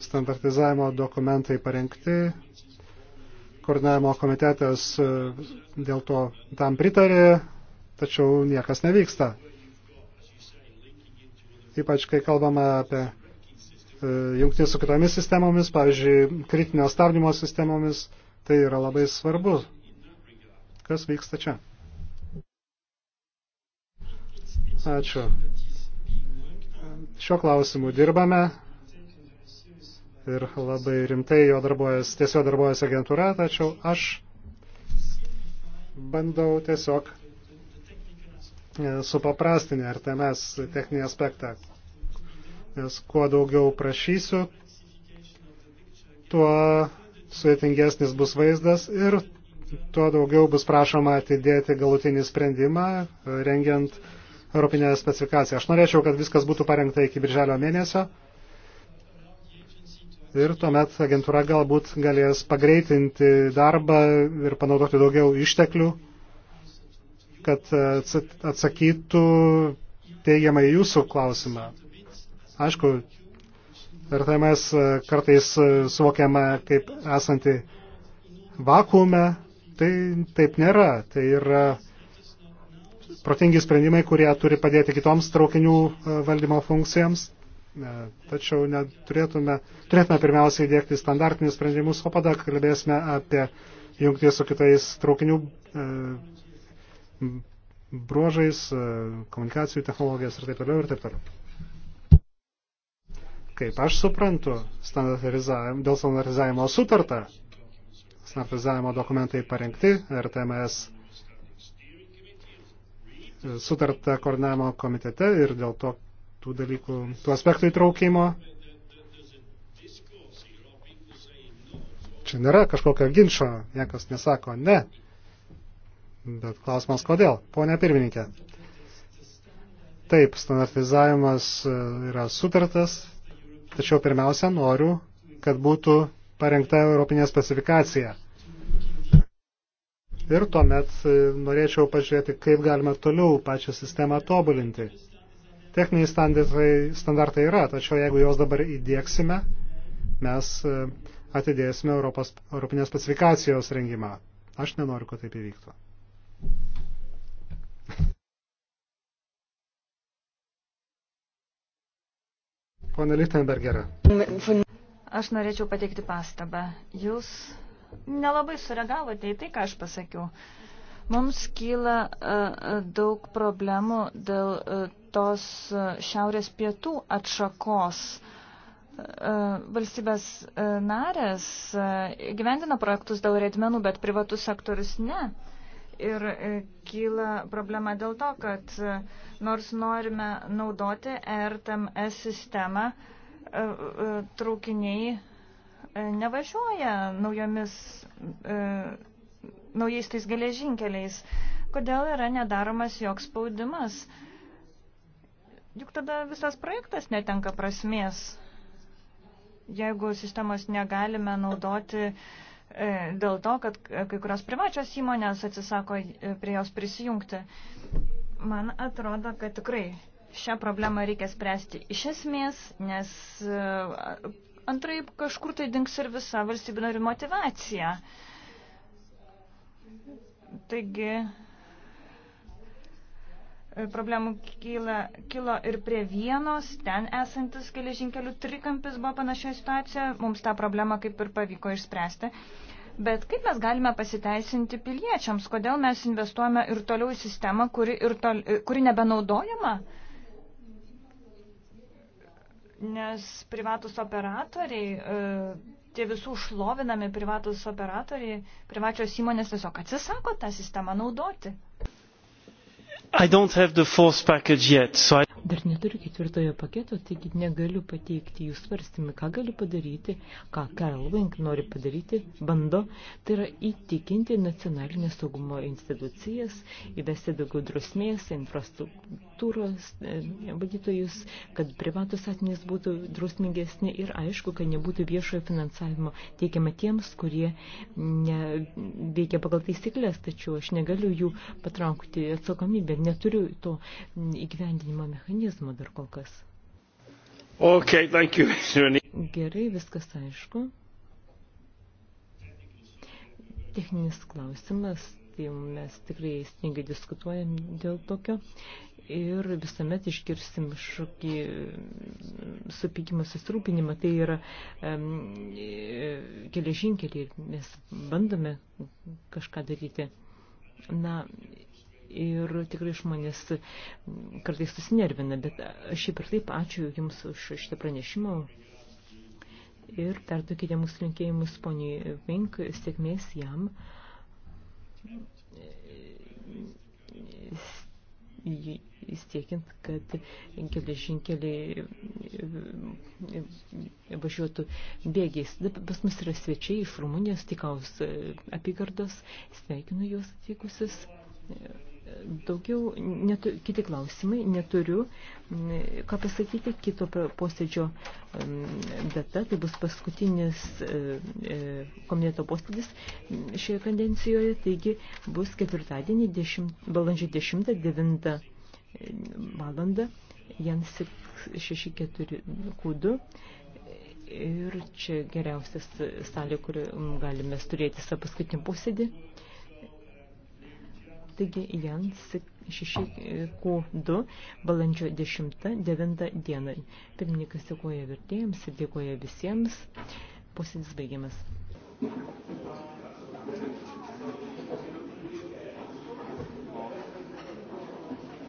standartizavimo dokumentai parengti, koordinavimo komitetas dėl to tam pritarė, tačiau niekas nevyksta ypač kai kalbame apie e, jungtį su kitomis sistemomis, pavyzdžiui, kritinio stabdymo sistemomis, tai yra labai svarbu. Kas vyksta čia? Ačiū. Šiuo klausimu dirbame ir labai rimtai jo darbuojas, tiesiog darbuojas agentūra, tačiau aš bandau tiesiog supaprastinę RTMS techninį aspektą. Nes kuo daugiau prašysiu, tuo sudėtingesnis bus vaizdas ir tuo daugiau bus prašoma atidėti galutinį sprendimą, e, rengiant Europinę specifikaciją. Aš norėčiau, kad viskas būtų parengta iki birželio mėnesio. Ir tuomet agentūra galbūt galės pagreitinti darbą ir panaudoti daugiau išteklių kad e, atsakytų teigiamai jūsų klausimą. Aišku, RTMS e, kartais e, suvokiama kaip esanti vakuume, tai taip nėra. Tai yra protingi sprendimai, kurie turi padėti kitoms traukinių valdymo funkcijams. Tačiau neturėtume, turėtume pirmiausiai dėkti standartinius sprendimus, o pada kalbėsime apie jungtį su kitais traukinių bruožais, e, komunikacijų technologijas ir taip toliau ir taip toliau. Kaip aš suprantu, standartizavim, dėl standartizavimo sutarta, standartizavimo dokumentai parengti, RTMS sutarta koordinavimo komitete ir dėl to tų dalykų, tų aspektų įtraukimo. Čia nėra kažkokio ginčio, niekas nesako ne. Bet klausimas kodėl? Pone pirmininkė. Taip, standartizavimas e, yra sutartas, tačiau pirmiausia noriu, kad būtų parengta europinė specifikacija. Ir tuomet e, norėčiau pažiūrėti, kaip galima toliau pačią sistemą tobulinti. Techniniai standartai, standartai yra, tačiau jeigu juos dabar įdėksime, mes e, atidėsime Europos, Europinės specifikacijos rengimą. Aš nenoriu, kad taip įvyktų. Pone Lichtenbergerą. Aš norėčiau pateikti pastabą. Jūs nelabai sureagavote į tai, ką aš pasakiau. Mums kyla e, e, daug problemų dėl e, tos šiaurės pietų atšakos. Valstybės narės gyvendina projektus dėl redmenų, bet privatus sektorius ne. Ir e, kyla problema dėl to, kad e, nors norime naudoti RTMS sistemą, e, traukiniai nevažiuoja naujomis, naujais tais geležinkeliais. Kodėl yra nedaromas joks spaudimas? Juk tada visas projektas netenka prasmės. Jeigu sistemos negalime naudoti uh, E, dėl to, kad kai kurios privačios įmonės atsisako e, prie jos prisijungti. Man atrodo, kad tikrai šią problemą reikia spręsti iš esmės, nes e, antrai kažkur tai dinks ir visa valstybinarių motivacija. Taigi, E, problemų kyla, kilo ir prie vienos, ten esantis geležinkelių trikampis buvo panašioje situacijoje, mums tą problemą kaip ir pavyko išspręsti. Bet kaip mes galime pasiteisinti piliečiams, kodėl mes investuojame ir toliau į sistemą, kuri, ir tol, e, kuri nebenaudojama? Nes privatus operatoriai, e, tie visų šlovinami privatus operatoriai, privačios įmonės tiesiog atsisako tą sistemą naudoti i do not have the fourth package yet so Dar neturiu ketvirtojo paketo, taigi negaliu pateikti jų svarstymį, ką galiu padaryti, ką Karl Vink nori padaryti, bando, tai yra įtikinti nacionalinę saugumo institucijas, įvesti daugiau drusmės, infrastruktūros e, valdytojus, kad privatus atmės būtų drusmingesni ir aišku, kad nebūtų viešojo finansavimo teikiama tiems, kurie veikia pagal taisyklės, tačiau aš negaliu jų patraukti atsakomybę, neturiu to įgyvendinimo mechanizmo mechanizmo dar kol kas. Okay, thank you, Gerai, viskas aišku. Techninis klausimas, tai mes tikrai sningai diskutuojam dėl tokio ir visuomet išgirsim šokį mm, supykimą, susirūpinimą, tai yra um, geležinkeliai ir mes bandome kažką daryti. Na, ir tikrai žmonės kartais susinervina, bet šiaip ir taip ačiū Jums už šitą pranešimą ir perduokite mūsų linkėjimus poniai Vink, sėkmės jam siekiant, kad geležinkeliai važiuotų bėgiais. Pas mus yra svečiai iš Rumunijos, tikaus apygardos, sveikinu juos atvykusius. Daugiau netu, kiti klausimai neturiu. Ką pasakyti, kito posėdžio data, tai bus paskutinis e, e, komiteto posėdis šioje kandencijoje, taigi bus ketvirtadienį, 10, balandžio 10, 9 valandą, Jan 642 ir čia geriausias salė, kur galime turėti savo paskutinį posėdį. Taigi Jans 6Q2 balandžio 10-9 dieną. Pirmininkas dėkoja vertėjams ir dėkoja visiems. Posėdis baigiamas. Thank you.